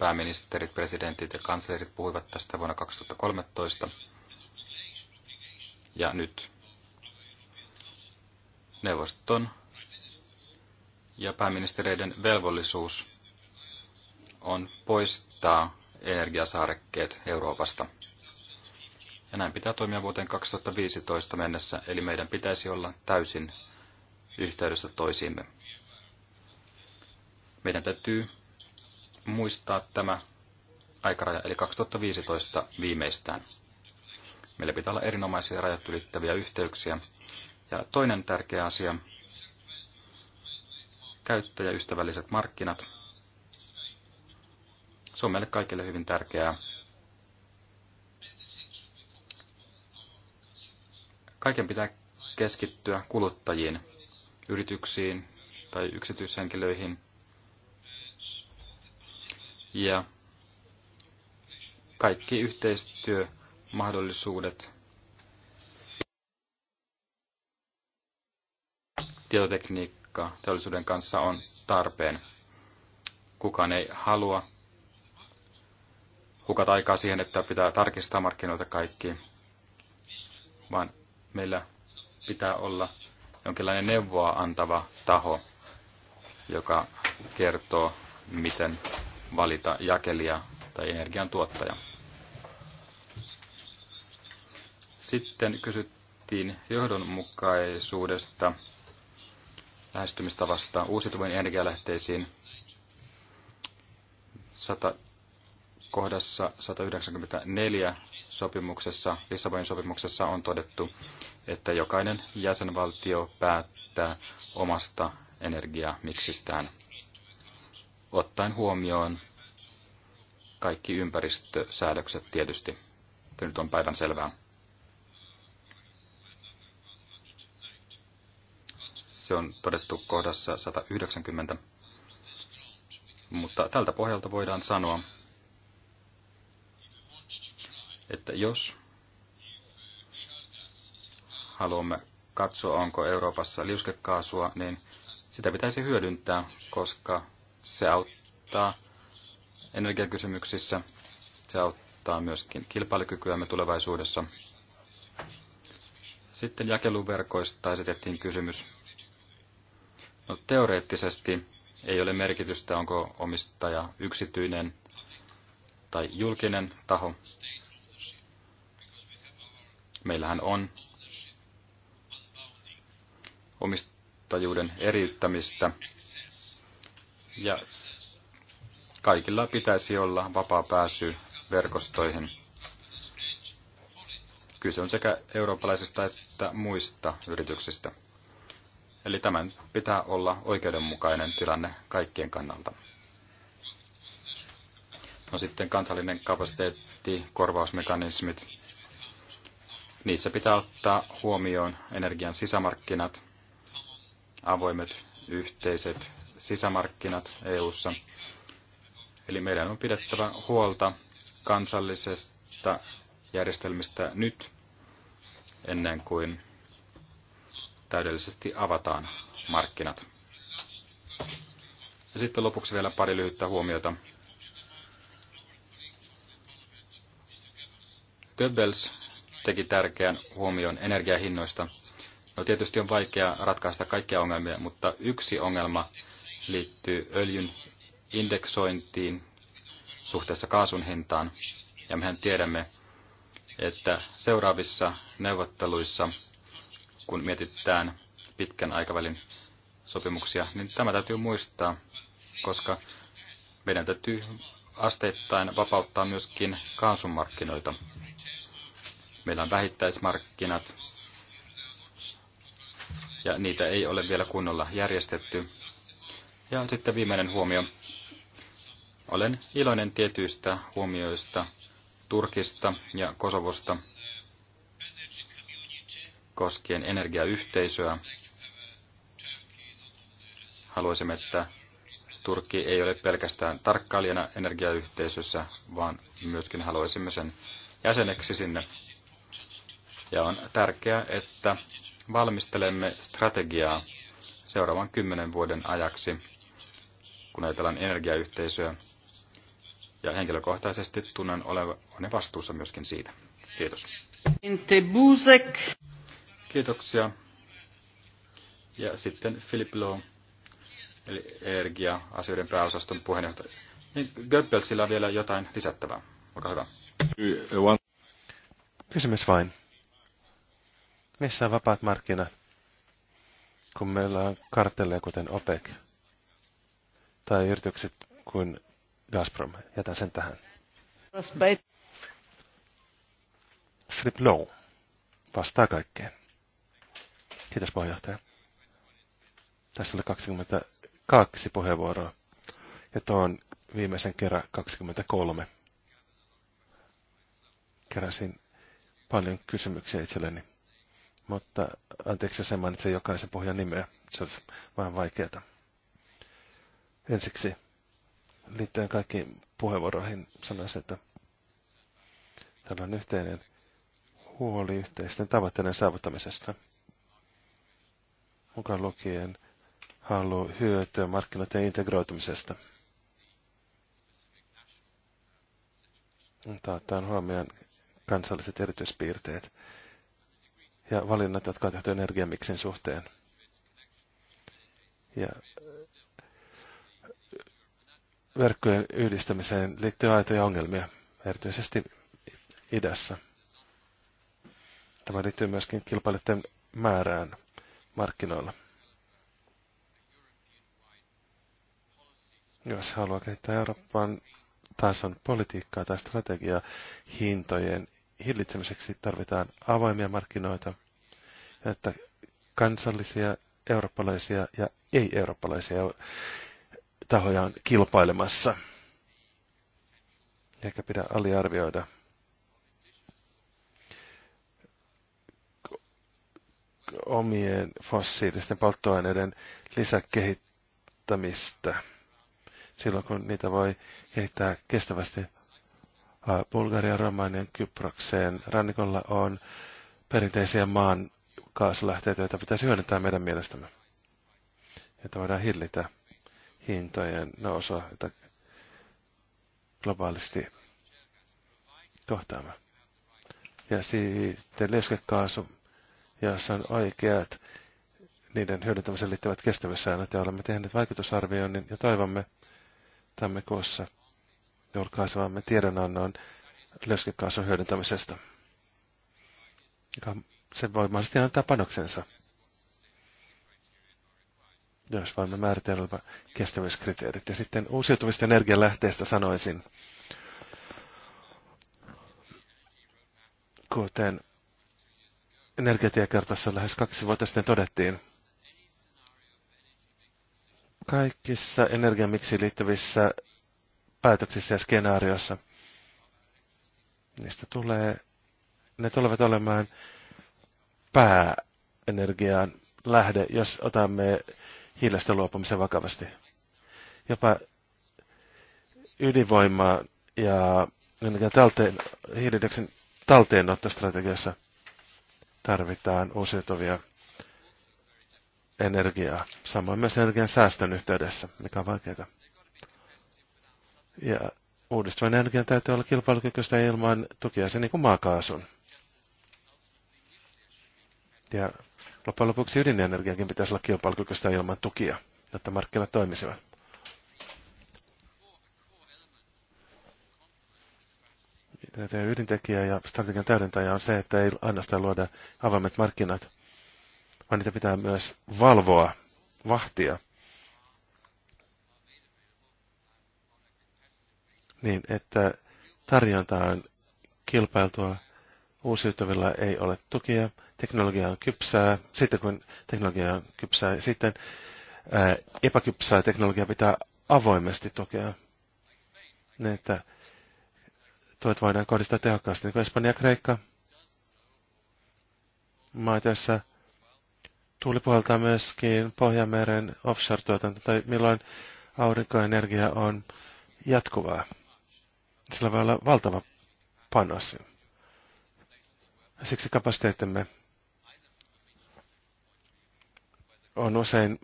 pääministerit, presidentit ja kanslerit puhuivat tästä vuonna 2013. Ja nyt neuvoston ja pääministereiden velvollisuus on poistaa energiasaarekkeet Euroopasta. Ja näin pitää toimia vuoteen 2015 mennessä, eli meidän pitäisi olla täysin yhteydessä toisiimme. Meidän täytyy muistaa tämä aikaraja, eli 2015 viimeistään. Meillä pitää olla erinomaisia rajat ylittäviä yhteyksiä. Ja toinen tärkeä asia, käyttäjäystävälliset markkinat. Se on meille kaikille hyvin tärkeää. Kaiken pitää keskittyä kuluttajiin, yrityksiin tai yksityishenkilöihin – ja kaikki yhteistyömahdollisuudet tietotekniikka teollisuuden kanssa on tarpeen. Kukaan ei halua hukata aikaa siihen, että pitää tarkistaa markkinoilta kaikki, vaan meillä pitää olla jonkinlainen neuvoa antava taho, joka kertoo, miten valita jakelija tai energiantuottaja. Sitten kysyttiin johdonmukaisuudesta lähestymistavasta uusiutuvien energialähteisiin. 100, kohdassa 194 sopimuksessa, Lissabonin sopimuksessa on todettu, että jokainen jäsenvaltio päättää omasta energiamiksistään ottaen huomioon kaikki ympäristösäädökset tietysti. Tämä nyt on päivän selvää. Se on todettu kohdassa 190. Mutta tältä pohjalta voidaan sanoa, että jos haluamme katsoa, onko Euroopassa liuskekaasua, niin sitä pitäisi hyödyntää, koska se auttaa energiakysymyksissä. Se auttaa myöskin kilpailukykyämme tulevaisuudessa. Sitten jakeluverkoista esitettiin kysymys. No, teoreettisesti ei ole merkitystä, onko omistaja yksityinen tai julkinen taho. Meillähän on omistajuuden eriyttämistä ja kaikilla pitäisi olla vapaa pääsy verkostoihin. Kyse on sekä eurooppalaisista että muista yrityksistä. Eli tämän pitää olla oikeudenmukainen tilanne kaikkien kannalta. No sitten kansallinen kapasiteetti, korvausmekanismit. Niissä pitää ottaa huomioon energian sisämarkkinat, avoimet yhteiset sisämarkkinat EU:ssa. Eli meidän on pidettävä huolta kansallisesta järjestelmistä nyt, ennen kuin täydellisesti avataan markkinat. Ja sitten lopuksi vielä pari lyhyttä huomiota. Goebbels teki tärkeän huomion energiahinnoista. No tietysti on vaikea ratkaista kaikkia ongelmia, mutta yksi ongelma liittyy öljyn indeksointiin suhteessa kaasun hintaan. Ja mehän tiedämme, että seuraavissa neuvotteluissa, kun mietitään pitkän aikavälin sopimuksia, niin tämä täytyy muistaa, koska meidän täytyy asteittain vapauttaa myöskin kaasumarkkinoita. Meillä on vähittäismarkkinat, ja niitä ei ole vielä kunnolla järjestetty. Ja sitten viimeinen huomio. Olen iloinen tietyistä huomioista Turkista ja Kosovosta koskien energiayhteisöä. Haluaisimme, että Turkki ei ole pelkästään tarkkailijana energiayhteisössä, vaan myöskin haluaisimme sen jäseneksi sinne. Ja on tärkeää, että valmistelemme strategiaa seuraavan kymmenen vuoden ajaksi kun ajatellaan energiayhteisöä. Ja henkilökohtaisesti tunnen olevan vastuussa myöskin siitä. Kiitos. Kiitoksia. Ja sitten Philip Lowe, eli energia-asioiden pääosaston puheenjohtaja. Niin Goebbelsillä on vielä jotain lisättävää. Olkaa hyvä. Kysymys vain. Missä on vapaat markkinat, kun meillä on kartelleja kuten OPEC? tai yritykset kuin Gazprom. Jätän sen tähän. Philip Lowe vastaa kaikkeen. Kiitos puheenjohtaja. Tässä oli 22 puheenvuoroa ja tuon viimeisen kerran 23. Keräsin paljon kysymyksiä itselleni, mutta anteeksi sen mainitsen jokaisen pohjan nimeä. Se olisi vähän vaikeaa. Ensiksi liittyen kaikkiin puheenvuoroihin sanoisin, että täällä on yhteinen huoli yhteisten tavoitteiden saavuttamisesta. Mukaan lukien halu hyötyä markkinoiden integroitumisesta. Otetaan huomioon kansalliset erityispiirteet ja valinnat, jotka on tehty energiamiksin suhteen. Ja verkkojen yhdistämiseen liittyy aitoja ongelmia, erityisesti idässä. Tämä liittyy myöskin kilpailijoiden määrään markkinoilla. Jos haluaa kehittää Euroopan tason politiikkaa tai strategiaa hintojen hillitsemiseksi, tarvitaan avoimia markkinoita, että kansallisia, eurooppalaisia ja ei-eurooppalaisia tahoja on kilpailemassa. Eikä pidä aliarvioida. omien fossiilisten polttoaineiden lisäkehittämistä silloin, kun niitä voi kehittää kestävästi. Bulgarian, Romanian, Kyprokseen rannikolla on perinteisiä maan kaasulähteitä, joita pitäisi hyödyntää meidän mielestämme, joita voidaan hillitä hintojen nousua, jota globaalisti kohtaamme. Ja sitten liuskekaasu, jossa on oikeat niiden hyödyntämiseen liittyvät kestävyyssäännöt, ja olemme tehneet vaikutusarvioinnin ja toivomme tammikuussa julkaisevamme tiedonannon liuskekaasun hyödyntämisestä. Se voi mahdollisesti antaa panoksensa jos voimme määritellä kestävyyskriteerit. Ja sitten uusiutuvista energialähteistä sanoisin, kuten energiatiekartassa lähes kaksi vuotta sitten todettiin, kaikissa energiamiksi liittyvissä päätöksissä ja skenaariossa niistä tulee, ne tulevat olemaan pääenergiaan lähde, jos otamme hiilestä luopumisen vakavasti. Jopa ydinvoimaa ja talteen, hiilidioksidin talteenottostrategiassa tarvitaan uusiutuvia energiaa. Samoin myös energian säästön yhteydessä, mikä on vaikeaa. Ja uudistuvan energian täytyy olla kilpailukykyistä ilman tukia, se niin kuin maakaasun. Ja Loppujen lopuksi ydinenergiakin pitäisi olla kilpailukykyistä ilman tukia, jotta markkinat toimisivat. ydintekijä ja strategian täydentäjä on se, että ei ainoastaan luoda avoimet markkinat, vaan niitä pitää myös valvoa, vahtia. Niin, että tarjonta on kilpailtua, uusiutuvilla ei ole tukia, teknologia on kypsää, sitten kun teknologia on kypsää, sitten ää, epäkypsää teknologiaa pitää avoimesti tukea. Niin, että tuet voidaan kohdistaa tehokkaasti, niin kuin Espanja ja Kreikka. Maa tässä tuuli puhaltaa myöskin Pohjanmeren offshore-tuotanto, tai milloin aurinkoenergia on jatkuvaa. Sillä voi olla valtava panos. Siksi kapasiteettimme on usein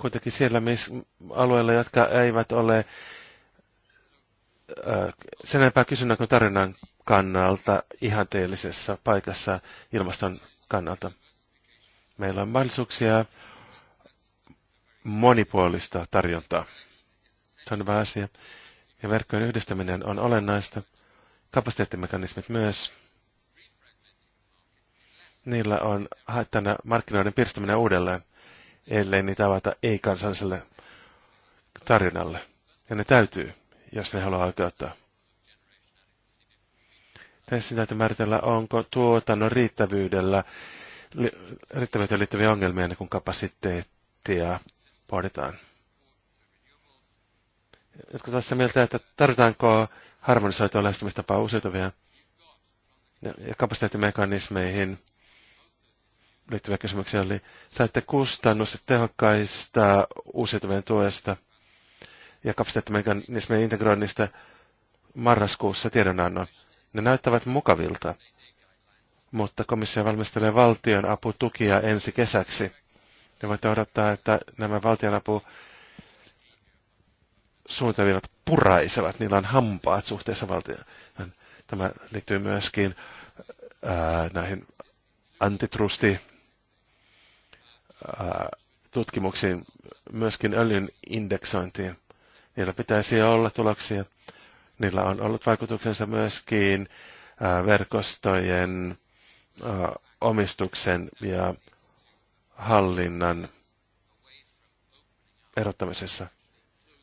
kuitenkin siellä missä alueilla, jotka eivät ole sen enempää kysynnän kuin tarinan kannalta ihanteellisessa paikassa ilmaston kannalta. Meillä on mahdollisuuksia monipuolista tarjontaa. Se on hyvä asia. Ja verkkojen yhdistäminen on olennaista. Kapasiteettimekanismit myös. Niillä on haittana markkinoiden pirstäminen uudelleen ellei niitä avata ei-kansalliselle tarjonnalle. Ja ne täytyy, jos ne haluaa oikeuttaa. Tässä täytyy määritellä, onko tuotannon riittävyydellä riittävyyteen liittyviä ongelmia, niin kun kapasiteettia pohditaan. Jotkut ovat sitä mieltä, että tarvitaanko harmonisoitua lähestymistapaa uusiutuvia ja kapasiteettimekanismeihin – liittyviä kysymyksiä oli, saitte kustannukset tehokkaista uusiutuvien tuesta ja kapasiteettimekanismien integroinnista marraskuussa tiedonannon. Ne näyttävät mukavilta, mutta komissio valmistelee valtion aputukia ensi kesäksi. Ja voitte odottaa, että nämä valtion apu suuntaviivat puraisevat, niillä on hampaat suhteessa valtioon. Tämä liittyy myöskin ää, näihin antitrusti tutkimuksiin, myöskin öljyn indeksointiin. Niillä pitäisi olla tuloksia. Niillä on ollut vaikutuksensa myöskin verkostojen omistuksen ja hallinnan erottamisessa,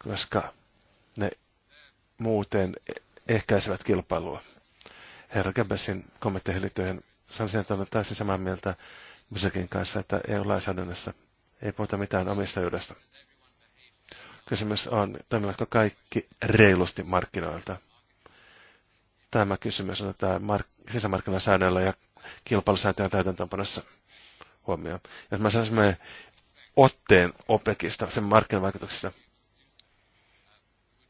koska ne muuten ehkäisevät kilpailua. Herra Gebbesin kommentteihin liittyen sanoisin, että olen täysin samaa mieltä Busekin kanssa, että EU-lainsäädännössä ei puhuta mitään omistajuudesta. Kysymys on, toimivatko kaikki reilusti markkinoilta? Tämä kysymys otetaan mark- sisämarkkinasäännöllä ja kilpailusääntöjen täytäntöönpanossa huomioon. Jos mä saisimme otteen OPEKista, sen markkinavaikutuksista,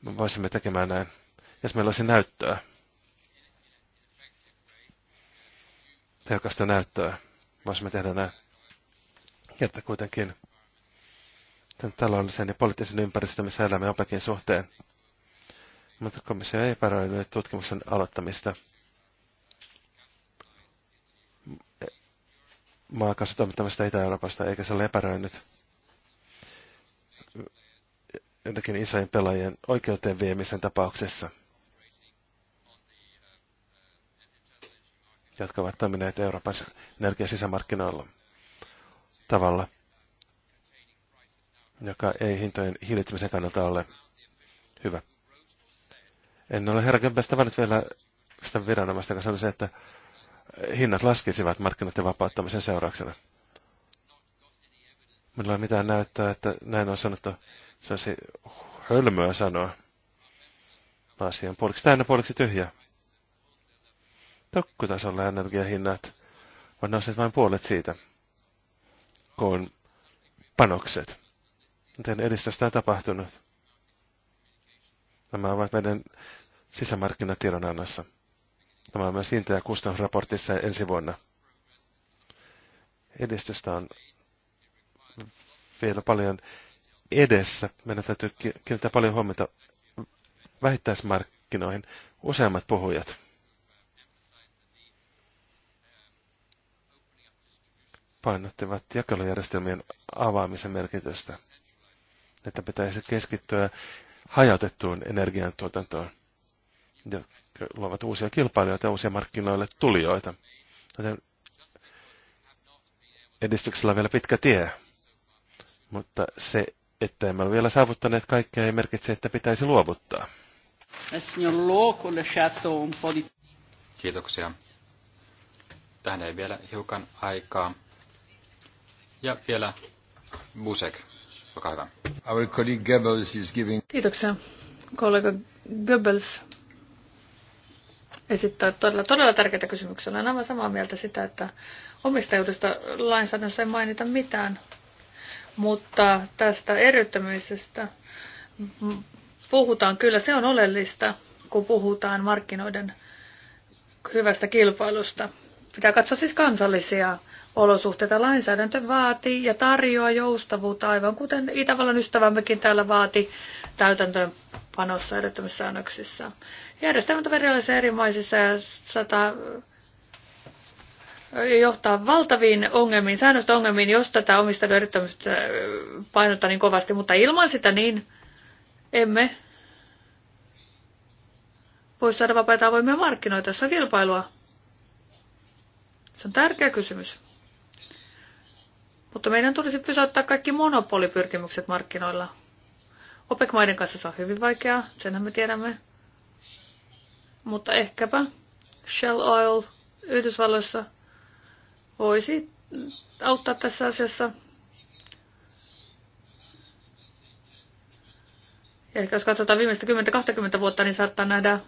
me voisimme tekemään näin, jos meillä olisi näyttöä. Tehokasta näyttöä voisimme tehdä näin. Jotta kuitenkin tämän taloudellisen ja poliittisen ympäristön, missä elämme opekin suhteen. Mutta komissio ei epäröinyt tutkimuksen aloittamista. maakaasun toimittamista Itä-Euroopasta, eikä se ole epäröinyt jotenkin isojen pelaajien oikeuteen viemisen tapauksessa. jotka ovat toimineet Euroopan energiasisämarkkinoilla tavalla, joka ei hintojen hillitsemisen kannalta ole hyvä. En ole herra Gömpäs vielä sitä viranomaista, joka sanoi se, että hinnat laskisivat markkinoiden vapauttamisen seurauksena. Minulla ei mitään näyttää, että näin on sanottu. Se olisi hölmöä sanoa. Asian puoliksi täynnä, puoliksi tyhjä. Tokkutasolla energiahinnat Vaan nousseet vain puolet siitä, kun panokset. Miten edistystä on tapahtunut? Nämä ovat meidän sisämarkkinatiedonannossa. Tämä on myös hinta- ja kustannusraportissa ensi vuonna. Edistystä on vielä paljon edessä. Meidän täytyy kiinnittää paljon huomiota vähittäismarkkinoihin. Useammat puhujat. painottivat jakelujärjestelmien avaamisen merkitystä, että pitäisi keskittyä hajautettuun energiantuotantoon, jotka luovat uusia kilpailijoita ja uusia markkinoille tulijoita. Joten edistyksellä on vielä pitkä tie, mutta se, että emme ole vielä saavuttaneet kaikkea, ei merkitse, että pitäisi luovuttaa. Kiitoksia. Tähän ei vielä hiukan aikaa. Ja vielä Busek, olkaa hyvä. Our colleague Goebbels is giving... Kiitoksia. Kollega Goebbels esittää todella, todella tärkeitä kysymyksiä. Olen aivan samaa mieltä sitä, että omistajuudesta lainsäädännössä ei mainita mitään, mutta tästä eriyttämisestä puhutaan kyllä. Se on oleellista, kun puhutaan markkinoiden hyvästä kilpailusta. Pitää katsoa siis kansallisia olosuhteita. Lainsäädäntö vaatii ja tarjoaa joustavuutta, aivan kuten Itävallan ystävämmekin täällä vaati täytäntöönpanossa edellyttämissäännöksissä. Järjestelmät ovat erilaisissa eri maisissa ja sata johtaa valtaviin ongelmiin, säännöstä ongelmiin, jos tätä omistajan yrittämistä painottaa niin kovasti, mutta ilman sitä niin emme voi saada vapaita avoimia markkinoita, tässä on kilpailua. Se on tärkeä kysymys. Mutta meidän tulisi pysäyttää kaikki monopolipyrkimykset markkinoilla. OPEC-maiden kanssa se on hyvin vaikeaa, senhän me tiedämme. Mutta ehkäpä Shell Oil Yhdysvalloissa voisi auttaa tässä asiassa. Ja ehkä jos katsotaan viimeistä 10-20 vuotta, niin saattaa nähdä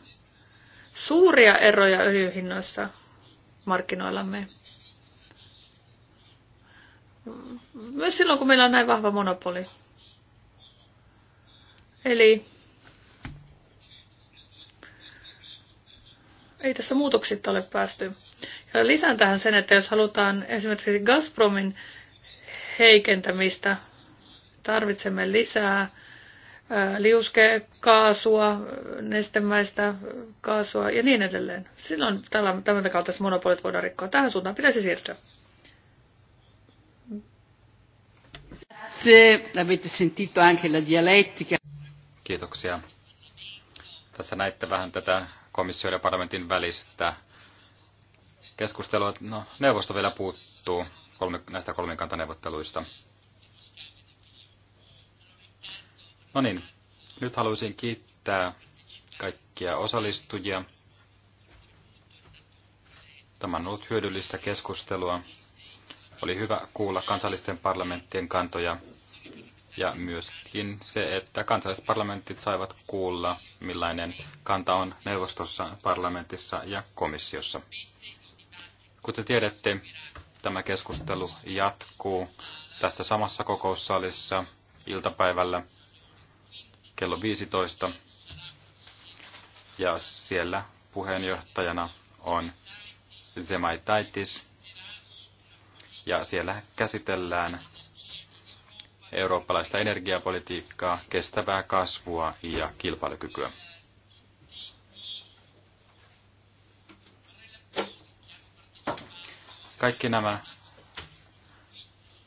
suuria eroja öljyhinnoissa markkinoillamme. Myös silloin, kun meillä on näin vahva monopoli. Eli ei tässä muutoksitta ole päästy. Ja lisään tähän sen, että jos halutaan esimerkiksi Gazpromin heikentämistä, tarvitsemme lisää liuskekaasua, nestemäistä kaasua ja niin edelleen. Silloin tällä, tämän kautta monopolit voidaan rikkoa. Tähän suuntaan pitäisi siirtyä. Grazie, avete sentito anche la dialettica. Kiitoksia. Tässä näitte vähän tätä komission ja parlamentin välistä keskustelua. No, neuvosto vielä puuttuu kolme, näistä kolmikantaneuvotteluista. No niin, nyt haluaisin kiittää kaikkia osallistujia. Tämä on ollut hyödyllistä keskustelua. Oli hyvä kuulla kansallisten parlamenttien kantoja ja myöskin se, että kansalliset parlamentit saivat kuulla, millainen kanta on neuvostossa, parlamentissa ja komissiossa. Kuten tiedätte, tämä keskustelu jatkuu tässä samassa kokoussalissa iltapäivällä kello 15. Ja siellä puheenjohtajana on Zemai Taitis, ja siellä käsitellään eurooppalaista energiapolitiikkaa, kestävää kasvua ja kilpailukykyä. Kaikki nämä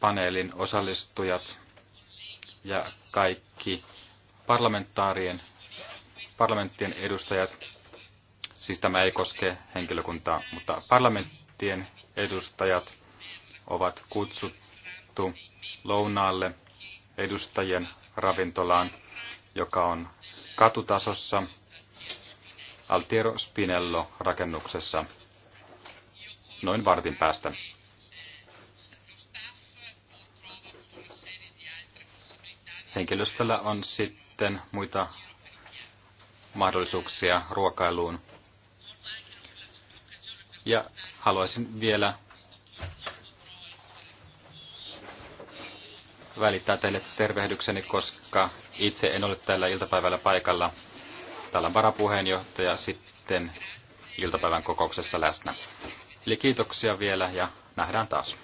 paneelin osallistujat ja kaikki parlamentaarien, parlamenttien edustajat, siis tämä ei koske henkilökuntaa, mutta parlamenttien edustajat ovat kutsuttu lounaalle edustajien ravintolaan, joka on katutasossa Altiero Spinello rakennuksessa noin vartin päästä. Henkilöstöllä on sitten muita mahdollisuuksia ruokailuun. Ja haluaisin vielä välittää teille tervehdykseni, koska itse en ole tällä iltapäivällä paikalla. Täällä on varapuheenjohtaja sitten iltapäivän kokouksessa läsnä. Eli kiitoksia vielä ja nähdään taas.